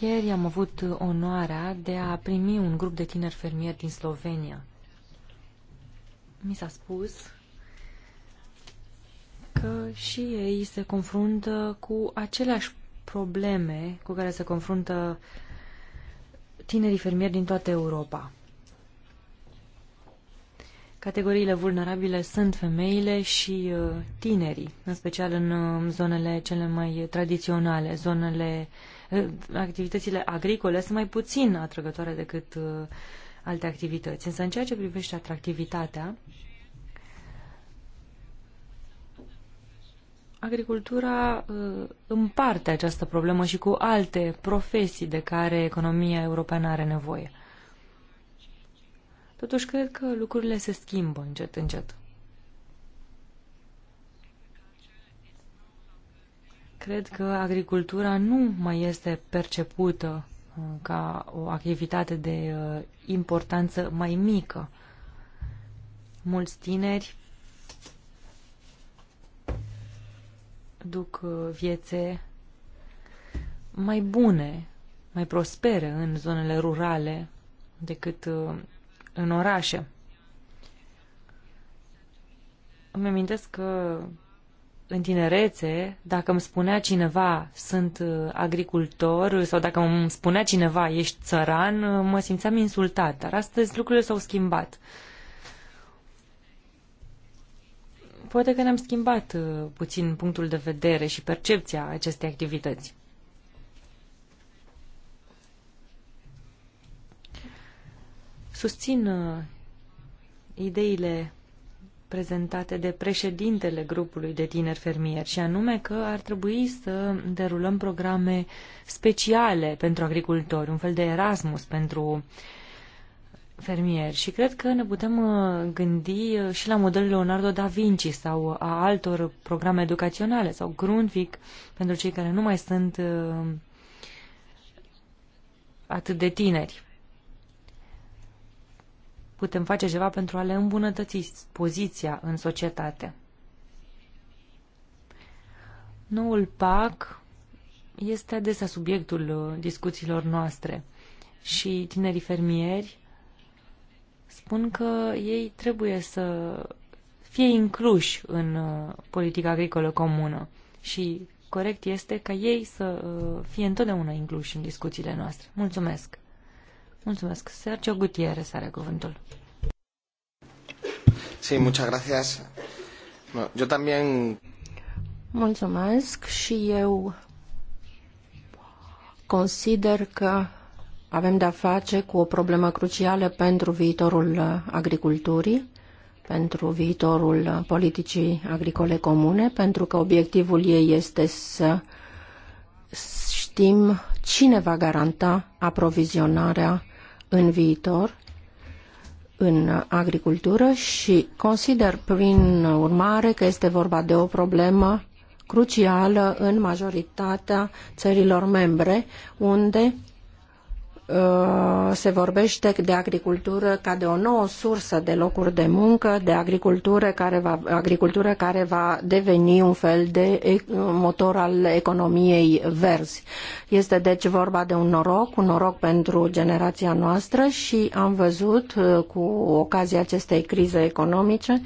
Ieri am avut onoarea de a primi un grup de tineri fermieri din Slovenia. Mi s-a spus că și ei se confruntă cu aceleași probleme cu care se confruntă tinerii fermieri din toată Europa. Categoriile vulnerabile sunt femeile și uh, tinerii, în special în um, zonele cele mai tradiționale, zonele uh, activitățile agricole sunt mai puțin atrăgătoare decât uh, alte activități. Însă în ceea ce privește atractivitatea, agricultura împarte această problemă și cu alte profesii de care economia europeană are nevoie. Totuși, cred că lucrurile se schimbă încet, încet. Cred că agricultura nu mai este percepută uh, ca o activitate de uh, importanță mai mică. Mulți tineri duc uh, viețe mai bune, mai prospere în zonele rurale decât în orașe. Îmi amintesc că în tinerețe, dacă îmi spunea cineva sunt uh, agricultor sau dacă îmi spunea cineva ești țăran, mă simțeam insultat, dar astăzi lucrurile s-au schimbat. Poate că ne-am schimbat uh, puțin punctul de vedere și percepția acestei activități. Susțin uh, ideile prezentate de președintele grupului de tineri fermieri și anume că ar trebui să derulăm programe speciale pentru agricultori, un fel de Erasmus pentru fermieri și cred că ne putem uh, gândi uh, și la modelul Leonardo da Vinci sau a altor programe educaționale sau Grundvik pentru cei care nu mai sunt atât de tineri putem face ceva pentru a le îmbunătăți poziția în societate. Noul PAC este adesea subiectul uh, discuțiilor noastre și tinerii fermieri spun că ei trebuie să fie incluși în uh, politica agricolă comună și corect este ca ei să uh, fie întotdeauna incluși în discuțiile noastre. Mulțumesc! Mulțumesc. Sergio Gutierrez are cuvântul. Sí, muchas gracias. yo también... Mulțumesc și eu consider că avem de-a face cu o problemă crucială pentru viitorul agriculturii, pentru viitorul politicii agricole comune, pentru că obiectivul ei este să știm cine va garanta aprovizionarea în viitor în agricultură și consider prin urmare că este vorba de o problemă crucială în majoritatea țărilor membre, unde Uh, se vorbește de agricultură ca de o nouă sursă de locuri de muncă, de agricultură care va, agricultură care va deveni un fel de motor al economiei verzi. Este deci vorba de un noroc, un noroc pentru generația noastră și am văzut uh, cu ocazia acestei crize economice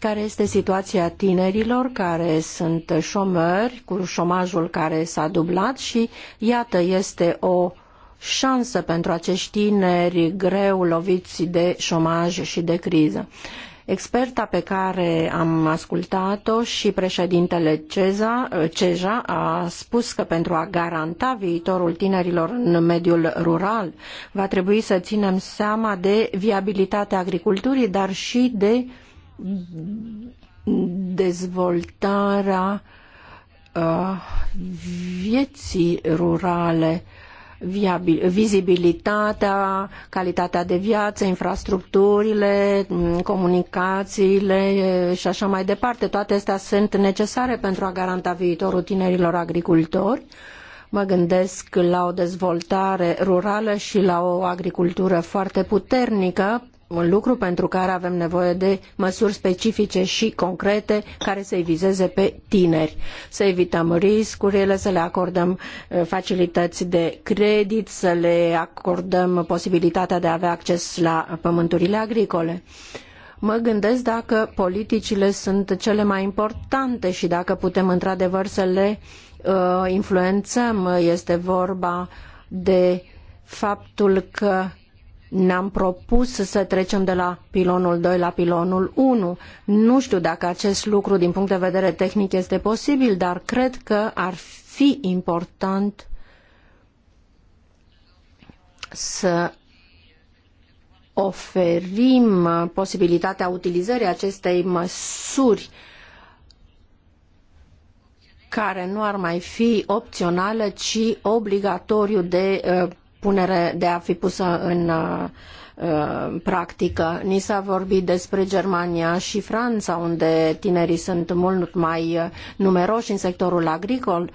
care este situația tinerilor care sunt șomări, cu șomajul care s-a dublat și iată este o șansă pentru acești tineri greu loviți de șomaj și de criză. Experta pe care am ascultat-o și președintele Ceza, Ceja a spus că pentru a garanta viitorul tinerilor în mediul rural va trebui să ținem seama de viabilitatea agriculturii, dar și de dezvoltarea uh, vieții rurale vizibilitatea, calitatea de viață, infrastructurile, comunicațiile și așa mai departe. Toate astea sunt necesare pentru a garanta viitorul tinerilor agricultori. Mă gândesc la o dezvoltare rurală și la o agricultură foarte puternică un lucru pentru care avem nevoie de măsuri specifice și concrete care să-i vizeze pe tineri. Să evităm riscurile, să le acordăm uh, facilități de credit, să le acordăm posibilitatea de a avea acces la pământurile agricole. Mă gândesc dacă politicile sunt cele mai importante și dacă putem într-adevăr să le uh, influențăm. Este vorba de faptul că ne-am propus să trecem de la pilonul 2 la pilonul 1. Nu știu dacă acest lucru din punct de vedere tehnic este posibil, dar cred că ar fi important să oferim posibilitatea utilizării acestei măsuri care nu ar mai fi opțională, ci obligatoriu de uh, punere, de a fi pusă uh, în practică. Ni s-a vorbit despre Germania și Franța, unde tinerii sunt mult mai uh, numeroși în sectorul agricol,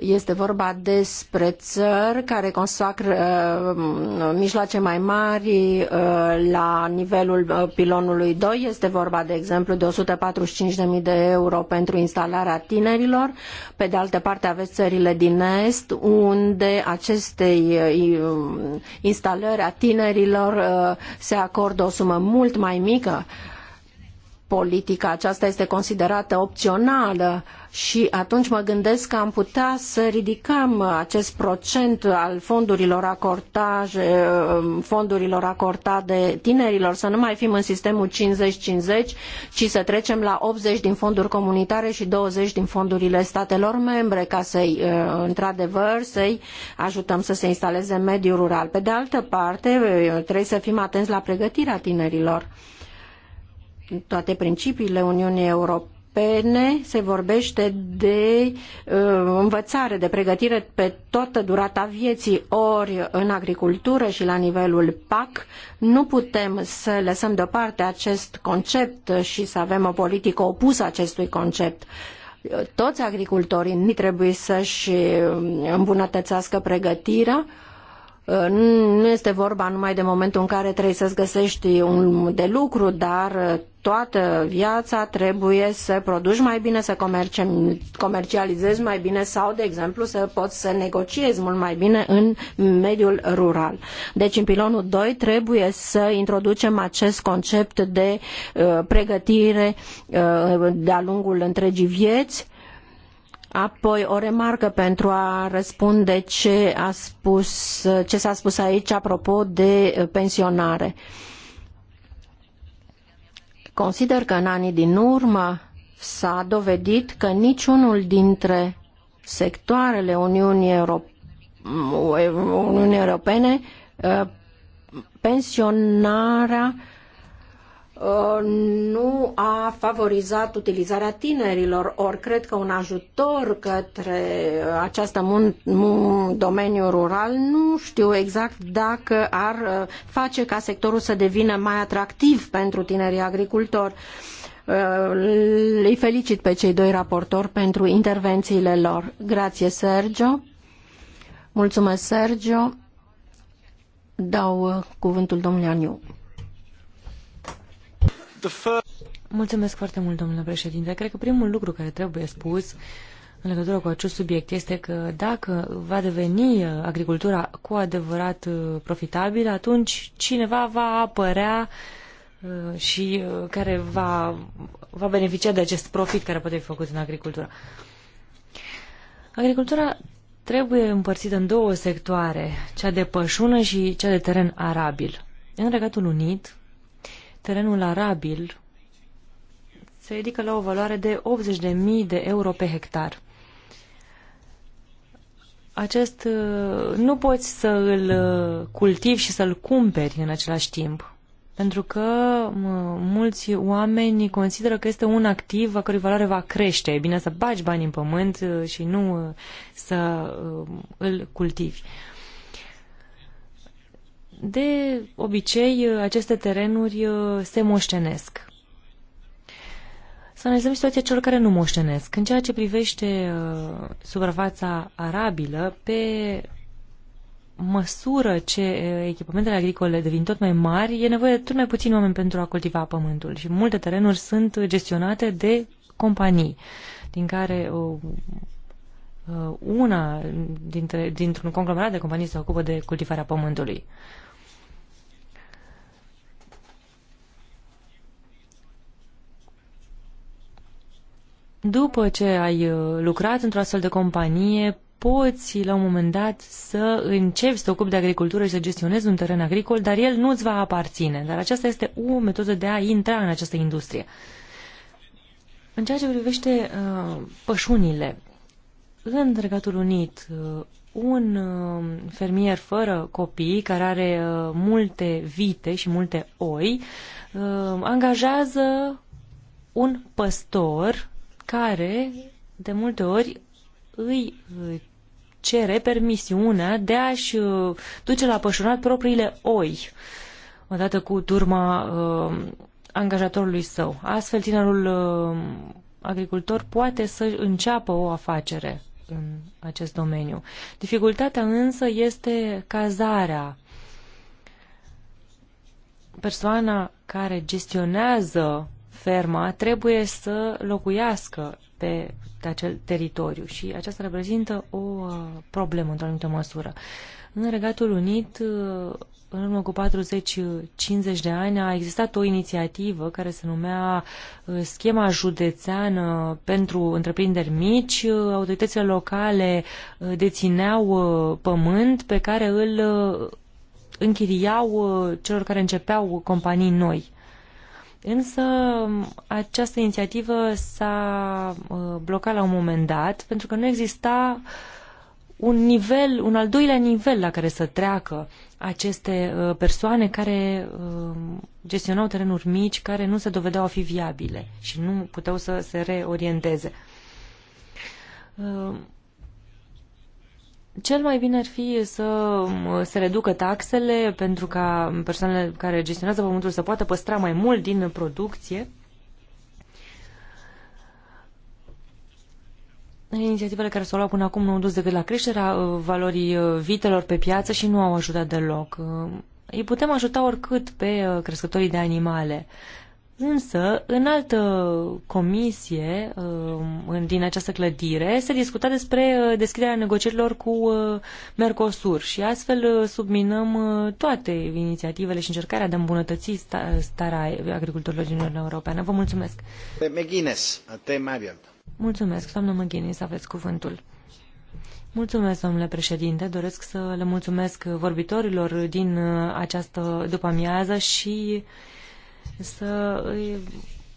este vorba despre țări care consacră uh, mijloace mai mari uh, la nivelul uh, pilonului 2. Este vorba, de exemplu, de 145.000 de euro pentru instalarea tinerilor. Pe de altă parte aveți țările din Est, unde acestei uh, instalări a tinerilor uh, se acordă o sumă mult mai mică. Uh, politica aceasta este considerată opțională și atunci mă gândesc că am putea să ridicăm acest procent al fondurilor acordate, fondurilor acordate tinerilor, să nu mai fim în sistemul 50-50, ci să trecem la 80 din fonduri comunitare și 20 din fondurile statelor membre, ca să uh, într-adevăr, să-i ajutăm să se instaleze în mediul rural. Pe de altă parte, uh, trebuie să fim atenți la pregătirea tinerilor toate principiile Uniunii Europene se vorbește de uh, învățare, de pregătire pe toată durata vieții, ori în agricultură și la nivelul PAC. Nu putem să lăsăm deoparte acest concept și să avem o politică opusă acestui concept toți agricultorii trebuie să-și îmbunătățească pregătirea nu este vorba numai de momentul în care trebuie să-ți găsești un de lucru, dar uh, toată viața trebuie să produci mai bine, să comercializezi mai bine sau, de exemplu, să poți să negociezi mult mai bine în mediul rural. Deci, în pilonul 2 trebuie să introducem acest concept de uh, pregătire uh, de-a lungul întregii vieți Apoi o remarcă pentru a răspunde ce, a spus, ce s-a spus aici apropo de pensionare. Consider că în anii din urmă s-a dovedit că niciunul dintre sectoarele Uniunii, Uniunii Europene uh, pensionarea Uh, nu a favorizat utilizarea tinerilor, ori cred că un ajutor către această domeniu rural nu știu exact dacă ar uh, face ca sectorul să devină mai atractiv pentru tinerii agricultori. Uh, îi felicit pe cei doi raportori pentru intervențiile lor. Grație, Sergio. Mulțumesc, Sergio. Dau cuvântul domnului Aniu. Mulțumesc foarte mult, domnule președinte. Cred că primul lucru care trebuie spus în legătură cu acest subiect este că dacă va deveni uh, agricultura cu adevărat uh, profitabilă, atunci cineva va apărea uh, și care va, va beneficia de acest profit care poate fi făcut în agricultură. Agricultura trebuie împărțită în două sectoare, cea de pășună și cea de teren arabil. În Regatul Unit, terenul arabil se ridică la o valoare de 80.000 de euro pe hectar. Acest uh, nu poți să îl uh, cultivi și să-l cumperi în același timp, pentru că uh, mulți oameni consideră că este un activ a cărui valoare va crește. E bine să bagi bani în pământ și nu să îl cultivi. De obicei, aceste terenuri uh, se moștenesc. Să analizăm situația celor care nu moștenesc. În ceea ce privește uh, suprafața arabilă, pe măsură ce uh, echipamentele agricole devin tot mai mari, e nevoie de tot mai puțin oameni pentru a cultiva pământul și multe terenuri sunt gestionate de companii, din care una dintre, dintr-un conglomerat de companii se ocupă de cultivarea pământului. După ce ai uh, lucrat într-o astfel de companie, poți la un moment dat să începi să te ocupi de agricultură și să gestionezi un teren agricol, dar el nu-ți va aparține. Dar aceasta este o metodă de a intra în această industrie. În ceea ce privește uh, pășunile, în Regatul Unit, uh, un uh, fermier fără copii, care are uh, multe vite și multe oi, uh, angajează un păstor care de multe ori îi uh, cere permisiunea de a-și uh, duce la pășunat propriile oi, odată cu turma uh, angajatorului său. Astfel, tinerul uh, agricultor poate să înceapă o afacere în acest domeniu. Dificultatea însă este cazarea. Persoana care gestionează ferma trebuie să locuiască pe acel teritoriu și aceasta reprezintă o uh, problemă într-o anumită măsură. În Regatul Unit, uh, în urmă cu 40-50 uh, de ani, a existat o inițiativă care se numea Schema Județeană pentru Întreprinderi Mici. Autoritățile locale dețineau pământ pe care îl închiriau celor care începeau companii noi. Însă această inițiativă s-a uh, blocat la un moment dat pentru că nu exista un nivel, un al doilea nivel la care să treacă aceste uh, persoane care uh, gestionau terenuri mici, care nu se dovedeau a fi viabile și nu puteau să se reorienteze. Cel mai bine ar fi să mm, se reducă taxele pentru ca persoanele care gestionează pământul să poată păstra mai mult din producție. Inițiativele care s-au luat până acum nu au dus decât la creșterea uh, valorii uh, vitelor pe piață și nu au ajutat deloc. Uh, îi putem ajuta oricât pe crescătorii de animale, Însă, în altă comisie uh, din această clădire se discuta despre uh, deschiderea negocierilor cu uh, Mercosur și astfel subminăm toate inițiativele și încercarea de a îmbunătăți starea agricultorilor din Uniunea Europeană. Vă mulțumesc! Mulțumesc, doamnă McGuinness, aveți cuvântul. Mulțumesc, domnule președinte. Doresc să le mulțumesc vorbitorilor din această după-amiază și să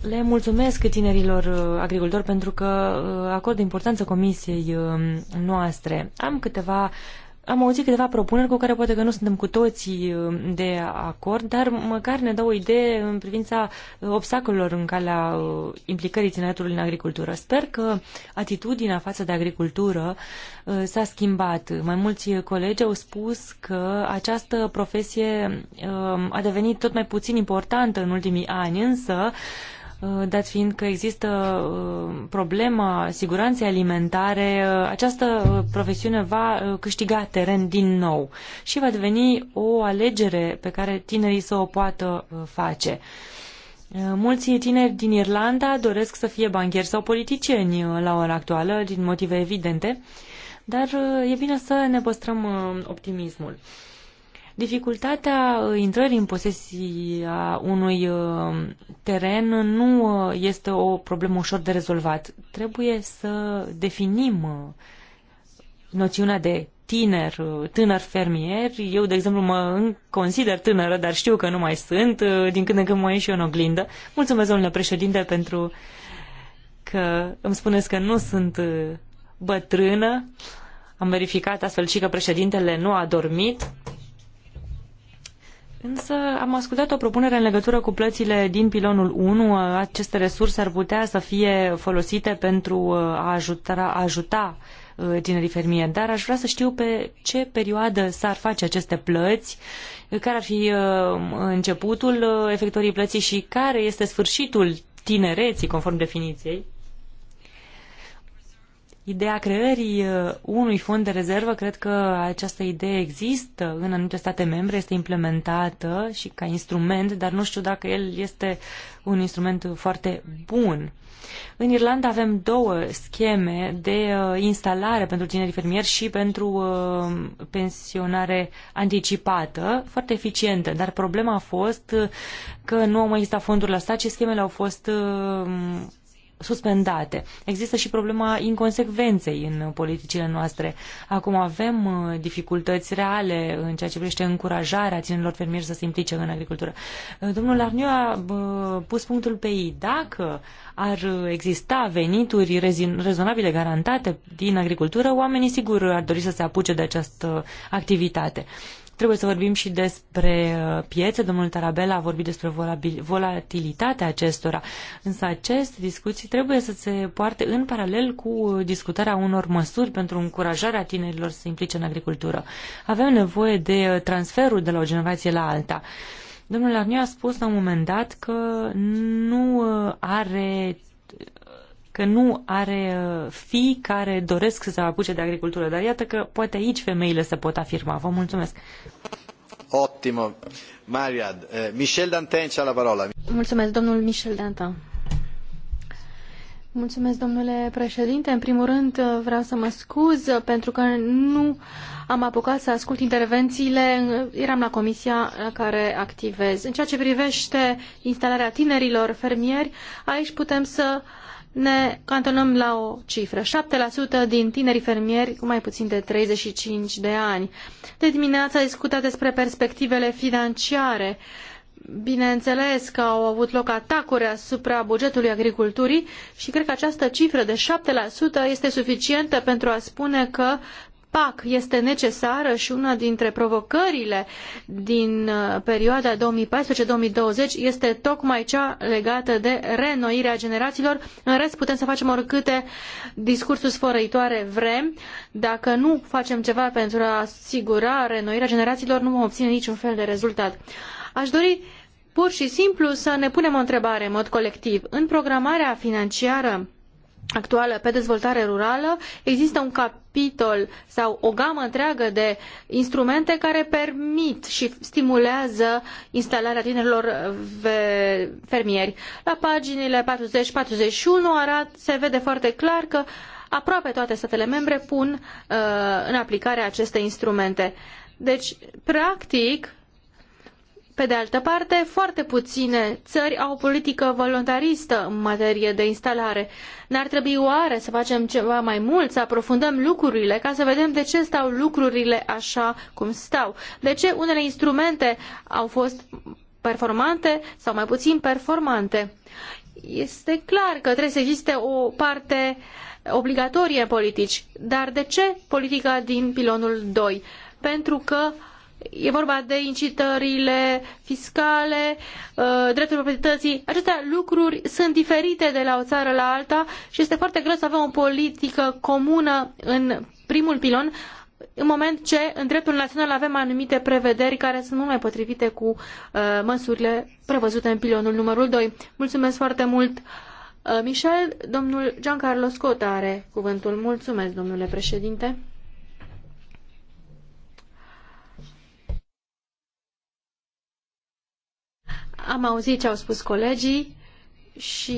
le mulțumesc tinerilor uh, agricultori pentru că uh, acordă importanță comisiei um, noastre. Am câteva am auzit câteva propuneri cu care poate că nu suntem cu toții uh, de acord, dar măcar ne dă o idee în privința uh, obstacolelor în calea uh, implicării tineretului în agricultură. Sper că atitudinea față de agricultură s-a schimbat. Mai mulți colegi au spus că această profesie a devenit tot mai puțin importantă în ultimii ani, însă Uh, dat fiind că există uh, problema siguranței alimentare, uh, această profesiune va câștiga teren din nou și va deveni o alegere pe care tinerii să o poată face. Mulți tineri din Irlanda doresc să fie bancheri sau politicieni la ora actuală, din motive evidente, dar e bine să ne păstrăm optimismul. Dificultatea uh, intrării în posesia unui uh, teren nu uh, este o problemă ușor de rezolvat. Trebuie să definim noțiunea de tiner, tânăr fermier. Eu, de exemplu, mă consider tânără, dar știu că nu mai sunt. Din când în când mai ieși eu în oglindă. Mulțumesc, domnule președinte, pentru că îmi spuneți că nu sunt bătrână. Am verificat astfel și că președintele nu a dormit. Însă am ascultat o propunere în legătură cu plățile din pilonul 1. Aceste resurse ar putea să fie folosite pentru uh, a ajuta, ajuta uh, tinerii fermieri, dar aș vrea să știu pe ce perioadă s-ar face aceste plăți, care ar fi uh, începutul efectorii plății și care este sfârșitul tinereții, conform definiției ideea creării uh, unui fond de rezervă, cred că această idee există în anumite state membre, este implementată și ca instrument, dar nu știu dacă el este un instrument foarte bun. În Irlanda avem două scheme de uh, instalare pentru tinerii fermieri și pentru uh, pensionare anticipată, foarte eficientă, dar problema a fost că nu au mai existat fonduri la stat și schemele au fost suspendate. Există și problema inconsecvenței în politicile noastre. Acum avem uh, dificultăți reale în ceea ce privește încurajarea tinerilor fermieri să se implice în agricultură. Uh, domnul Arniu a pus punctul pe ei. Dacă ar exista venituri rezonabile garantate din agricultură, oamenii sigur ar dori să se apuce de această activitate. Trebuie să vorbim și despre uh, piețe. Domnul Tarabella a vorbit despre volatilitatea acestora. Însă aceste discuții trebuie să se poarte în paralel cu discutarea unor măsuri pentru încurajarea tinerilor să se implice în agricultură. Avem nevoie de uh, transferul de la o generație la alta. Domnul Arniu a spus la un moment dat că nu uh, are că nu are uh, fii care doresc să se apuce de agricultură, dar iată că poate aici femeile se pot afirma. Vă mulțumesc! Ottimo. Mariad, eh, Michel Dantin c'ha la parola. Mulțumesc, domnul Michel Dantin. Mulțumesc, domnule președinte. În primul rând, eh, vreau să mă scuz pentru că nu am apucat să ascult intervențiile. Eram la comisia la care activez. În ceea ce privește instalarea tinerilor fermieri, aici putem să uh, ne cantonăm la o cifră. 7% din tinerii fermieri cu mai puțin de 35 de ani. De dimineață a discutat despre perspectivele financiare. Bineînțeles că au avut loc atacuri asupra bugetului agriculturii și cred că această cifră de 7% este suficientă pentru a spune că PAC este necesară și una dintre provocările din uh, perioada 2014-2020 este tocmai cea legată de reînnoirea generațiilor. În rest putem să facem oricâte discursuri sfărăitoare vrem. Dacă nu facem ceva pentru a asigura reînnoirea generațiilor, nu vom obține niciun fel de rezultat. Aș dori pur și simplu să ne punem o întrebare în mod colectiv. În programarea financiară actuală pe dezvoltare rurală, există un capitol sau o gamă întreagă de instrumente care permit și stimulează instalarea tinerilor uh, fermieri. La paginile 40-41 se vede foarte clar că aproape toate statele membre pun uh, în aplicare aceste instrumente. Deci, practic, pe de altă parte, foarte puține țări au o politică voluntaristă în materie de instalare. N-ar trebui oare să facem ceva mai mult, să aprofundăm lucrurile, ca să vedem de ce stau lucrurile așa cum stau? De ce unele instrumente au fost performante sau mai puțin performante? Este clar că trebuie să existe o parte obligatorie în politici, dar de ce politica din pilonul doi? Pentru că E vorba de incitările fiscale, uh, dreptul proprietății. Aceste lucruri sunt diferite de la o țară la alta și este foarte greu să avem o politică comună în primul pilon, în moment ce în dreptul național avem anumite prevederi care sunt mult mai potrivite cu uh, măsurile prevăzute în pilonul numărul doi. Mulțumesc foarte mult, uh, Michel. Domnul Giancarlo Scott are cuvântul. Mulțumesc, domnule președinte. am auzit ce au spus colegii și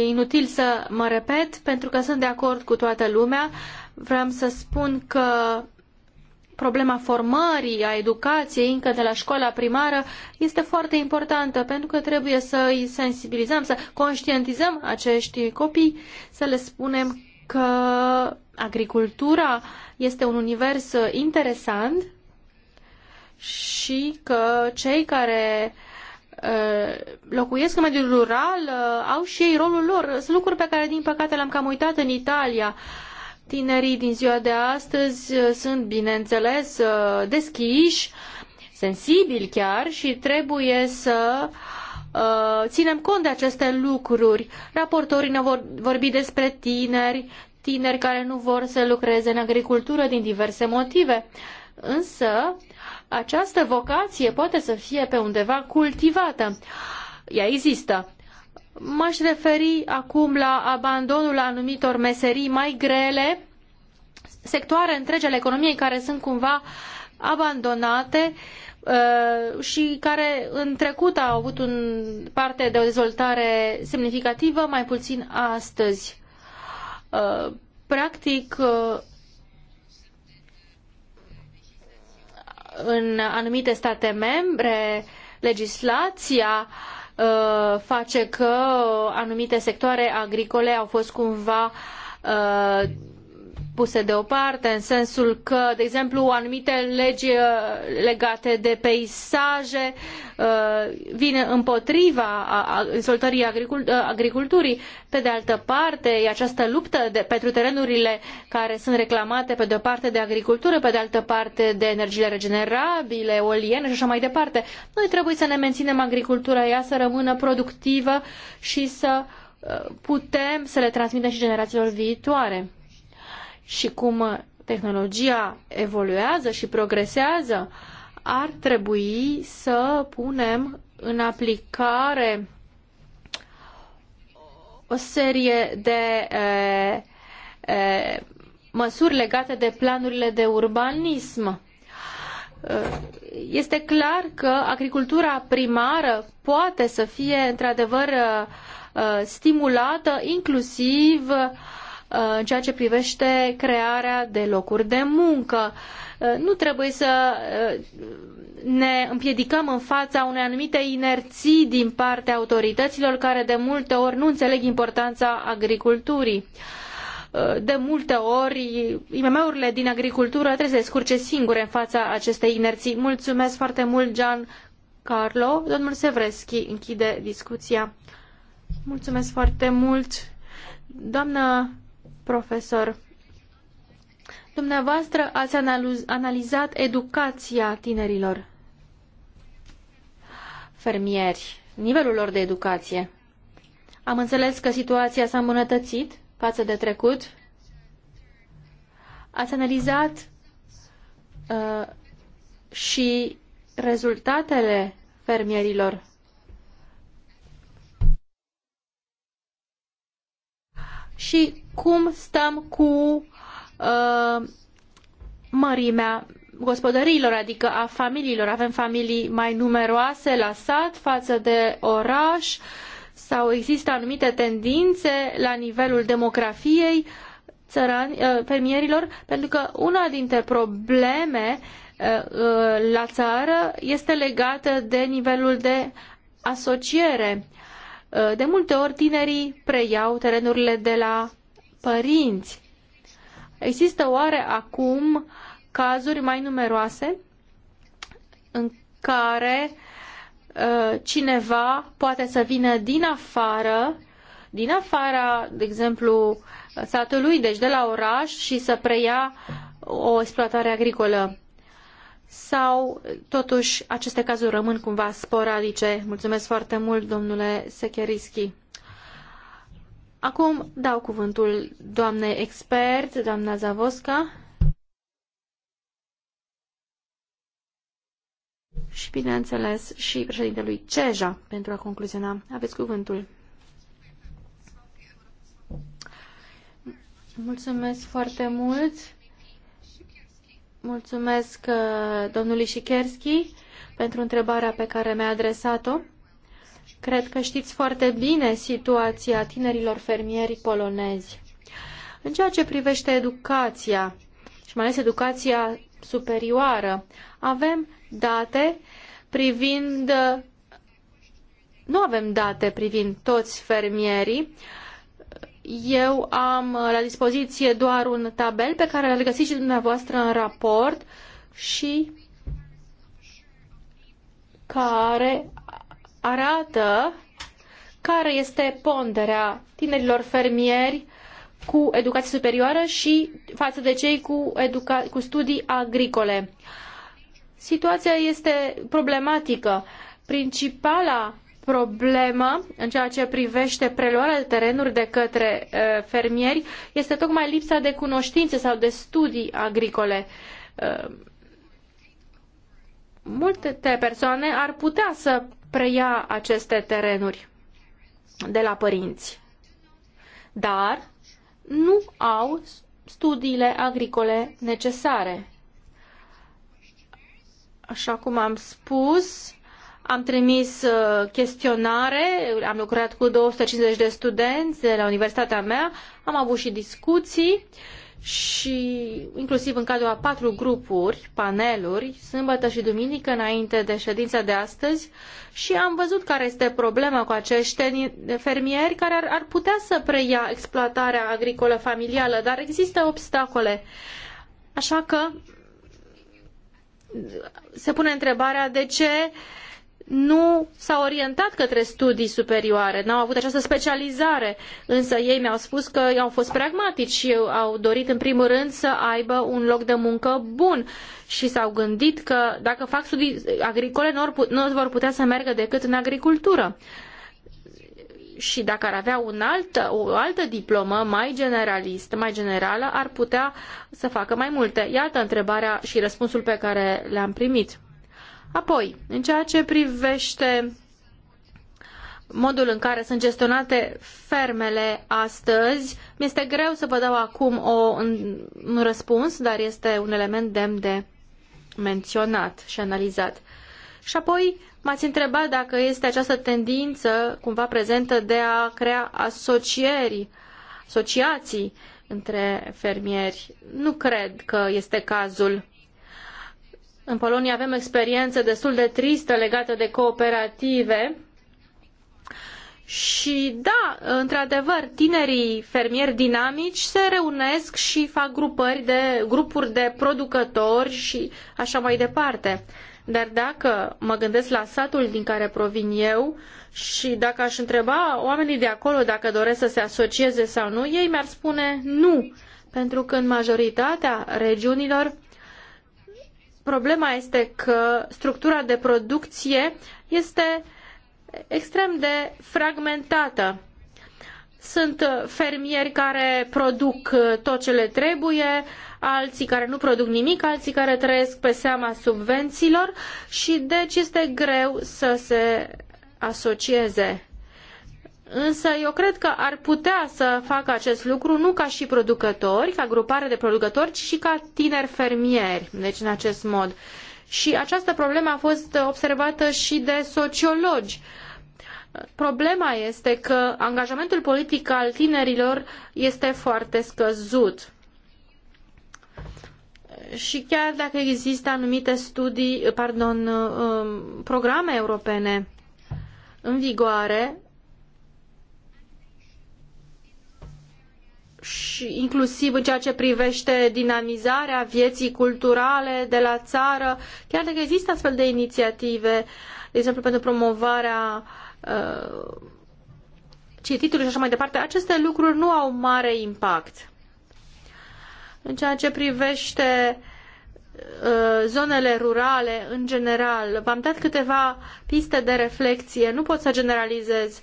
e inutil să mă repet pentru că sunt de acord cu toată lumea. Vreau să spun că problema formării, a educației încă de la școala primară este foarte importantă pentru că trebuie să îi sensibilizăm, să conștientizăm acești copii, să le spunem că agricultura este un univers interesant și că cei care uh, Eh, locuiesc în mediul rural eh, au și ei rolul lor. Sunt lucruri pe care, din păcate, le-am cam uitat în Italia. Tinerii din ziua de astăzi eh, sunt, bineînțeles, deschiși, sensibili chiar și trebuie să ținem cont de aceste lucruri. Raportorii ne vor vorbi despre tineri, tineri care nu vor să lucreze în agricultură din diverse motive. Însă, această vocație poate să fie pe undeva cultivată. Ea există. M-aș referi acum la abandonul anumitor meserii mai grele, sectoare întregi ale economiei care sunt cumva abandonate uh, și care în trecut au avut un parte de o dezvoltare semnificativă, mai puțin astăzi. Uh, practic, uh, în anumite state membre legislația uh, face că anumite sectoare agricole au fost cumva uh, puse deoparte, în sensul că, de exemplu, anumite legi uh, legate de peisaje uh, vin împotriva dezvoltării uh, agriculturii. Pe de altă parte, e această luptă de, pentru terenurile care sunt reclamate pe de o parte de agricultură, pe de altă parte de energiile regenerabile, eoliene și așa mai departe. Noi trebuie să ne menținem agricultura, ea să rămână productivă și să putem să le transmitem și generațiilor viitoare și cum tehnologia evoluează și progresează, ar trebui să punem în aplicare o serie de e, eh, e, eh, măsuri legate de planurile de urbanism. Eh, este clar că agricultura primară poate să fie într-adevăr stimulată inclusiv uh, Uh, în ceea ce privește crearea de locuri de muncă. Uh, nu trebuie să uh, ne împiedicăm în fața unei anumite inerții din partea autorităților care de multe ori nu înțeleg importanța agriculturii de multe ori IMM-urile din agricultură trebuie să se scurce singure în fața acestei inerții. Mulțumesc foarte mult, Gian Carlo. Domnul Sevreschi închide discuția. Mulțumesc foarte mult. Doamnă profesor. Dumneavoastră ați analizat educația tinerilor fermieri, nivelul lor de educație. Am înțeles că situația s-a îmbunătățit față de trecut. Ați analizat uh, și rezultatele fermierilor. Și cum stăm cu uh, mărimea gospodăriilor, adică a familiilor. Avem familii mai numeroase la sat față de oraș sau există anumite tendințe la nivelul demografiei țărani, uh, fermierilor, pentru că una dintre probleme uh, uh, la țară este legată de nivelul de asociere. De multe ori tinerii preiau terenurile de la părinți. Există oare acum cazuri mai numeroase în care uh, cineva poate să vină din afară, din afara, de exemplu, satului, deci de la oraș și să preia o exploatare agricolă. Sau, totuși, aceste cazuri rămân cumva sporadice? Mulțumesc foarte mult, domnule Secherischi. Acum dau cuvântul doamnei expert, doamna Zavosca. Și, bineînțeles, și președintelui Ceja pentru a concluziona. Aveți cuvântul. Mulțumesc foarte mult. Mulțumesc uh, domnului Șicherski pentru întrebarea pe care mi-a adresat-o. Cred că știți foarte bine situația tinerilor fermieri polonezi. În ceea ce privește educația, și mai ales educația superioară, avem date privind. Nu avem date privind toți fermierii. Eu am la dispoziție doar un tabel pe care l-ați găsit și dumneavoastră în raport și care arată care este ponderea tinerilor fermieri cu educație superioară și față de cei cu, educa- cu studii agricole. Situația este problematică. Principala problemă în ceea ce privește preluarea de terenuri de către fermieri este tocmai lipsa de cunoștințe sau de studii agricole. multe persoane ar putea să preia aceste terenuri de la părinți, dar nu au studiile agricole necesare. Așa cum am spus, am trimis uh, chestionare, am lucrat cu 250 de studenți de la universitatea mea, am avut și discuții uh, și inclusiv în cadrul a patru grupuri, paneluri, sâmbătă și duminică înainte de ședința de astăzi și am văzut care este problema cu acești fermieri care ar, ar putea să preia exploatarea agricolă familială, dar există obstacole. Așa că se pune întrebarea de ce uh, nu s-au orientat către studii superioare, n-au avut această specializare, însă ei mi-au spus că au fost pragmatici și au dorit în primul rând să aibă un loc de muncă bun și s-au gândit că dacă fac studii agricole nu vor putea să meargă decât în agricultură și dacă ar avea un alt, o altă diplomă mai generalistă, mai generală, ar putea să facă mai multe. Iată întrebarea și răspunsul pe care le-am primit. Apoi, în ceea ce privește modul în care sunt gestionate fermele astăzi, mi-este greu să vă dau acum o, un răspuns, dar este un element demn de menționat și analizat. Și apoi m-ați întrebat dacă este această tendință cumva prezentă de a crea asocieri, asociații între fermieri. Nu cred că este cazul. În Polonia avem experiențe destul de triste legate de cooperative și da, într-adevăr, tinerii fermieri dinamici se reunesc și fac grupări de, grupuri de producători și așa mai departe. Dar dacă mă gândesc la satul din care provin eu și dacă aș întreba oamenii de acolo dacă doresc să se asocieze sau nu, ei mi-ar spune nu, pentru că în majoritatea regiunilor Problema este că structura de producție este extrem de fragmentată. Sunt fermieri care produc tot ce le trebuie, alții care nu produc nimic, alții care trăiesc pe seama subvențiilor și deci este greu să se asocieze. Însă eu cred că ar putea să facă acest lucru nu ca și producători, ca grupare de producători, ci și ca tineri fermieri, deci în acest mod. Și această problemă a fost observată și de sociologi. Problema este că angajamentul politic al tinerilor este foarte scăzut. Și chiar dacă există anumite studii, pardon, um, programe europene în vigoare, și inclusiv în ceea ce privește dinamizarea vieții culturale de la țară, chiar dacă există astfel de inițiative, de exemplu pentru promovarea uh, cititului și așa mai departe, aceste lucruri nu au mare impact. În ceea ce privește uh, zonele rurale în general. V-am dat câteva piste de reflexie, nu pot să generalizez,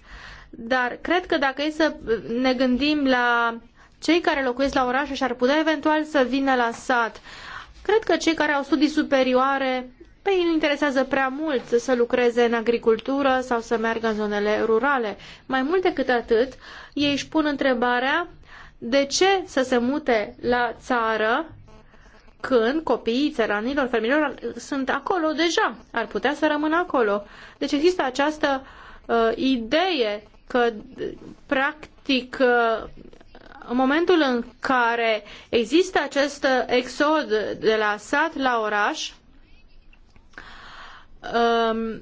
dar cred că dacă e să ne gândim la uh, cei care locuiesc la oraș și ar putea eventual să vină la sat. Cred că cei care au studii superioare pe ei nu interesează prea mult să lucreze în agricultură sau să meargă în zonele rurale. Mai mult decât atât, ei își pun întrebarea de ce să se mute la țară când copiii țăranilor, fermierilor sunt acolo deja, ar putea să rămână acolo. Deci există această uh, idee că practic uh, în momentul în care există acest exod de la sat la oraș, um,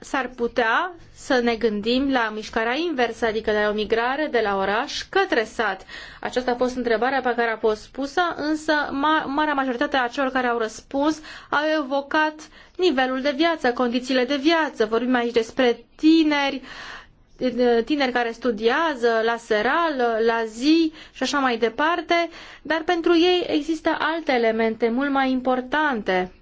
s-ar putea să ne gândim la mișcarea inversă, adică la o migrare de la oraș către sat. Aceasta a fost întrebarea pe care a fost pusă, însă ma- marea majoritate a celor care au răspuns au evocat nivelul de viață, condițiile de viață. Vorbim aici despre tineri, uh, tineri care studiază la seral, la zi și așa mai departe, dar pentru ei există alte elemente mult mai importante,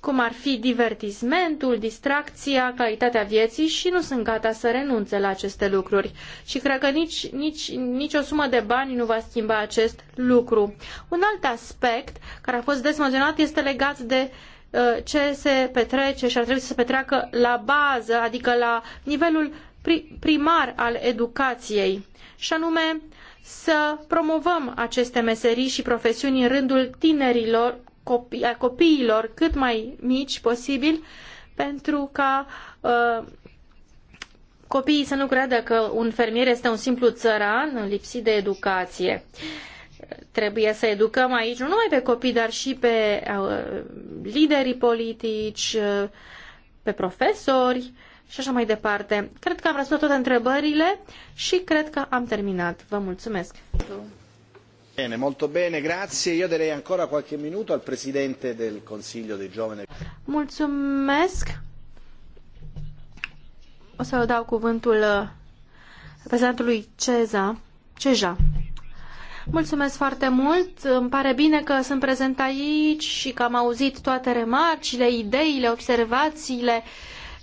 cum ar fi divertismentul, distracția, calitatea vieții și nu sunt gata să renunțe la aceste lucruri. Și cred că nici, nici, nici o sumă de bani nu va schimba acest lucru. Un alt aspect care a fost desmăționat este legat de uh, ce se petrece și ar trebui să se petreacă la bază, adică la nivelul primar al educației, și anume să promovăm aceste meserii și profesiuni în rândul tinerilor, a copiilor cât mai mici posibil, pentru ca uh, copiii să nu creadă că un fermier este un simplu țăran lipsit de educație. Trebuie să educăm aici nu numai pe copii, dar și pe uh, liderii politici, uh, pe profesori, uh, și așa mai departe. Cred că am răspuns toate întrebările și cred că am terminat. Vă mulțumesc! Bine, molto bene, grazie. Io darei ancora qualche minuto al Presidente del Consiglio dei Giovani. Mulțumesc! O să dau cuvântul uh, reprezentantului Ceza. Ceja. Mulțumesc foarte mult. Îmi pare bine că sunt prezent aici și că am auzit toate remarcile, ideile, observațiile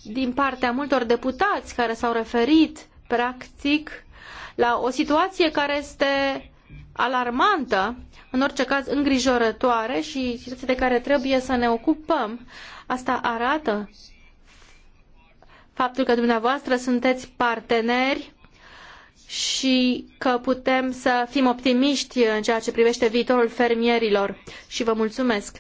din partea multor deputați care s-au referit practic la o situație care este alarmantă, în orice caz îngrijorătoare și situație de care trebuie să ne ocupăm. Asta arată faptul că dumneavoastră sunteți parteneri și că putem să fim optimiști în ceea ce privește viitorul fermierilor. Și vă mulțumesc!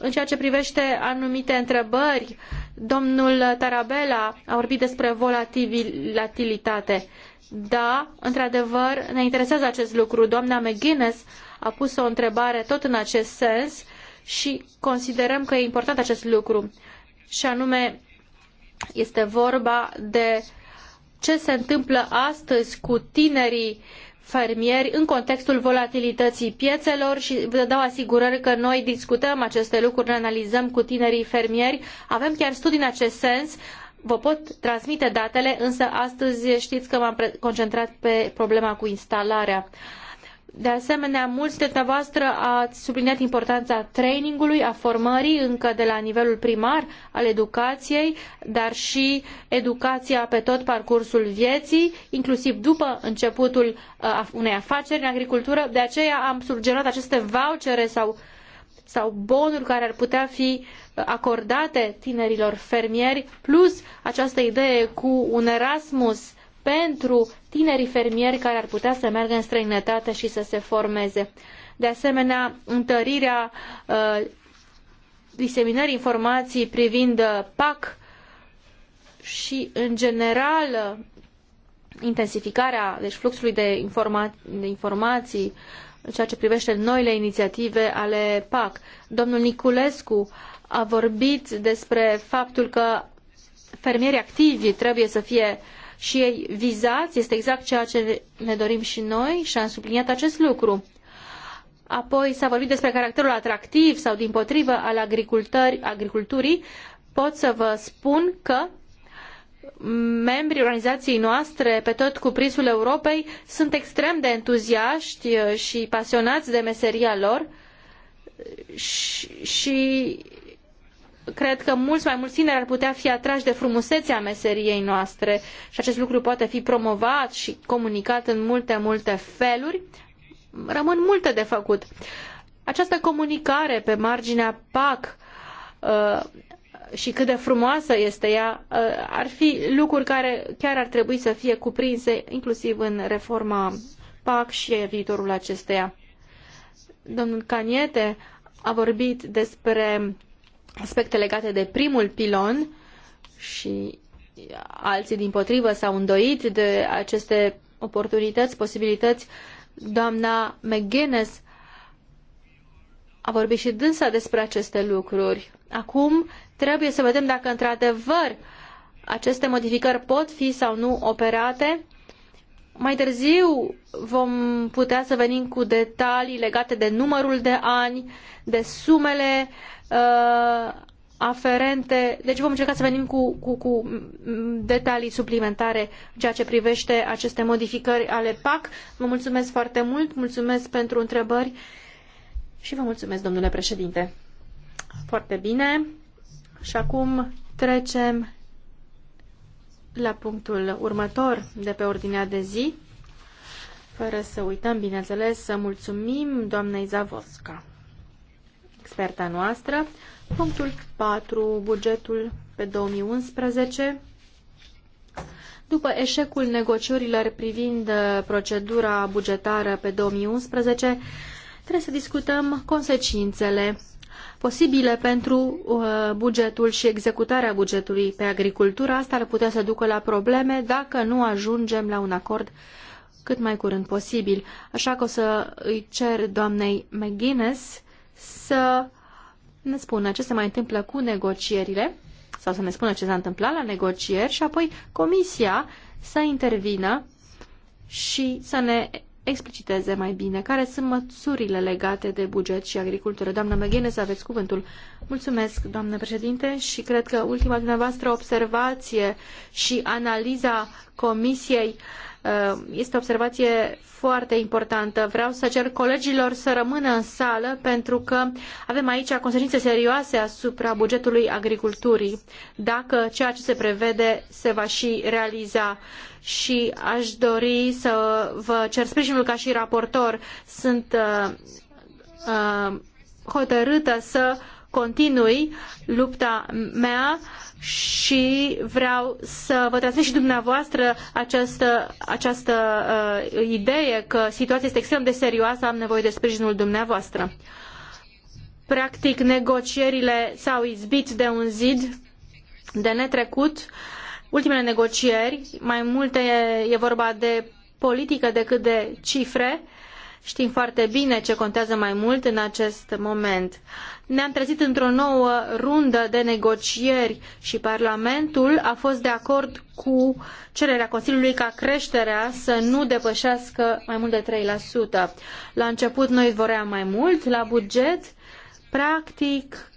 în ceea ce privește anumite întrebări, domnul Tarabella a vorbit despre volatilitate. Da, într-adevăr, ne interesează acest lucru. Doamna McGuinness a pus o întrebare tot în acest sens și considerăm că e important acest lucru. Și anume, este vorba de ce se întâmplă astăzi cu tinerii uh, fermieri în contextul volatilității piețelor și vă dau asigurări că noi discutăm aceste lucruri, le analizăm cu tinerii fermieri, avem chiar studii în acest sens, vă pot transmite datele, însă astăzi știți că m-am concentrat pe problema cu instalarea. Uh, de asemenea, mulți dintre voastre ați subliniat importanța trainingului, a formării încă de la nivelul primar, al educației, dar și educația pe tot parcursul vieții, inclusiv după începutul uh, unei afaceri în agricultură. De aceea am sugerat aceste vouchere sau, sau bonuri care ar putea fi uh, acordate tinerilor fermieri, plus această idee cu un Erasmus pentru tinerii fermieri care ar putea să meargă în străinătate și să se formeze. De asemenea, întărirea uh, diseminării informații privind uh, PAC și, în general, intensificarea deci fluxului de, informa de informații în ceea ce privește noile inițiative ale PAC. Domnul Niculescu a vorbit despre faptul că fermierii activi trebuie să fie uh, și ei vizați, este exact ceea ce ne dorim și noi și am subliniat acest lucru. Apoi s-a vorbit despre caracterul atractiv sau din potrivă al agriculturii. Pot să vă spun că membrii organizației noastre pe tot cuprinsul Europei sunt extrem de entuziaști și pasionați de meseria lor și, și cred că mulți mai mulți tineri ar putea fi atrași de frumusețea meseriei noastre și acest lucru poate fi promovat și comunicat în multe, multe feluri. Rămân multe de făcut. Această comunicare pe marginea PAC uh, și cât de frumoasă este ea, uh, ar fi lucruri care chiar ar trebui să fie cuprinse inclusiv în reforma PAC și viitorul acesteia. Domnul Caniete a vorbit despre aspecte legate de primul pilon și alții din potrivă s-au îndoit de aceste oportunități, posibilități. Doamna McGuinness a vorbit și dânsa despre aceste lucruri. Acum trebuie să vedem dacă într-adevăr aceste modificări pot fi sau nu operate mai târziu vom putea să venim cu detalii legate de numărul de ani, de sumele uh, aferente. Deci vom încerca să venim cu, cu, cu detalii suplimentare în ceea ce privește aceste modificări ale PAC. Vă mulțumesc foarte mult, mulțumesc pentru întrebări și vă mulțumesc, domnule președinte. Foarte bine. Și acum trecem la punctul următor de pe ordinea de zi, fără să uităm, bineînțeles, să mulțumim doamnei Zavosca, experta noastră. Punctul 4, bugetul pe 2011. După eșecul negociorilor privind uh, procedura bugetară pe 2011, trebuie să discutăm consecințele posibile pentru uh, bugetul și executarea bugetului pe agricultură. Asta ar putea să ducă la probleme dacă nu ajungem la un acord cât mai curând posibil. Așa că o să îi cer doamnei McGuinness să ne spună ce se mai întâmplă cu negocierile sau să ne spună ce s-a întâmplat la negocieri și apoi comisia să intervină și să ne expliciteze mai bine care sunt măsurile legate de buget și agricultură. Doamna Meghene, să aveți cuvântul. Mulțumesc, doamnă președinte, și cred că ultima dumneavoastră observație și analiza comisiei uh, Uh, este o observație foarte importantă. Vreau să cer colegilor să rămână în sală pentru că avem aici consecințe serioase asupra bugetului agriculturii dacă ceea ce se prevede se va și realiza. Și aș dori să vă cer sprijinul ca și raportor. Sunt uh, uh, hotărâtă să continui lupta mea uh, și vreau să vă transmit și dumneavoastră această, această uh, idee că situația este extrem de serioasă, am nevoie de sprijinul dumneavoastră. Practic, negocierile s-au izbit de un zid de netrecut. Ultimele negocieri, mai multe e, e vorba de politică decât de cifre. Știm foarte bine ce contează mai mult în acest moment ne-am trezit într-o nouă rundă de negocieri și Parlamentul a fost de acord cu cererea Consiliului ca creșterea să nu depășească mai mult de 3%. La început noi voream mai mult la buget, practic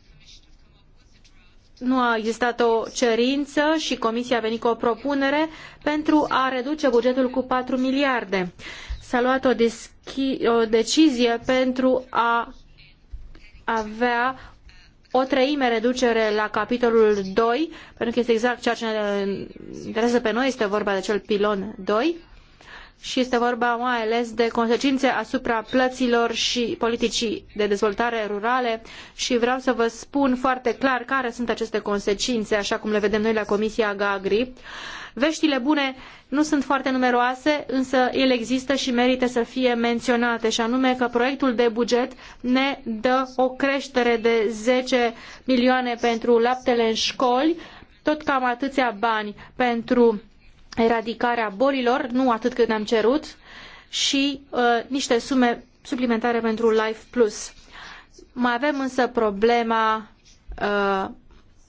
nu a existat o cerință și Comisia a venit cu o propunere pentru a reduce bugetul cu 4 miliarde. S-a luat o, o decizie pentru a avea o treime reducere la capitolul 2, pentru că este exact ceea ce ne interesează pe noi, este vorba de cel pilon 2 și este vorba mai ales de consecințe asupra plăților și politicii de dezvoltare rurale și vreau să vă spun foarte clar care sunt aceste consecințe, așa cum le vedem noi la Comisia Gagri. Uh, Veștile bune nu sunt foarte numeroase, însă ele există și merită să fie menționate, și anume că proiectul de buget ne dă o creștere de 10 milioane pentru laptele în școli, tot cam atâția bani pentru eradicarea bolilor, nu atât cât ne-am cerut, și uh, niște sume suplimentare pentru Life Plus. Mai avem însă problema uh,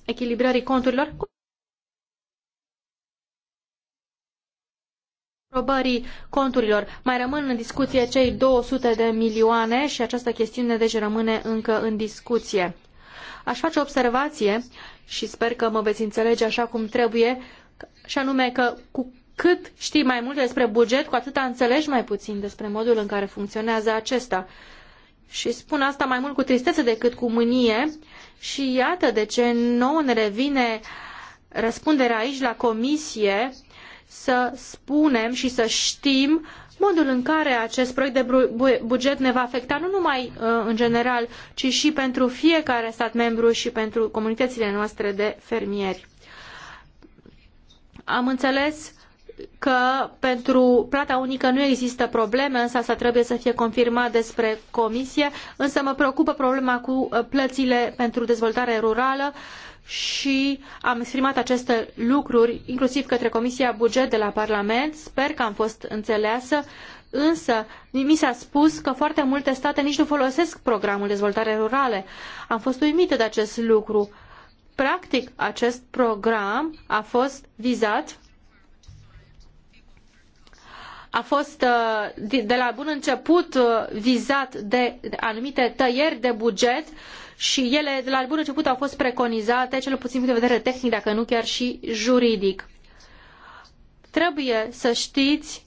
echilibrării conturilor. aprobării conturilor. Mai rămân în discuție cei 200 de milioane și această chestiune deci rămâne încă în discuție. Aș face o observație și sper că mă veți înțelege așa cum trebuie, și anume că cu cât știi mai mult despre buget, cu atât înțelegi mai puțin despre modul în care funcționează acesta. Și spun asta mai mult cu tristețe decât cu mânie și iată de ce nouă ne revine răspunderea aici la comisie să spunem și să știm modul în care acest proiect de buget ne va afecta nu numai uh, în general, ci și pentru fiecare stat membru și pentru comunitățile noastre de fermieri. Am înțeles că pentru plata unică nu există probleme, însă asta trebuie să fie confirmat despre comisie, însă mă preocupă problema cu uh, plățile pentru dezvoltare rurală și am exprimat aceste lucruri inclusiv către Comisia Buget de la Parlament. Sper că am fost înțeleasă, însă mi s-a spus că foarte multe state nici nu folosesc programul dezvoltare rurale. Am fost uimită de acest lucru. Practic, acest program a fost vizat a fost uh, de la bun început uh, vizat de anumite tăieri de buget uh, și ele de la bun început au fost preconizate, cel puțin din punct de vedere tehnic, dacă nu chiar și juridic. Trebuie să știți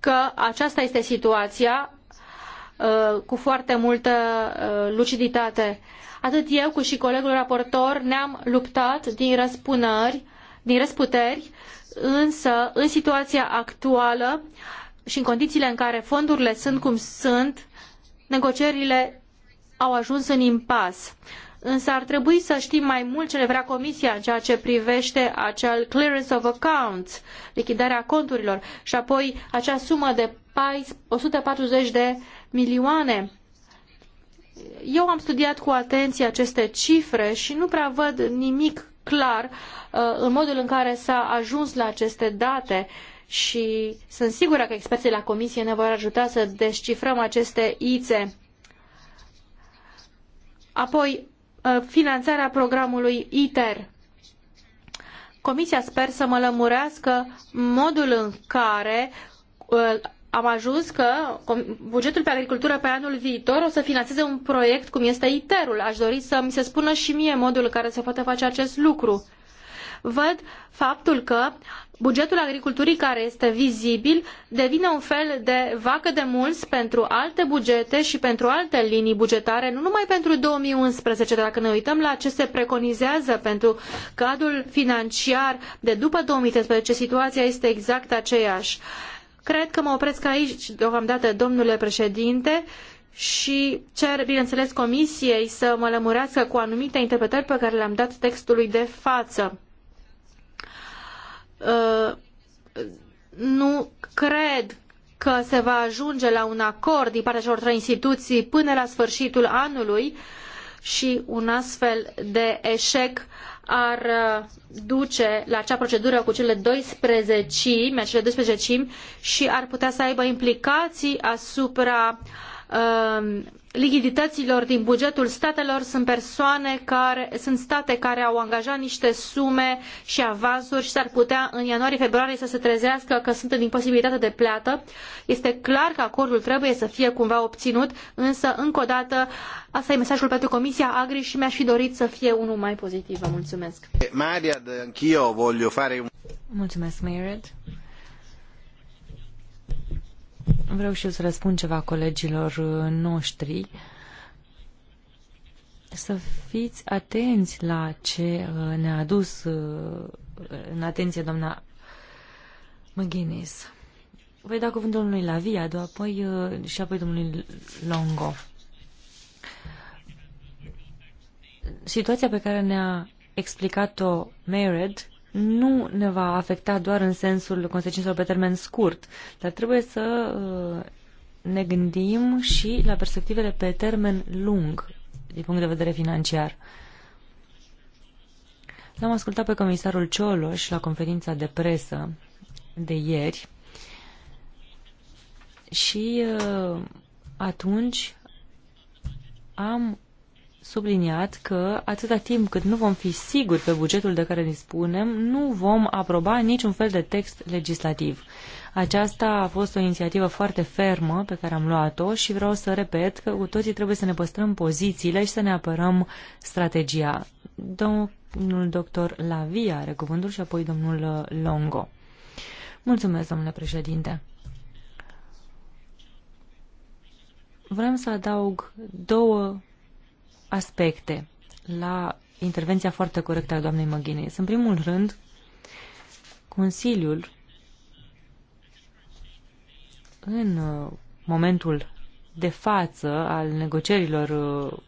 că aceasta este situația uh, cu foarte multă uh, luciditate. Atât eu cu și colegul raportor ne-am luptat din răspunări, din răsputeri, însă în situația actuală și în condițiile în care fondurile sunt cum sunt, negocierile au ajuns în impas. Însă ar trebui să știm mai mult ce ne vrea Comisia în ceea ce privește acel clearance of accounts, lichidarea conturilor, și apoi acea sumă de 140 de milioane. Eu am studiat cu atenție aceste cifre și nu prea văd nimic clar uh, în modul în care s-a ajuns la aceste date și sunt sigură că experții la comisie ne vor ajuta să descifrăm aceste ițe. Apoi, uh, finanțarea programului ITER. Comisia sper să mă lămurească modul în care uh, am ajuns că bugetul pe agricultură pe anul viitor o să finanțeze un proiect cum este ITER-ul. Aș dori să mi se spună și mie modul în care se poate face acest lucru. Văd faptul că bugetul agriculturii care este vizibil devine un fel de vacă de mulți pentru alte bugete și pentru alte linii bugetare, nu numai pentru 2011, dar dacă ne uităm la ce se preconizează pentru cadrul financiar de după 2013, situația este exact aceeași. Cred că mă opresc aici deocamdată, domnule președinte, și cer, bineînțeles, comisiei să mă lămurească cu anumite interpretări pe care le-am dat textului de față. Uh, nu cred că se va ajunge la un acord din partea celor trei instituții până la sfârșitul anului și un astfel de eșec ar uh, duce la acea procedură cu cele 12, acele 12 și ar putea să aibă implicații asupra uh, lichidităților din bugetul statelor sunt persoane care sunt state care au angajat niște sume și avansuri și s-ar putea în ianuarie februarie să se trezească că sunt în imposibilitate de plată. Este clar că acordul trebuie să fie cumva obținut, însă încă o dată asta e mesajul pentru Comisia Agri și mi-aș fi dorit să fie unul mai pozitiv. Vă mulțumesc. Mariad, anch'io voglio fare un Mulțumesc, Myriad. Vreau și eu să răspund ceva colegilor uh, noștri. Să fiți atenți la ce uh, ne-a adus uh, în atenție doamna McGuinness. Voi da cuvântul lui Lavia, apoi și apoi domnului Longo. Situația pe care ne-a explicat-o Mered nu ne va afecta doar în sensul consecințelor pe termen scurt, dar trebuie să uh, ne gândim și la perspectivele pe termen lung, din punct de vedere financiar. L-am ascultat pe comisarul Cioloș la conferința de presă de ieri și uh, atunci am subliniat că atâta timp cât nu vom fi siguri pe bugetul de care dispunem, nu vom aproba niciun fel de text legislativ. Aceasta a fost o inițiativă foarte fermă pe care am luat-o și vreau să repet că cu toții trebuie să ne păstrăm pozițiile și să ne apărăm strategia. Domnul doctor Lavia are cuvântul și apoi domnul Longo. Mulțumesc, domnule președinte. Vrem să adaug două aspecte la intervenția foarte corectă a doamnei Măghinei. În primul rând, Consiliul în uh, momentul de față al negocierilor uh,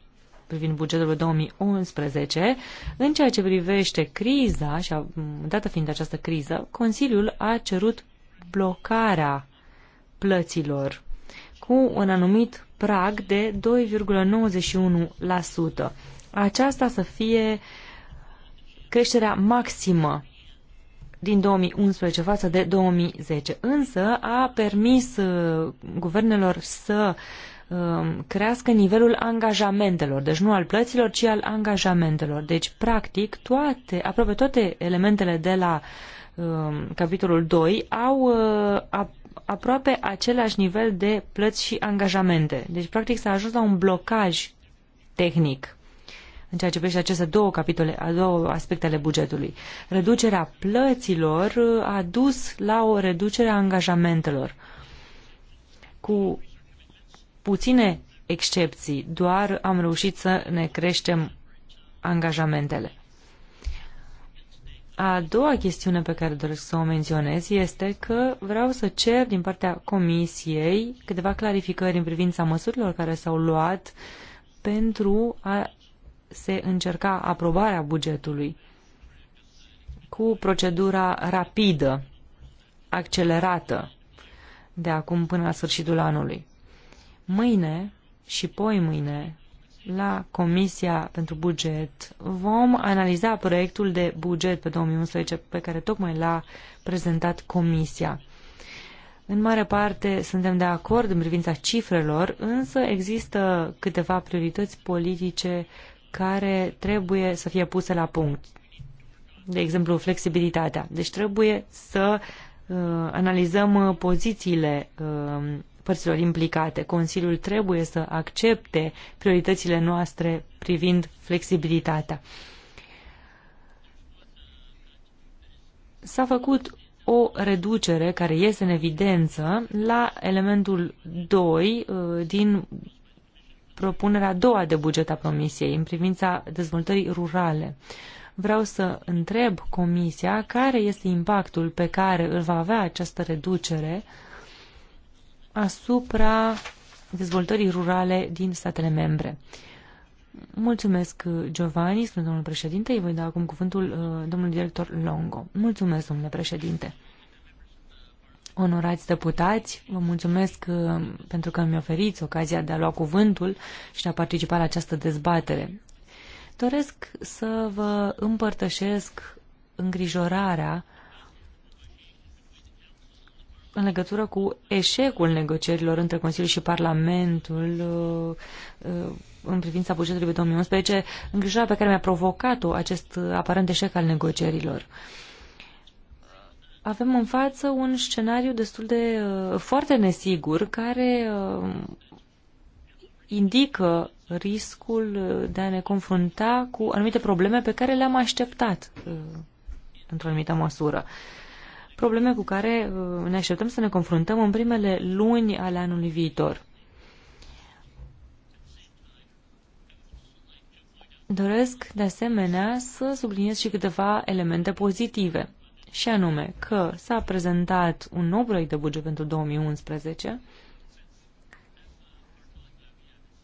privind bugetul 2011, în ceea ce privește criza, și dată fiind această criză, Consiliul a cerut blocarea plăților cu un anumit prag de 2,91%. Aceasta să fie creșterea maximă din 2011 față de 2010, însă a permis uh, guvernelor să um, crească nivelul angajamentelor, deci nu al plăților, ci al angajamentelor. Deci, practic, toate, aproape toate elementele de la um, capitolul 2 au uh, aproape același nivel de plăți și angajamente. Deci, practic, s-a ajuns la un blocaj tehnic în ceea ce privește aceste două capitole, a două aspecte ale bugetului. Reducerea plăților a dus la o reducere a angajamentelor. Cu puține excepții, doar am reușit să ne creștem angajamentele. A doua chestiune pe care doresc să o menționez este că vreau să cer din partea Comisiei câteva clarificări în privința măsurilor care s-au luat pentru a se încerca aprobarea bugetului cu procedura rapidă, accelerată, de acum până la sfârșitul anului. Mâine și poi mâine la Comisia pentru Buget vom analiza proiectul de buget pe 2011 pe care tocmai l-a prezentat Comisia. În mare parte suntem de acord în privința cifrelor, însă există câteva priorități politice care trebuie să fie puse la punct. De exemplu, flexibilitatea. Deci trebuie să uh, analizăm uh, pozițiile uh, părților implicate. Consiliul trebuie să accepte prioritățile noastre privind flexibilitatea. S-a făcut o reducere care iese în evidență la elementul 2 uh, din propunerea a doua de buget a promisiei în privința dezvoltării rurale. Vreau să întreb Comisia care este impactul pe care îl va avea această reducere uh, asupra dezvoltării rurale din statele membre. Mulțumesc, Giovanni, spune domnul președinte. Îi voi da acum cuvântul uh, domnului director Longo. Mulțumesc, domnule președinte. Onorați deputați, vă mulțumesc uh, pentru că mi oferiți ocazia de a lua cuvântul și de a participa la această dezbatere. Doresc să vă împărtășesc îngrijorarea în legătură cu eșecul negocierilor între Consiliu și Parlamentul uh, uh, în privința bugetului pe 2011, îngrijorarea pe care mi-a provocat-o acest uh, aparent eșec al negocierilor. Avem în față un scenariu destul de foarte nesigur care indică riscul de a ne confrunta cu anumite probleme pe care le-am așteptat într-o anumită măsură. Uh, probleme cu care uh, ne așteptăm să ne confruntăm în primele luni ale anului viitor. Doresc, de asemenea, să subliniez și câteva elemente pozitive, și anume că s-a prezentat un nou proiect de buget pentru 2011,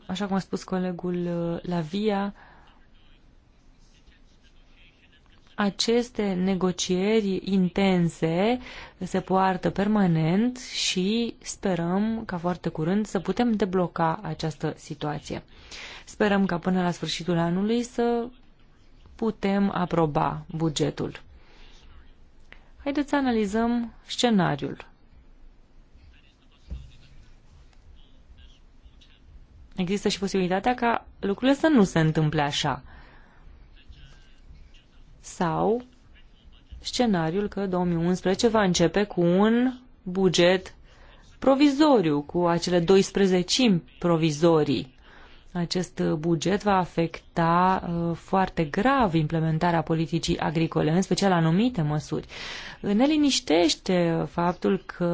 așa cum a spus colegul uh, Lavia, aceste negocieri intense se poartă permanent și sperăm ca foarte curând să putem debloca această situație. Sperăm ca până la sfârșitul anului să putem aproba bugetul. Haideți să analizăm scenariul. Există și posibilitatea ca lucrurile să nu se întâmple așa sau scenariul că 2011 va începe cu un buget provizoriu, cu acele 12 provizorii. Acest buget va afecta uh, foarte grav implementarea politicii agricole, în special anumite măsuri. Ne liniștește faptul că,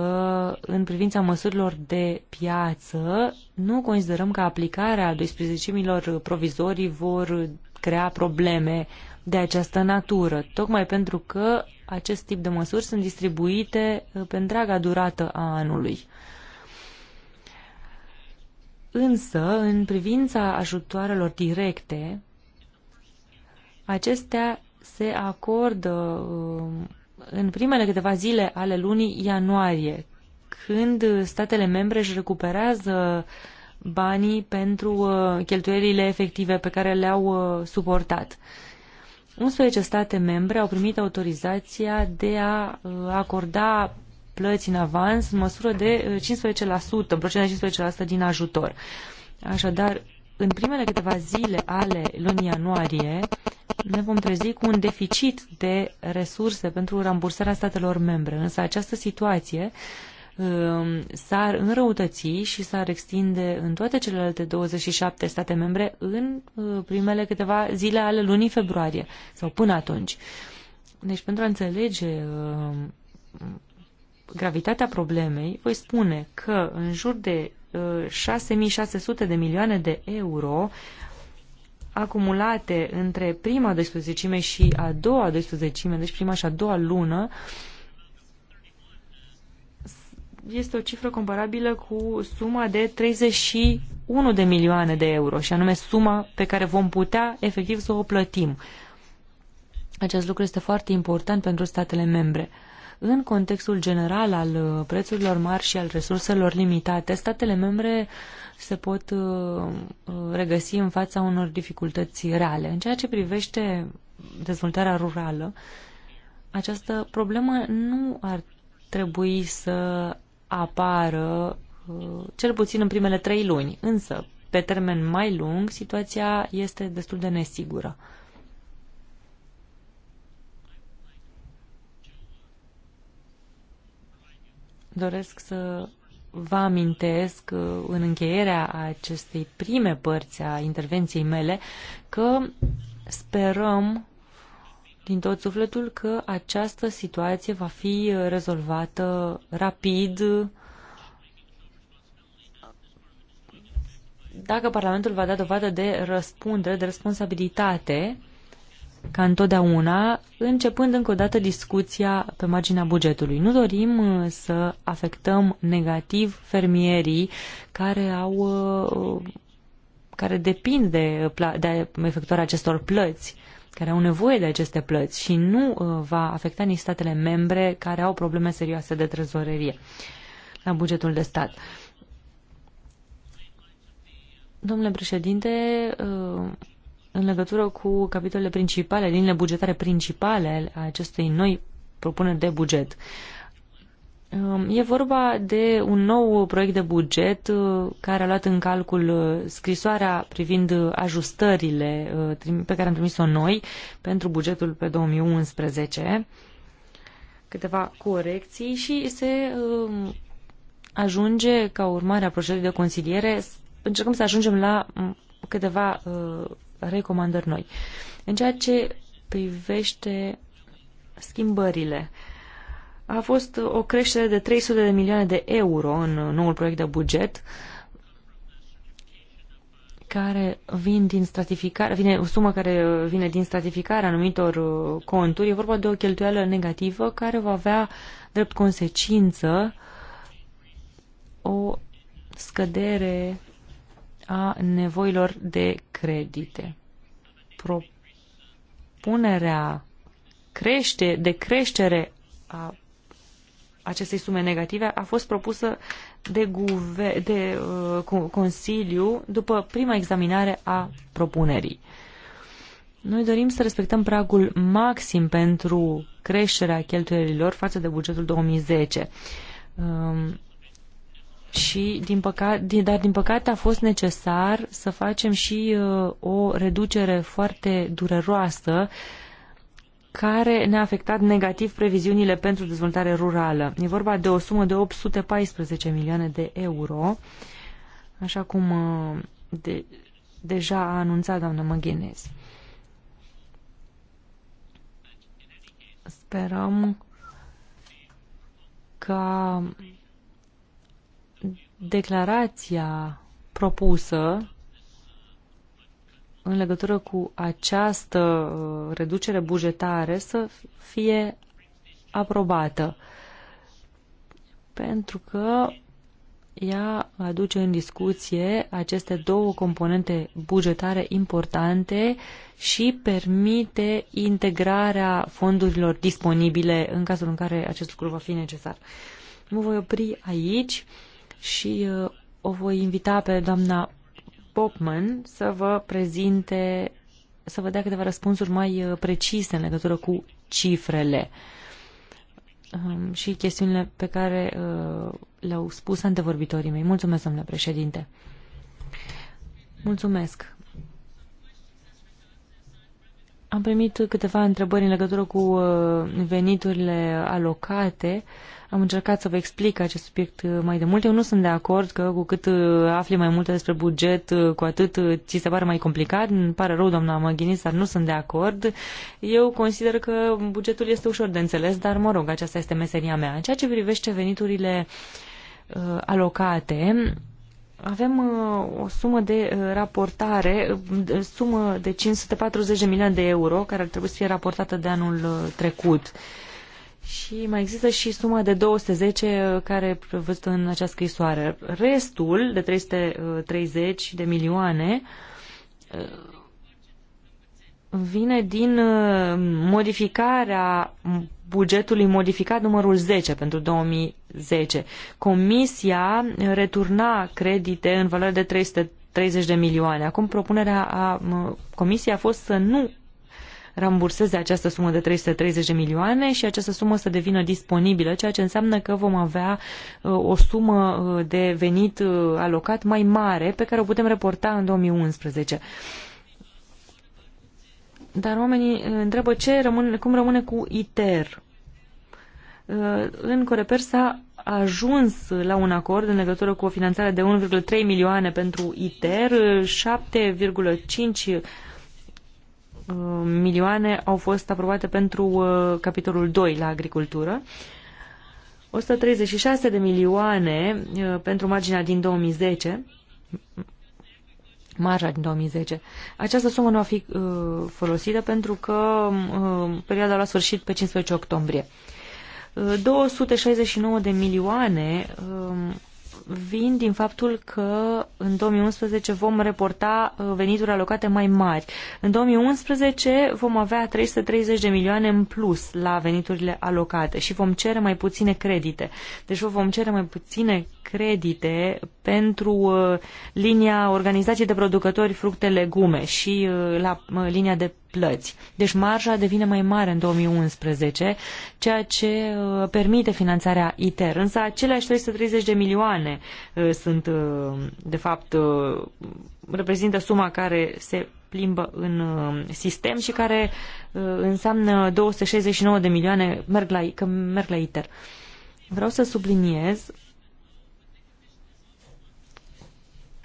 în privința măsurilor de piață, nu considerăm că aplicarea 12 provizorii vor crea probleme de această natură, tocmai pentru că acest tip de măsuri sunt distribuite uh, pe întreaga durată a anului. Însă, în privința ajutoarelor directe, acestea se acordă uh, în primele câteva zile ale lunii ianuarie, când statele membre își recuperează banii pentru uh, cheltuielile efective pe care le-au suportat. 11 state membre au primit autorizația de a uh, acorda plăți în avans în măsură de 15%, uh, în procent de 15% din ajutor. Așadar, în primele câteva zile ale lunii ianuarie ne vom trezi cu un deficit de resurse pentru rambursarea statelor membre, însă această situație Um, s-ar înrăutăți și s-ar extinde în toate celelalte 27 state membre în uh, primele câteva zile ale lunii februarie sau până atunci. Deci pentru a înțelege um, gravitatea problemei, voi spune că în jur de 6600 uh, de milioane de euro acumulate între prima 12 și a doua 12 deci prima și a doua lună, uh, este o cifră comparabilă cu suma de 31 de milioane de euro, și anume suma pe care vom putea efectiv să o plătim. Acest lucru este foarte important pentru statele membre. În contextul general al uh, prețurilor mari și al resurselor limitate, statele membre se pot uh, uh, regăsi în fața unor dificultăți reale. În ceea ce privește dezvoltarea rurală, această problemă nu ar trebui să apară uh, cel puțin în primele trei luni, însă pe termen mai lung situația este destul de nesigură. Doresc să vă amintesc uh, în încheierea acestei prime părți a intervenției mele că sperăm din tot sufletul că această situație va fi uh, rezolvată rapid dacă Parlamentul va da dovadă de răspundere, de responsabilitate, ca întotdeauna, începând încă o dată discuția pe marginea bugetului. Nu dorim uh, să afectăm negativ fermierii care au uh, care depind de, de efectuarea acestor plăți care au nevoie de aceste plăți și nu uh, va afecta nici statele membre care au probleme serioase de trezorerie la bugetul de stat. Domnule președinte, uh, în legătură cu capitolele principale, linile bugetare principale a acestei noi propuneri de buget, Um, e vorba de un nou proiect de buget uh, care a luat în calcul uh, scrisoarea privind ajustările uh, pe care am trimis-o noi pentru bugetul pe 2011, câteva corecții și se um, ajunge ca urmare a procedurii de consiliere, încercăm să ajungem la mm, câteva recomandări noi. În ceea ce privește schimbările, a fost o creștere de 300 de milioane de euro în noul proiect de buget care vin din stratificare, vine, o sumă care vine din stratificarea anumitor uh, conturi. E vorba de o cheltuială negativă care va avea drept consecință o scădere a nevoilor de credite. Propunerea crește, de creștere a acestei sume negative a fost propusă de, guve, de uh, Consiliu după prima examinare a propunerii. Noi dorim să respectăm pragul maxim pentru creșterea cheltuielilor față de bugetul 2010. Um, și din păcate, dar din păcate a fost necesar să facem și uh, o reducere foarte dureroasă uh, care ne-a afectat negativ previziunile pentru dezvoltare rurală. E vorba de o sumă de 814 milioane de euro, așa cum uh, de, deja a anunțat doamna Măghenez. Sperăm ca declarația propusă în legătură cu această uh, reducere bugetare să fie aprobată. Pentru că ea aduce în discuție aceste două componente bugetare importante și permite integrarea fondurilor disponibile în cazul în care acest lucru va fi necesar. Mă voi opri aici și uh, o voi invita pe doamna Popman să vă prezinte, să vă dea câteva răspunsuri mai uh, precise în legătură cu cifrele um, și chestiunile pe care uh, le-au spus antevorbitorii mei. Mulțumesc, domnule președinte. Mulțumesc. Am primit câteva întrebări în legătură cu uh, veniturile alocate. Am încercat să vă explic acest subiect uh, mai de mult. Eu nu sunt de acord că cu cât uh, afli mai multe despre buget, cu atât ți se pare mai complicat. Îmi pare rău, doamna Măghinis, dar nu sunt de acord. Eu consider că bugetul este ușor de înțeles, dar mă rog, aceasta este meseria mea. În ceea ce privește veniturile alocate, avem uh, o sumă de uh, raportare, uh, sumă de 540 de milioane de euro, care ar trebui să fie raportată de anul trecut. Și mai există și suma de 210 care e prevăzută în această scrisoare. Restul de 330 de milioane vine din modificarea bugetului modificat numărul 10 pentru 2010. Comisia returna credite în valoare de 330 de milioane. Acum propunerea a Comisiei a fost să nu ramburseze această sumă de 330 de milioane și această sumă să devină disponibilă, ceea ce înseamnă că vom avea uh, o sumă uh, de venit uh, alocat mai mare pe care o putem reporta în 2011. Dar oamenii uh, întrebă ce rămâne, cum rămâne cu ITER. Uh, în Coreper s-a ajuns la un acord în legătură cu o finanțare de 1,3 milioane pentru ITER, 7,5 uh, milioane au fost aprobate pentru capitolul 2 la agricultură. 136 de milioane pentru marginea din 2010 marja din 2010. Această sumă nu va fi uh, folosită pentru că uh, perioada la sfârșit pe 15 octombrie. Uh, 269 de milioane uh, vin din faptul că în 2011 vom reporta uh, venituri alocate mai mari. În 2011 vom avea 330 de milioane în plus la veniturile alocate și vom cere mai puține credite. Deci vom cere mai puține credite pentru uh, linia organizației de producători fructe legume și uh, la uh, linia de plăți. Deci marja devine mai mare în 2011, ceea ce permite finanțarea ITER. Însă aceleași 330 de milioane sunt, de fapt, reprezintă suma care se plimbă în sistem și care înseamnă 269 de milioane merg la, că merg la ITER. Vreau să subliniez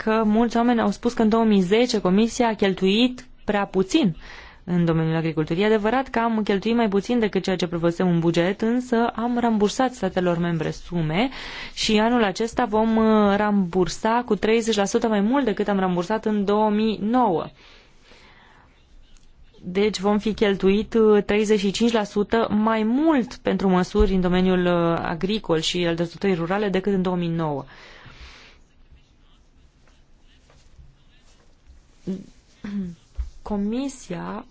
că mulți oameni au spus că în 2010 Comisia a cheltuit prea puțin în domeniul agriculturii. E adevărat că am cheltuit mai puțin decât ceea ce prevăzem în buget, însă am rambursat statelor membre sume și anul acesta vom uh, rambursa cu 30% mai mult decât am rambursat în 2009. Deci vom fi cheltuit 35% uh, mai mult pentru măsuri în domeniul uh, agricol și al dezvoltării rurale decât în 2009. Comisia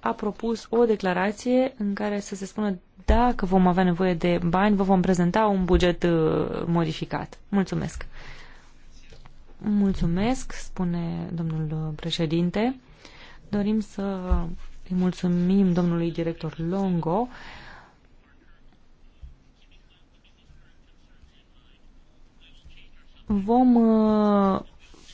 a propus o declarație în care să se spună dacă vom avea nevoie de bani, vă vom prezenta un buget uh, modificat. Mulțumesc. Mulțumesc, spune domnul uh, președinte. Dorim să îi mulțumim domnului director Longo. Vom uh,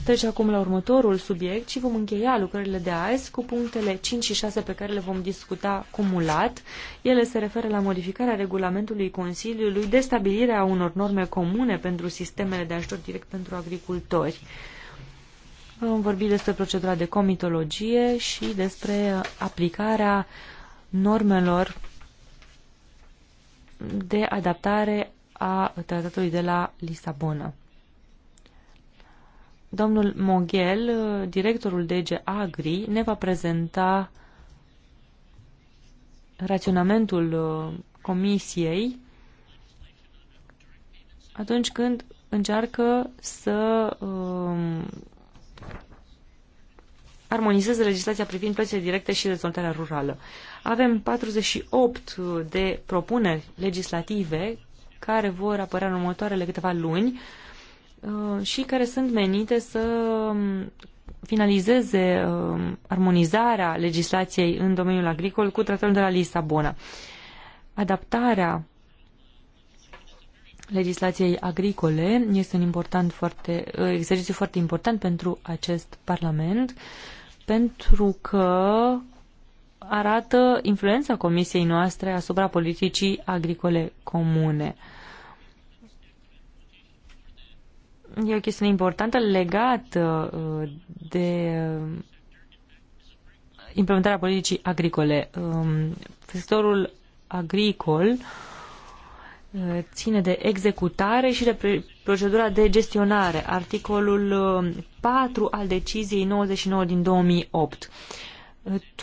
Treci acum la următorul subiect și vom încheia lucrările de azi cu punctele 5 și 6 pe care le vom discuta cumulat. Ele se referă la modificarea regulamentului Consiliului de stabilire a unor norme comune pentru sistemele de ajutor direct pentru agricultori. Vom vorbi despre procedura de comitologie și despre aplicarea normelor de adaptare a tratatului de la Lisabona. Domnul Moghel, directorul DG Agri, ne va prezenta raționamentul uh, comisiei atunci când încearcă să um, armonizeze legislația privind plățile directe și dezvoltarea rurală. Avem 48 de propuneri legislative care vor apărea în următoarele câteva luni uh, Uh, și care sunt menite să um, finalizeze um, armonizarea legislației în domeniul agricol cu tratatul de la Lisabona. Adaptarea legislației agricole este un important foarte, uh, exercițiu foarte important pentru acest Parlament, pentru că arată influența Comisiei noastre asupra politicii agricole comune. E o chestiune importantă legată uh, de uh, implementarea politicii agricole. Um, sectorul agricol uh, ține de executare și de procedura de gestionare, articolul 4 al deciziei 99 din 2008.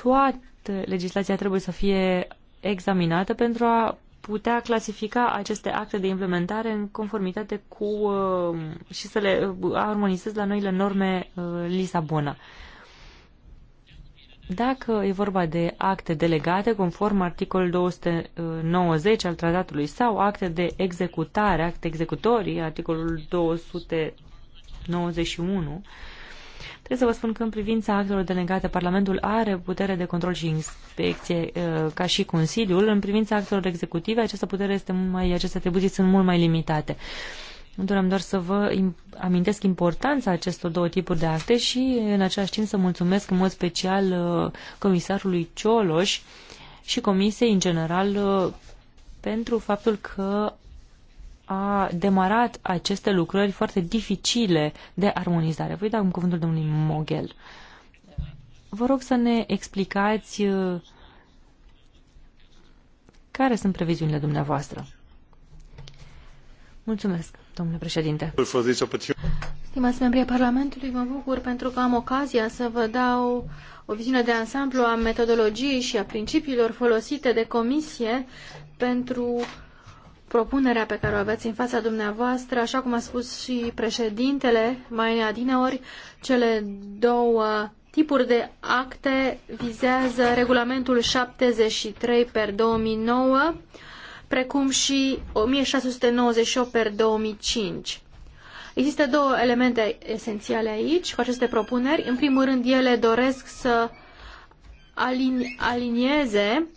Toată legislația trebuie să fie examinată pentru a putea clasifica aceste acte de implementare în conformitate cu uh, și să le uh, armonizez la noile norme uh, Lisabona. Dacă e vorba de acte delegate conform articolul 290 al tratatului sau acte de executare, acte executorii, articolul 291, Trebuie să vă spun că în privința actelor delegate, Parlamentul are putere de control și inspecție uh, ca și Consiliul. În privința actelor executive, această putere este mult mai, aceste atribuții sunt mult mai limitate. Doream doar să vă amintesc importanța acestor două tipuri de acte și în același timp să mulțumesc în mod special uh, comisarului Cioloș și comisiei în general uh, pentru faptul că a demarat aceste lucrări foarte dificile de armonizare. Voi da un cuvântul domnului Mogel. Vă rog să ne explicați uh, care sunt previziunile dumneavoastră. Mulțumesc, domnule președinte. Stimați membri ai Parlamentului, mă bucur pentru că am ocazia să vă dau o viziune de ansamblu a metodologiei și a principiilor folosite de comisie pentru propunerea pe care o aveți în fața dumneavoastră, așa cum a spus și președintele mai adineori, cele două tipuri de acte vizează regulamentul 73 per 2009, precum și 1698 per 2005. Există două elemente esențiale aici, cu aceste propuneri. În primul rând, ele doresc să alin alinieze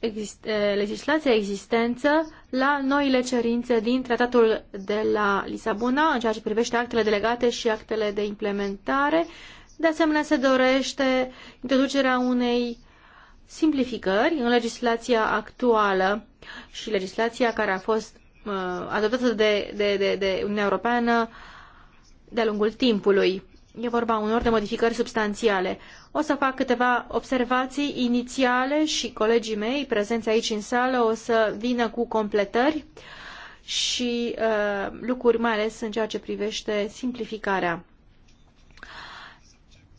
exist legislația existență la noile cerințe din tratatul de la Lisabona în ceea ce privește actele delegate și actele de implementare. De asemenea, se dorește introducerea unei simplificări în legislația actuală și legislația care a fost uh, adoptată de, de, de, de Uniunea Europeană de-a lungul timpului. E vorba unor de modificări substanțiale. O să fac câteva observații inițiale și colegii mei prezenți aici în sală o să vină cu completări și uh, lucruri mai ales în ceea ce privește simplificarea.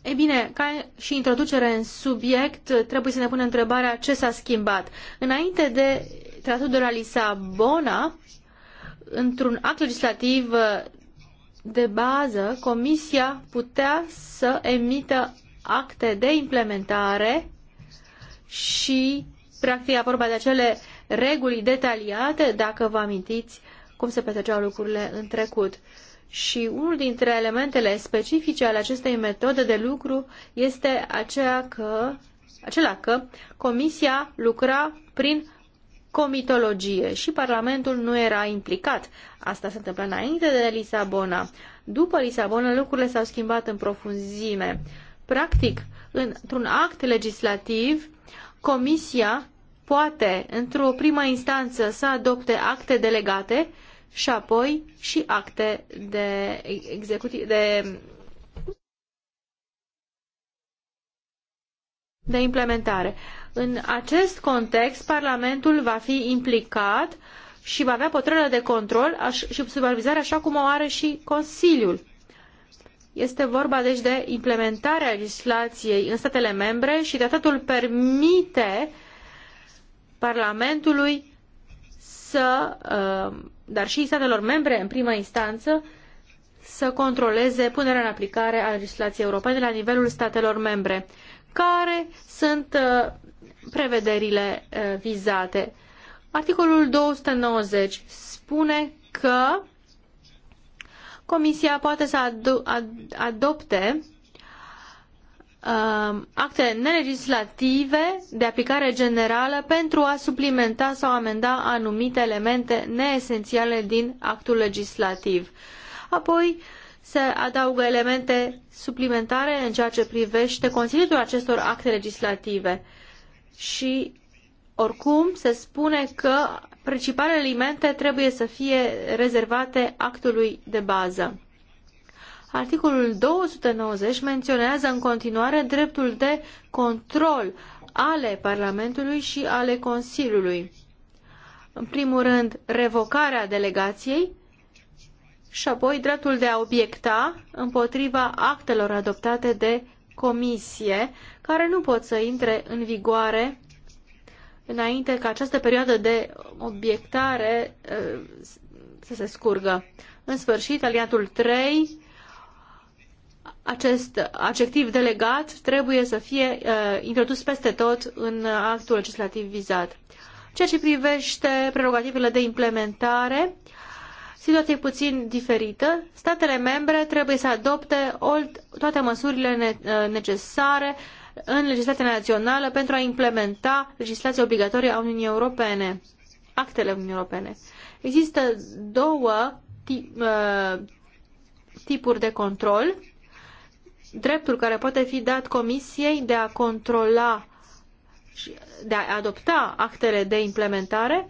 Ei bine, ca și introducere în subiect, trebuie să ne punem întrebarea ce s-a schimbat. Înainte de tratatul de la Lisabona, într-un act legislativ uh, de bază, Comisia putea să emită acte de implementare și, practic, era vorba de acele reguli detaliate, dacă vă amintiți cum se petreceau lucrurile în trecut. Și unul dintre elementele specifice ale acestei metode de lucru este aceea că, acela că Comisia lucra prin comitologie și Parlamentul nu era implicat. Asta se întâmplă înainte de Lisabona. După Lisabona lucrurile s-au schimbat în profunzime. Practic, într-un act legislativ, Comisia poate, într-o primă instanță, să adopte acte delegate și apoi și acte de, executiv, de, de implementare. În acest context, Parlamentul va fi implicat și va avea puterea de control și supervizare așa cum o are și Consiliul. Este vorba deci de implementarea legislației în statele membre și tratatul permite Parlamentului să, uh, dar și statelor membre în prima instanță, să controleze punerea în aplicare a legislației europene la nivelul statelor membre. Care sunt uh, prevederile uh, vizate. Articolul 290 spune că Comisia poate să ad adopte uh, acte nelegislative de aplicare generală pentru a suplimenta sau amenda anumite elemente neesențiale din actul legislativ. Apoi se adaugă elemente suplimentare în ceea ce privește conținutul acestor acte legislative. Uh, și oricum se spune că principalele alimente trebuie să fie rezervate actului de bază. Articolul 290 menționează în continuare dreptul de control ale Parlamentului și ale Consiliului. În primul rând, revocarea delegației și apoi dreptul de a obiecta împotriva actelor adoptate de Comisie care nu pot să intre în vigoare înainte ca această perioadă de obiectare eh, să se scurgă. În sfârșit, aliatul 3, acest adjectiv delegat trebuie să fie eh, introdus peste tot în actul legislativ vizat. Ceea ce privește prerogativele de implementare, situație puțin diferită. Statele membre trebuie să adopte toate măsurile eh, necesare în legislația națională pentru a implementa legislația obligatorie a Uniunii Europene, actele Uniunii Europene. Există două uh, tipuri de control. Dreptul care poate fi dat Comisiei de a controla și de a adopta actele de implementare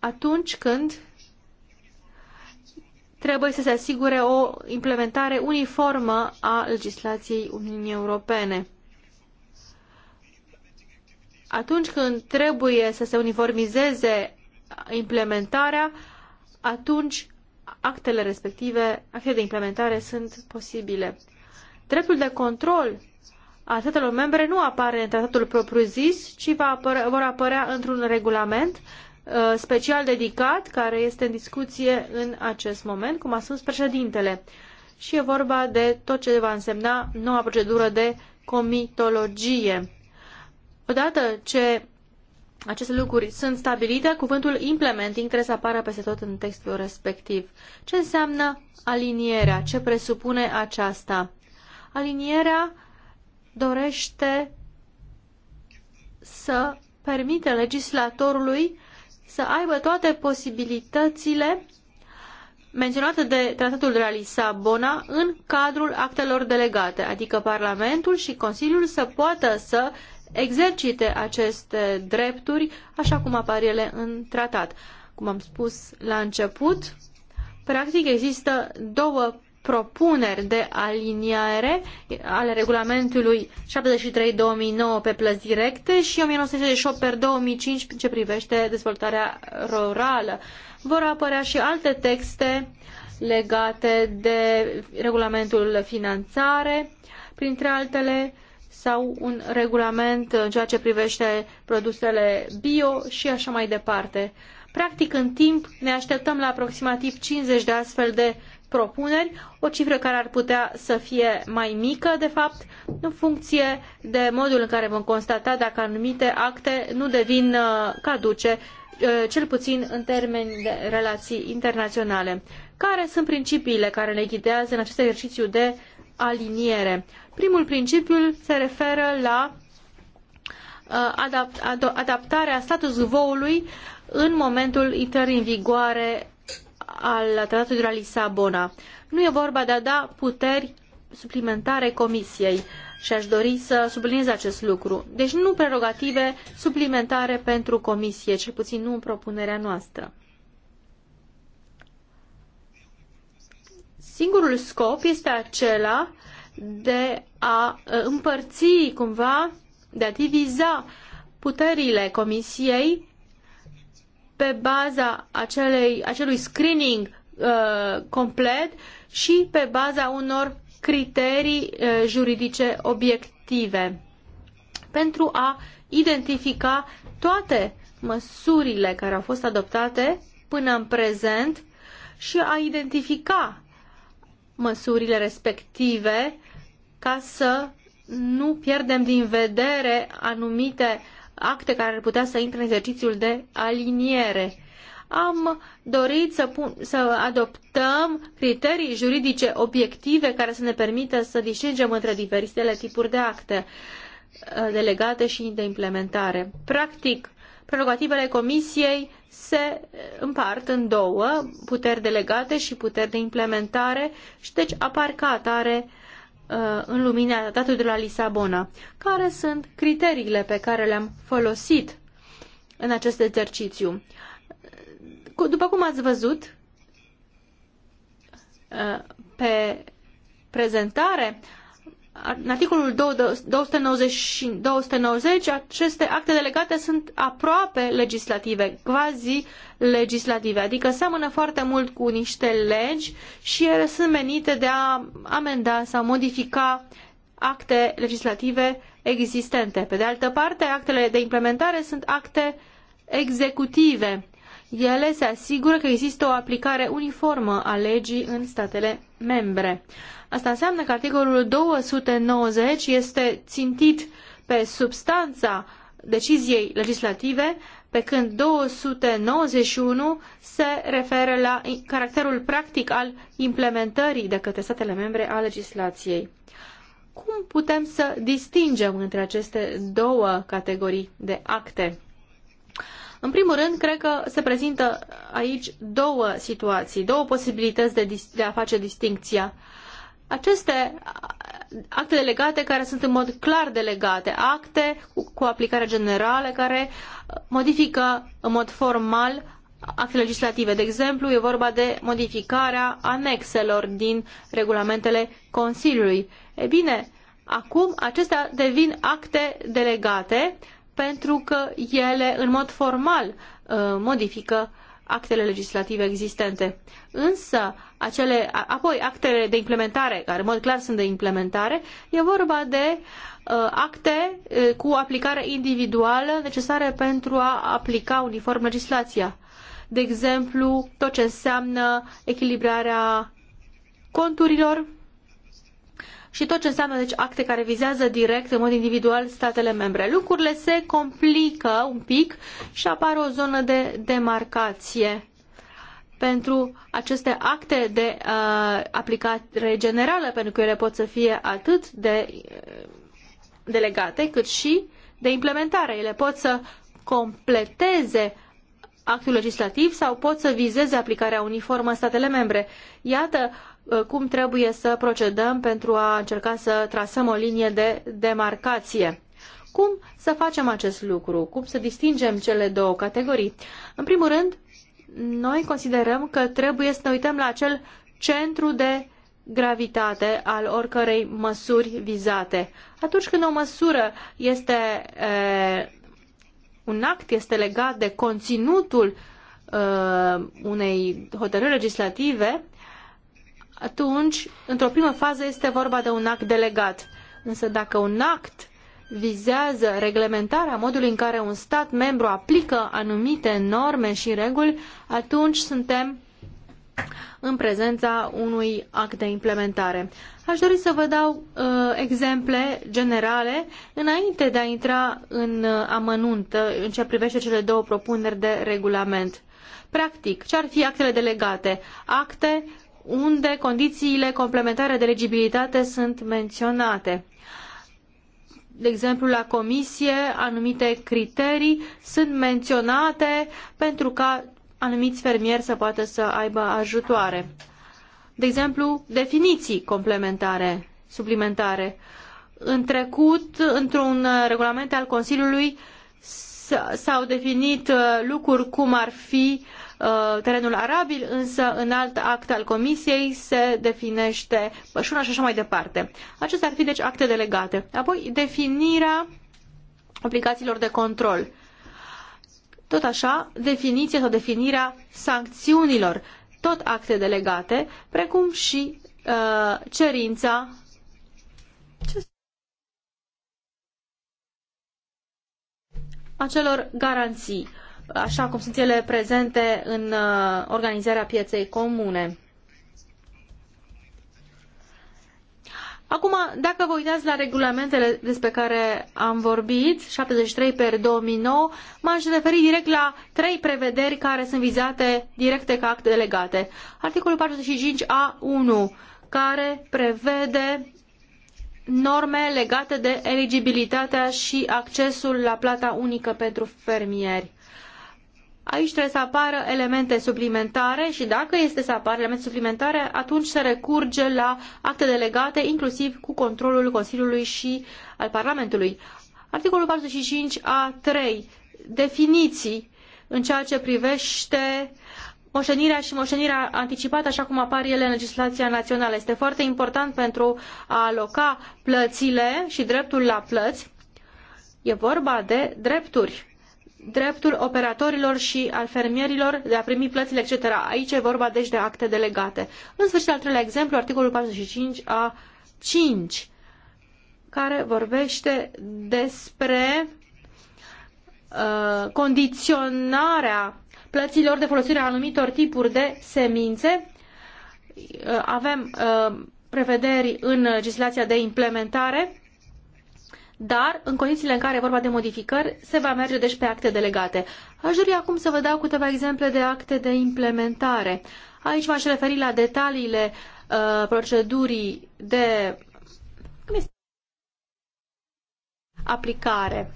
atunci când trebuie să se asigure o implementare uniformă a legislației Uniunii Europene. Atunci când trebuie să se uniformizeze implementarea, atunci actele respective, actele de implementare sunt posibile. Dreptul de control al statelor membre nu apare în tratatul propriu-zis, ci va apărea, vor apărea într-un regulament Uh, special dedicat care este în discuție în acest moment, cum a spus președintele. Și e vorba de tot ce va însemna noua procedură de comitologie. Odată ce aceste lucruri sunt stabilite, cuvântul implementing trebuie să apară peste tot în textul respectiv. Ce înseamnă alinierea? Ce presupune aceasta? Alinierea dorește să permite legislatorului să aibă toate posibilitățile menționate de Tratatul de la Lisabona în cadrul actelor delegate, adică Parlamentul și Consiliul să poată să exercite aceste drepturi așa cum apar ele în tratat. Cum am spus la început, practic există două propuneri de aliniere ale regulamentului 73-2009 pe plăți directe și 1968-2005 ce privește dezvoltarea rurală. Vor apărea și alte texte legate de regulamentul finanțare, printre altele, sau un regulament în ceea ce privește produsele bio și așa mai departe. Practic, în timp, ne așteptăm la aproximativ 50 de astfel de propuneri, o cifră care ar putea să fie mai mică, de fapt, în funcție de modul în care vom constata dacă anumite acte nu devin uh, caduce, uh, cel puțin în termeni de relații internaționale. Care sunt principiile care ne ghidează în acest exercițiu de aliniere? Primul principiu se referă la uh, adaptarea status quo-ului în momentul intrării în vigoare al Tratatului de la Lisabona. Nu e vorba de a da puteri suplimentare comisiei și aș dori să subliniez acest lucru. Deci nu prerogative suplimentare pentru comisie, cel puțin nu în propunerea noastră. Singurul scop este acela de a uh, împărți cumva, de a diviza puterile comisiei pe baza acelei, acelui screening uh, complet și pe baza unor criterii uh, juridice obiective pentru a identifica toate măsurile care au fost adoptate până în prezent și a identifica măsurile respective ca să nu pierdem din vedere anumite acte care ar putea să intre în exercițiul de aliniere. Am dorit să, pun, să adoptăm criterii juridice obiective care să ne permită să distingem între diferitele tipuri de acte uh, delegate și de implementare. Practic, prerogativele Comisiei se uh, împart în două, puteri delegate și puteri de implementare și deci apar ca atare uh, Uh, în lumina tratatului de la Lisabona. Care sunt criteriile pe care le-am folosit în acest exercițiu? După cum ați văzut uh, pe prezentare, în articolul 290, 290, aceste acte delegate sunt aproape legislative, quasi legislative, adică seamănă foarte mult cu niște legi și ele sunt menite de a amenda sau modifica acte legislative existente. Pe de altă parte, actele de implementare sunt acte executive. Ele se asigură că există o aplicare uniformă a legii în statele membre. Asta înseamnă că articolul 290 este țintit pe substanța deciziei legislative, pe când 291 se referă la caracterul practic al implementării de către statele membre a legislației. Cum putem să distingem între aceste două categorii de acte? În primul rând, cred că se prezintă aici două situații, două posibilități de, de a face distincția aceste acte delegate care sunt în mod clar delegate, acte cu aplicare generală care uh, modifică în mod formal acte legislative. De exemplu, e vorba de modificarea anexelor din regulamentele Consiliului. E bine, acum acestea devin acte delegate pentru că ele în mod formal uh, modifică uh, actele legislative existente. Însă, acele, apoi, actele de implementare, care în mod clar sunt de implementare, e vorba de uh, acte uh, cu aplicare individuală necesare pentru a aplica uniform legislația. De exemplu, tot ce înseamnă echilibrarea conturilor, și tot ce înseamnă deci, acte care vizează direct, în mod individual, statele membre. Lucrurile se complică un pic și apare o zonă de demarcație pentru aceste acte de uh, aplicare generală, pentru că ele pot să fie atât de uh, delegate cât și de implementare. Ele pot să completeze actul legislativ sau pot să vizeze aplicarea uniformă în statele membre. Iată, Uh, cum trebuie să procedăm pentru a încerca să trasăm o linie de demarcație. Cum să facem acest lucru? Cum să distingem cele două categorii? În primul rând, noi considerăm că trebuie să ne uităm la acel centru de gravitate al oricărei măsuri vizate. Atunci când o măsură este e, uh, un act este legat de conținutul e, uh, unei hotărâri legislative, atunci, într-o primă fază, este vorba de un act delegat. Însă dacă un act vizează reglementarea modului în care un stat membru aplică anumite norme și reguli, atunci suntem în prezența unui act de implementare. Aș dori să vă dau uh, exemple generale înainte de a intra în uh, amănunt în ce privește cele două propuneri de regulament. Practic, ce ar fi actele delegate? Acte unde condițiile complementare de legibilitate sunt menționate. De exemplu, la comisie, anumite criterii sunt menționate pentru ca anumiți fermieri să poată să aibă ajutoare. De exemplu, definiții complementare, suplimentare. În trecut, într-un regulament al Consiliului, s-au definit uh, lucruri cum ar fi uh, terenul arabil, însă în alt act al Comisiei se definește pășuna și așa mai departe. Acestea ar fi deci acte delegate. Apoi definirea obligațiilor de control. Tot așa, definiția sau definirea sancțiunilor, tot acte delegate, precum și uh, cerința. Ce acelor garanții, așa cum sunt ele prezente în uh, organizarea pieței comune. Acum, dacă vă uitați la regulamentele despre care am vorbit, 73 per 2009, m-aș referi direct la trei prevederi care sunt vizate directe ca acte delegate. Articolul 45A1, care prevede norme legate de eligibilitatea și accesul la plata unică pentru fermieri. Aici trebuie să apară elemente suplimentare și dacă este să apară elemente suplimentare, atunci se recurge la acte delegate, inclusiv cu controlul Consiliului și al Parlamentului. Articolul 45 a 3. Definiții în ceea ce privește moștenirea și moștenirea anticipată, așa cum apar ele în legislația națională. Este foarte important pentru a aloca plățile și dreptul la plăți. E vorba de drepturi dreptul operatorilor și al fermierilor de a primi plățile, etc. Aici e vorba deci de acte delegate. În sfârșit, al treilea exemplu, articolul 45 a 5, care vorbește despre uh, condiționarea plăților de folosire a anumitor tipuri de semințe. Uh, avem uh, prevederi în legislația de implementare, dar în condițiile în care e vorba de modificări, se va merge deci pe acte delegate. Aș dori acum să vă dau câteva exemple de acte de implementare. Aici m-aș referi la detaliile uh, procedurii de aplicare.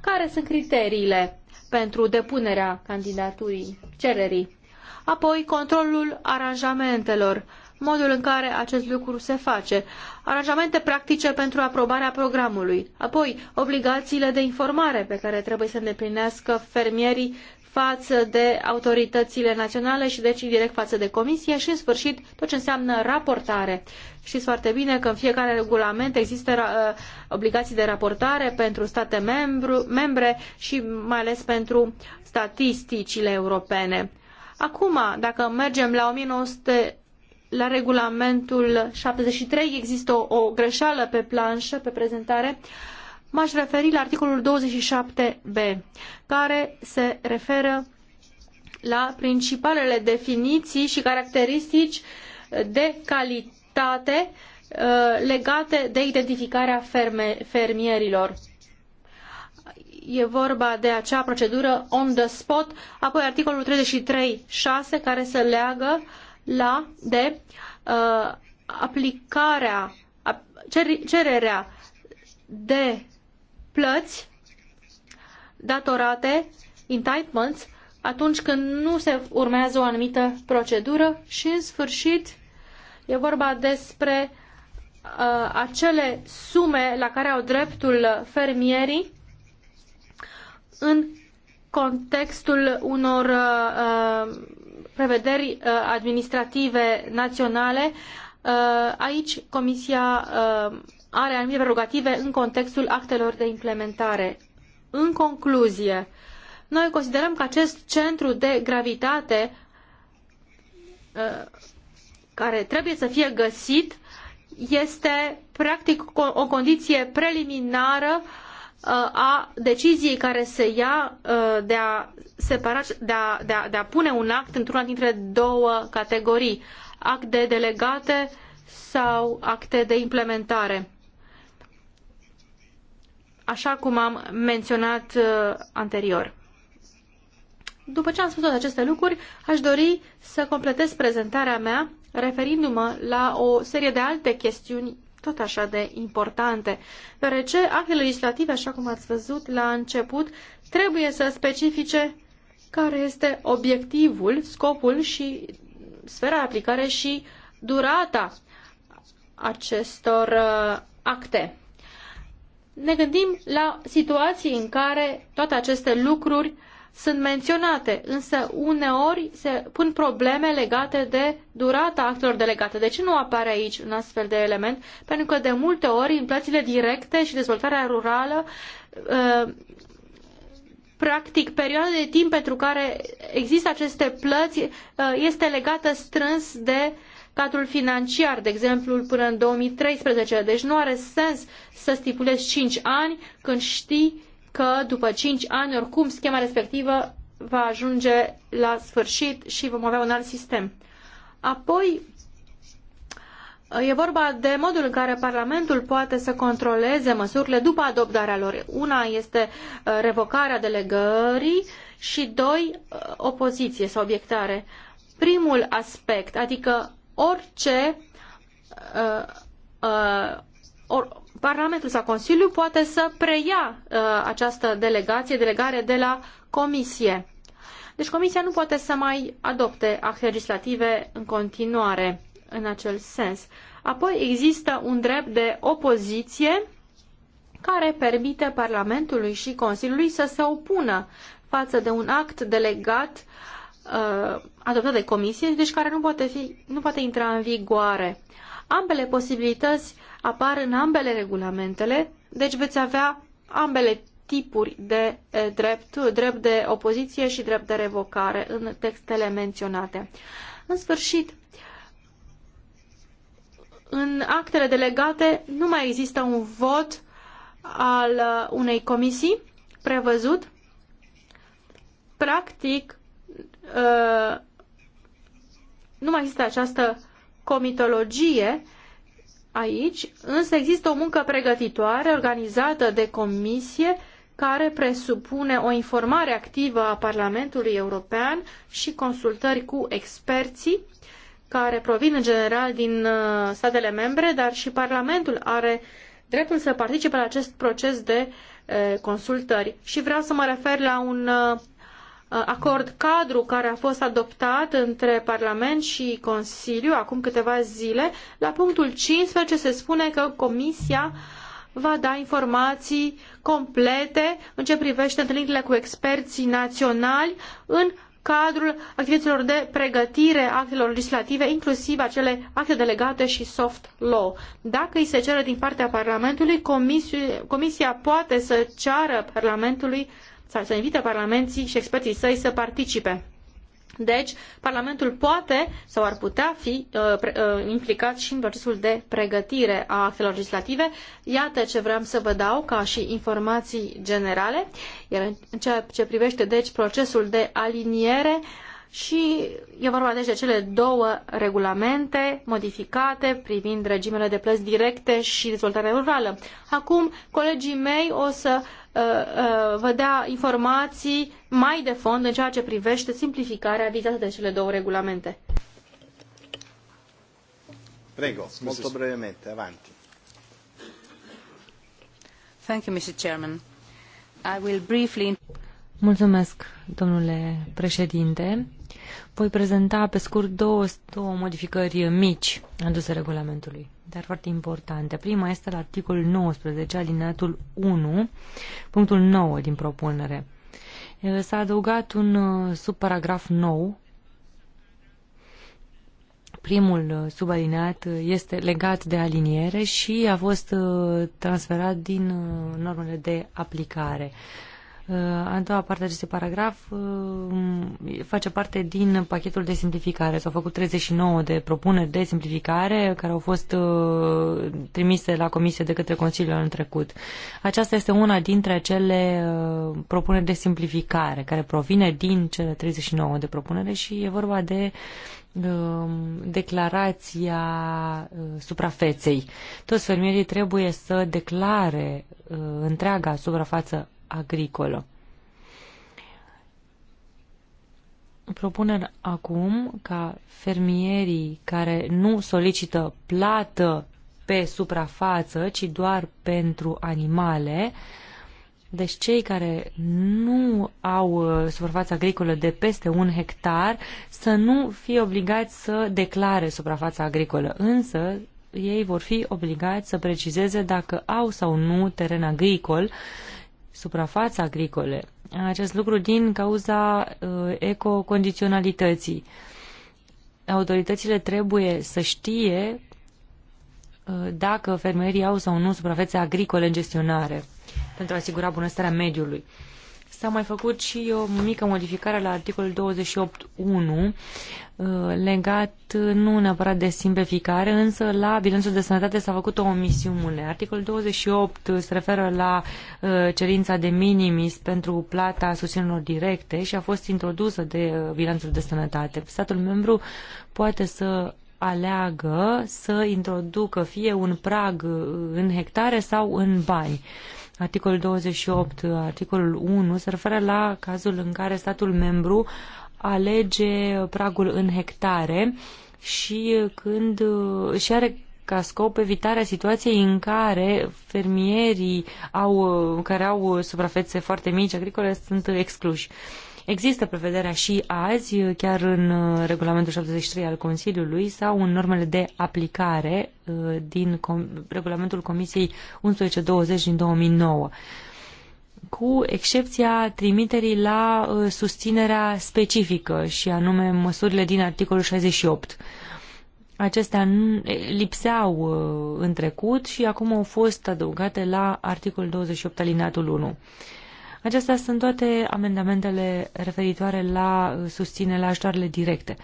Care sunt criteriile? pentru depunerea candidaturii, cererii. Apoi, controlul aranjamentelor, modul în care acest lucru se face, aranjamente practice pentru aprobarea programului, apoi obligațiile de informare pe care trebuie să îndeplinească fermierii față de autoritățile naționale și deci direct față de comisie și în sfârșit tot ce înseamnă raportare. Știți foarte bine că în fiecare regulament există uh, obligații de raportare pentru state membru, membre și mai ales pentru statisticile europene. Acum, dacă mergem la 1900 la regulamentul 73 există o, o greșeală pe planșă, pe prezentare. Uh, m-aș referi la articolul 27b, care se referă la principalele definiții și caracteristici de calitate uh, legate de identificarea fermierilor e vorba de acea procedură on the spot, apoi articolul 33.6 care se leagă la de uh, aplicarea, ap cererea de plăți datorate, entitlements, atunci când nu se urmează o anumită procedură și, în sfârșit, e vorba despre uh, acele sume la care au dreptul fermierii în contextul unor uh, uh prevederi uh, administrative naționale. Uh, aici Comisia uh, are anumite prerogative în contextul actelor de implementare. În concluzie, noi considerăm că acest centru de gravitate uh, care trebuie să fie găsit este practic o condiție preliminară uh, a deciziei care se ia uh, de a, separa, de a, de a, de a pune un act într-una dintre două categorii, act de delegate sau acte de implementare așa cum am menționat uh, anterior. După ce am spus toate aceste lucruri, aș dori să completez prezentarea mea referindu-mă la o serie de alte chestiuni tot așa de importante, deoarece actele legislative, așa cum ați văzut la început, trebuie să specifice care este obiectivul, scopul și sfera aplicare și durata acestor uh, acte ne gândim la situații în care toate aceste lucruri sunt menționate, însă uneori se pun probleme legate de durata actelor delegate. De ce nu apare aici un astfel de element? Pentru că de multe ori în plățile directe și dezvoltarea rurală uh, practic perioada de timp pentru care există aceste plăți uh, este legată strâns de uh, cadrul financiar, de exemplu, până în 2013. Deci nu are sens să stipulezi 5 ani când știi că după 5 ani, oricum, schema respectivă va ajunge la sfârșit și vom avea un alt sistem. Apoi, E vorba de modul în care Parlamentul poate să controleze măsurile după adoptarea lor. Una este uh, revocarea delegării și doi, uh, opoziție sau obiectare. Primul aspect, adică orice uh, uh, or, Parlamentul sau Consiliul poate să preia uh, această delegație, delegare de la Comisie. Deci Comisia nu poate să mai adopte acte legislative în continuare în acel sens. Apoi există un drept de opoziție care permite Parlamentului și Consiliului să se opună față de un act delegat uh, Uh, adoptat de comisie, deci care nu poate, fi, nu poate intra în vigoare. Ambele posibilități apar în ambele regulamentele, deci veți avea ambele tipuri de eh, drept, drept de opoziție și drept de revocare în textele menționate. În sfârșit, în actele delegate nu mai există un vot al uh, unei comisii prevăzut. Practic, Uh, nu mai există această comitologie aici, însă există o muncă pregătitoare organizată de comisie care presupune o informare activă a Parlamentului European și consultări cu experții care provin în general din uh, statele membre, dar și Parlamentul are dreptul să participe la acest proces de uh, consultări. Și vreau să mă refer la un acord cadru care a fost adoptat între Parlament și Consiliu acum câteva zile. La punctul 15 se spune că Comisia va da informații complete în ce privește întâlnirile cu experții naționali în cadrul activităților de pregătire a actelor legislative, inclusiv acele acte delegate și soft law. Dacă îi se cere din partea Parlamentului, Comisia poate să ceară Parlamentului uh, sau să invite parlamenții și experții săi să participe. Deci, Parlamentul poate sau ar putea fi uh, uh, implicat și în procesul de pregătire a actelor legislative. Iată ce vreau să vă dau ca și informații generale. Iar în ceea ce privește, deci, procesul de aliniere și e vorba deci de cele două regulamente modificate privind regimele de plăți directe și dezvoltarea rurală. Acum, colegii mei o să uh, uh, vă dea informații mai de fond în ceea ce privește simplificarea vizată de cele două regulamente. Prego, molto brevemente, avanti. Thank you, Mr. Chairman. I will briefly... Mulțumesc, domnule președinte. Voi prezenta pe scurt două, două modificări mici aduse regulamentului, dar foarte importante. Prima este la articolul 19, alineatul 1, punctul 9 din propunere. S-a adăugat un uh, subparagraf nou. Primul uh, subalineat uh, este legat de aliniere și a fost transferat din normele de aplicare. Uh, a doua parte a acestui paragraf uh, face parte din pachetul de simplificare. S-au făcut 39 de propuneri de simplificare care au fost uh, trimise la comisie de către Consiliul anul trecut. Aceasta este una dintre cele propuneri de simplificare care provine din cele 39 de propunere și e vorba de declarația suprafeței. Toți fermierii trebuie să declare întreaga suprafață agricolă. Propunem acum ca fermierii care nu solicită plată pe suprafață, ci doar pentru animale, deci cei care nu au uh, suprafață agricolă de peste un hectar să nu fie obligați să declare suprafața agricolă, însă ei vor fi obligați să precizeze dacă au sau nu teren agricol suprafața agricole. Acest lucru din cauza uh, ecocondiționalității. Autoritățile trebuie să știe uh, dacă fermierii au sau nu suprafețe agricole în gestionare pentru a asigura bunăstarea mediului. S-a mai făcut și o mică modificare la articolul 28.1 uh, legat uh, nu neapărat de simplificare, însă la bilanțul de sănătate s-a făcut o omisiune. Articolul 28 uh, se referă la cerința de minimis pentru plata susținerilor directe și a fost introdusă de bilanțul de sănătate. Statul membru poate să aleagă să introducă fie un prag în hectare sau în bani. Articolul 28, articolul 1 se referă la cazul în care statul membru alege pragul în hectare și când și are ca scop evitarea situației în care fermierii au, care au suprafețe foarte mici agricole sunt excluși. Uh, Există prevederea și azi, chiar în uh, regulamentul 73 al Consiliului sau în normele de aplicare uh, din regulamentul Comisiei 1120 din 2009 cu excepția trimiterii la uh, susținerea specifică și anume măsurile din articolul 68 acestea lipseau în trecut și acum au fost adăugate la articolul 28 alineatul 1. Acestea sunt toate amendamentele referitoare la susține la ajutoarele directe.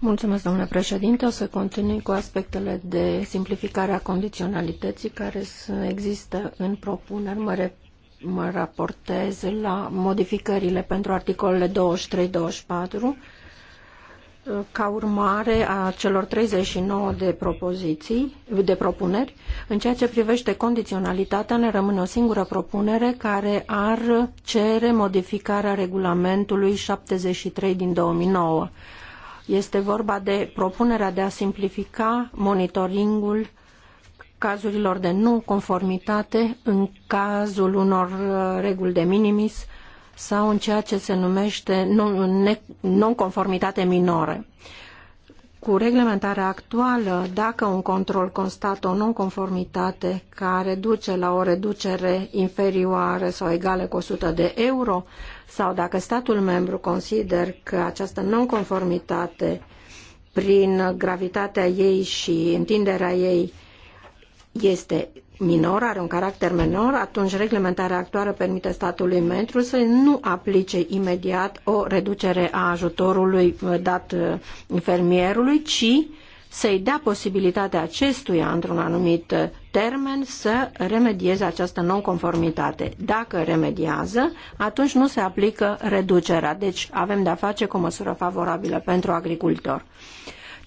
Mulțumesc, domnule președinte. O să continui cu aspectele de simplificare a condiționalității care există în propuneri. Mă, re- mă raportez la modificările pentru articolele 23-24 ca urmare a celor 39 de propoziții, de propuneri, în ceea ce privește condiționalitatea, ne rămâne o singură propunere care ar cere modificarea regulamentului 73 din 2009. Este vorba de propunerea de a simplifica monitoringul cazurilor de nu conformitate în cazul unor uh, reguli de minimis sau în ceea ce se numește nonconformitate minore. Cu reglementarea actuală, dacă un control constată o nonconformitate care duce la o reducere inferioară sau egală cu 100 de euro, sau dacă statul membru consider că această nonconformitate prin gravitatea ei și întinderea ei este minor are un caracter menor, atunci reglementarea actuală permite statului membru să nu aplice imediat o reducere a ajutorului uh, dat uh, fermierului, ci să-i dea posibilitatea acestuia, într-un anumit uh, termen, să remedieze această nonconformitate. Dacă remediază, atunci nu se aplică reducerea. Deci avem de-a face cu o măsură favorabilă pentru agricultor.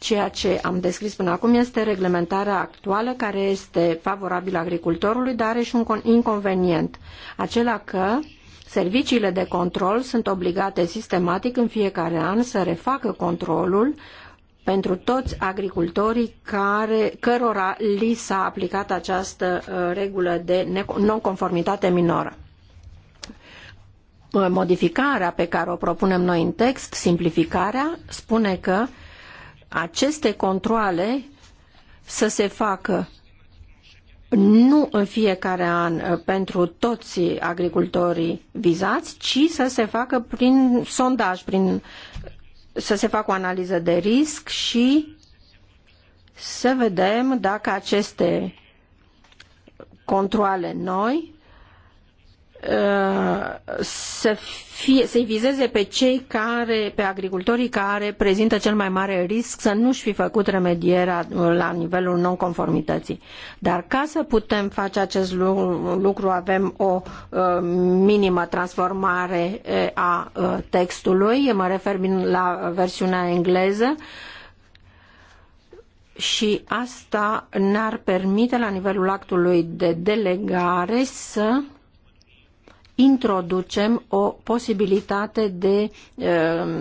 Ceea ce am descris până acum este reglementarea actuală care este favorabilă agricultorului, dar are și un inconvenient, acela că Serviciile de control sunt obligate sistematic în fiecare an să refacă controlul pentru toți agricultorii care, cărora li s-a aplicat această uh, regulă de nonconformitate minoră. Modificarea pe care o propunem noi în text, simplificarea, spune că aceste controle să se facă nu în fiecare an uh, pentru toți agricultorii vizați, ci să se facă prin sondaj, prin, să se facă o analiză de risc și să vedem dacă aceste controle noi Uh, să fie, să-i vizeze pe cei care, pe agricultorii care prezintă cel mai mare risc să nu-și fi făcut remedierea la nivelul nonconformității. Dar ca să putem face acest lucru avem o uh, minimă transformare uh, a textului, mă refer la versiunea engleză, și asta n ar permite la nivelul actului de delegare să introducem o posibilitate de ehm,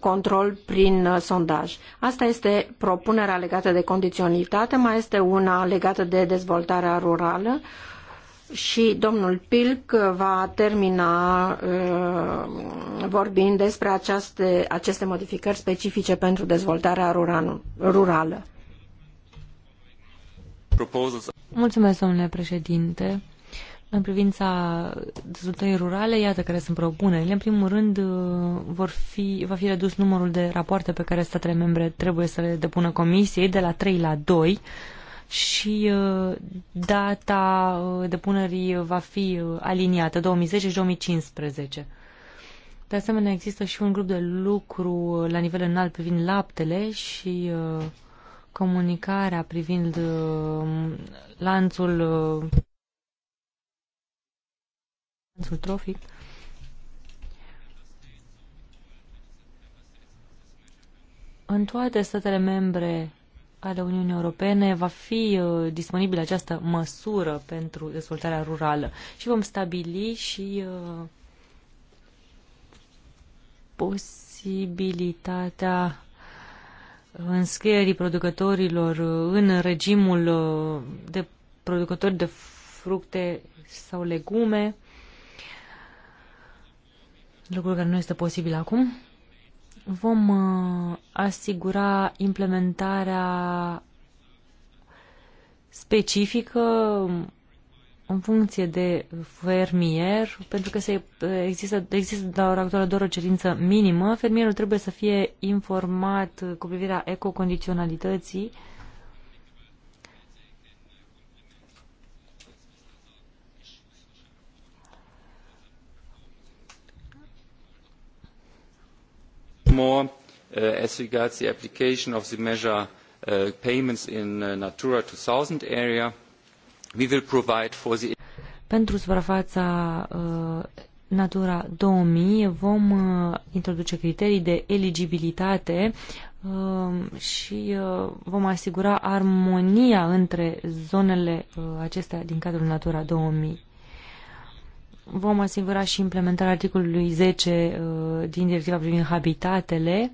control prin uh, sondaj. Asta este propunerea legată de condiționalitate, mai este una legată de dezvoltarea rurală și domnul Pilc va termina ehm, vorbind despre aceste, aceste modificări specifice pentru dezvoltarea rurală. Mulțumesc, domnule președinte. În privința dezvoltării rurale, iată care sunt propunerile. În primul rând, uh, vor fi, va fi redus numărul de rapoarte pe care statele membre trebuie să le depună comisiei de la 3 la 2 și uh, data uh, depunerii va fi aliniată 2010 și 2015. De asemenea, există și un grup de lucru la nivel înalt privind laptele și comunicarea privind lanțul lanțul trofic. În toate statele membre ale Uniunii Europene va fi uh, disponibilă această măsură pentru dezvoltarea rurală și vom stabili și uh, posibilitatea înscrierii producătorilor uh, în regimul uh, de producători de fructe sau legume lucru care nu este posibil acum. Vom uh, asigura implementarea specifică în funcție de fermier, pentru că se există, există la ora actuală doar o cerință minimă, fermierul trebuie să fie informat cu privirea ecocondiționalității uh, more uh, as regards the application of the measure uh, payments in uh, Natura two thousand area, we will provide for the pentru suprafața uh, Natura 2000 vom introduce criterii de eligibilitate um, uh, și vom asigura armonia între zonele acestea din cadrul Natura 2000 vom asigura și implementarea articolului 10 uh, din directiva privind habitatele.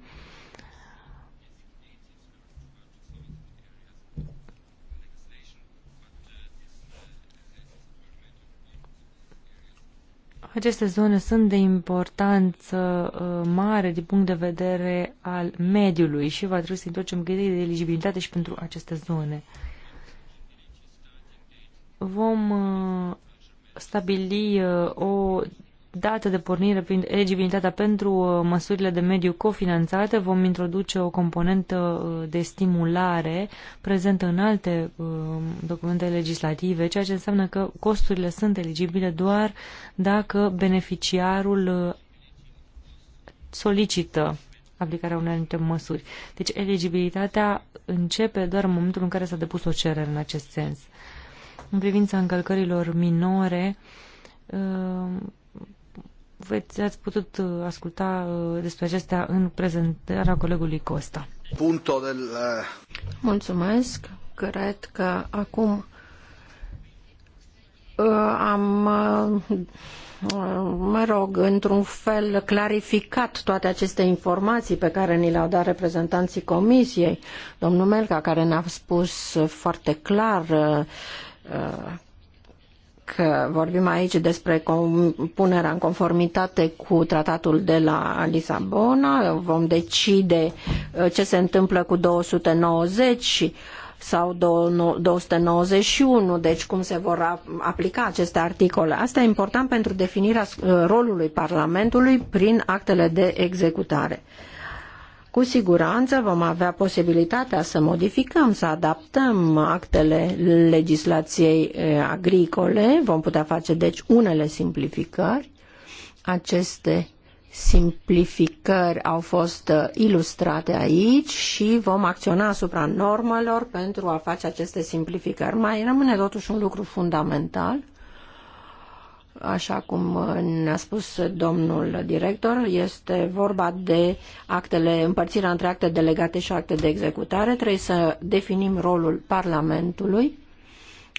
Aceste zone sunt de importanță uh, mare din punct de vedere al mediului și va trebui să întoarcem criterii de eligibilitate și pentru aceste zone. Vom uh, stabili uh, o dată de pornire prin eligibilitatea pentru uh, măsurile de mediu cofinanțate. Vom introduce o componentă uh, de stimulare prezentă în alte documente legislative, ceea ce înseamnă că costurile sunt eligibile doar dacă beneficiarul solicită aplicarea unei anumite măsuri. Deci eligibilitatea începe doar în momentul în care s-a depus o cerere în acest sens în privința încălcărilor minore, uh, veți, ați putut uh, asculta uh, despre acestea în prezentarea colegului Costa. Punto del... Mulțumesc. Cred că acum am, mă rog, într-un fel clarificat toate aceste informații pe care ni le-au dat reprezentanții Comisiei. Domnul Melca, care ne-a spus foarte clar că vorbim aici despre punerea în conformitate cu tratatul de la Lisabona, vom decide uh, ce se întâmplă cu 290 sau 291, deci cum se vor aplica aceste articole. Asta e important pentru definirea uh, rolului Parlamentului prin actele de executare. Cu siguranță vom avea posibilitatea să modificăm, să adaptăm actele legislației agricole, vom putea face deci unele simplificări. Aceste simplificări au fost ilustrate aici și vom acționa asupra normelor pentru a face aceste simplificări. Mai rămâne totuși un lucru fundamental Așa cum ne-a spus domnul director, este vorba de actele, împărțirea între acte delegate și acte de executare. Trebuie să definim rolul Parlamentului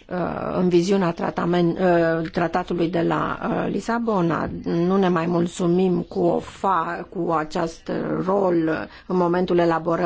uh, în viziunea tratament, uh, tratatului de la uh, Lisabona. Nu ne mai mulțumim cu, o fa, cu acest rol în momentul elaborării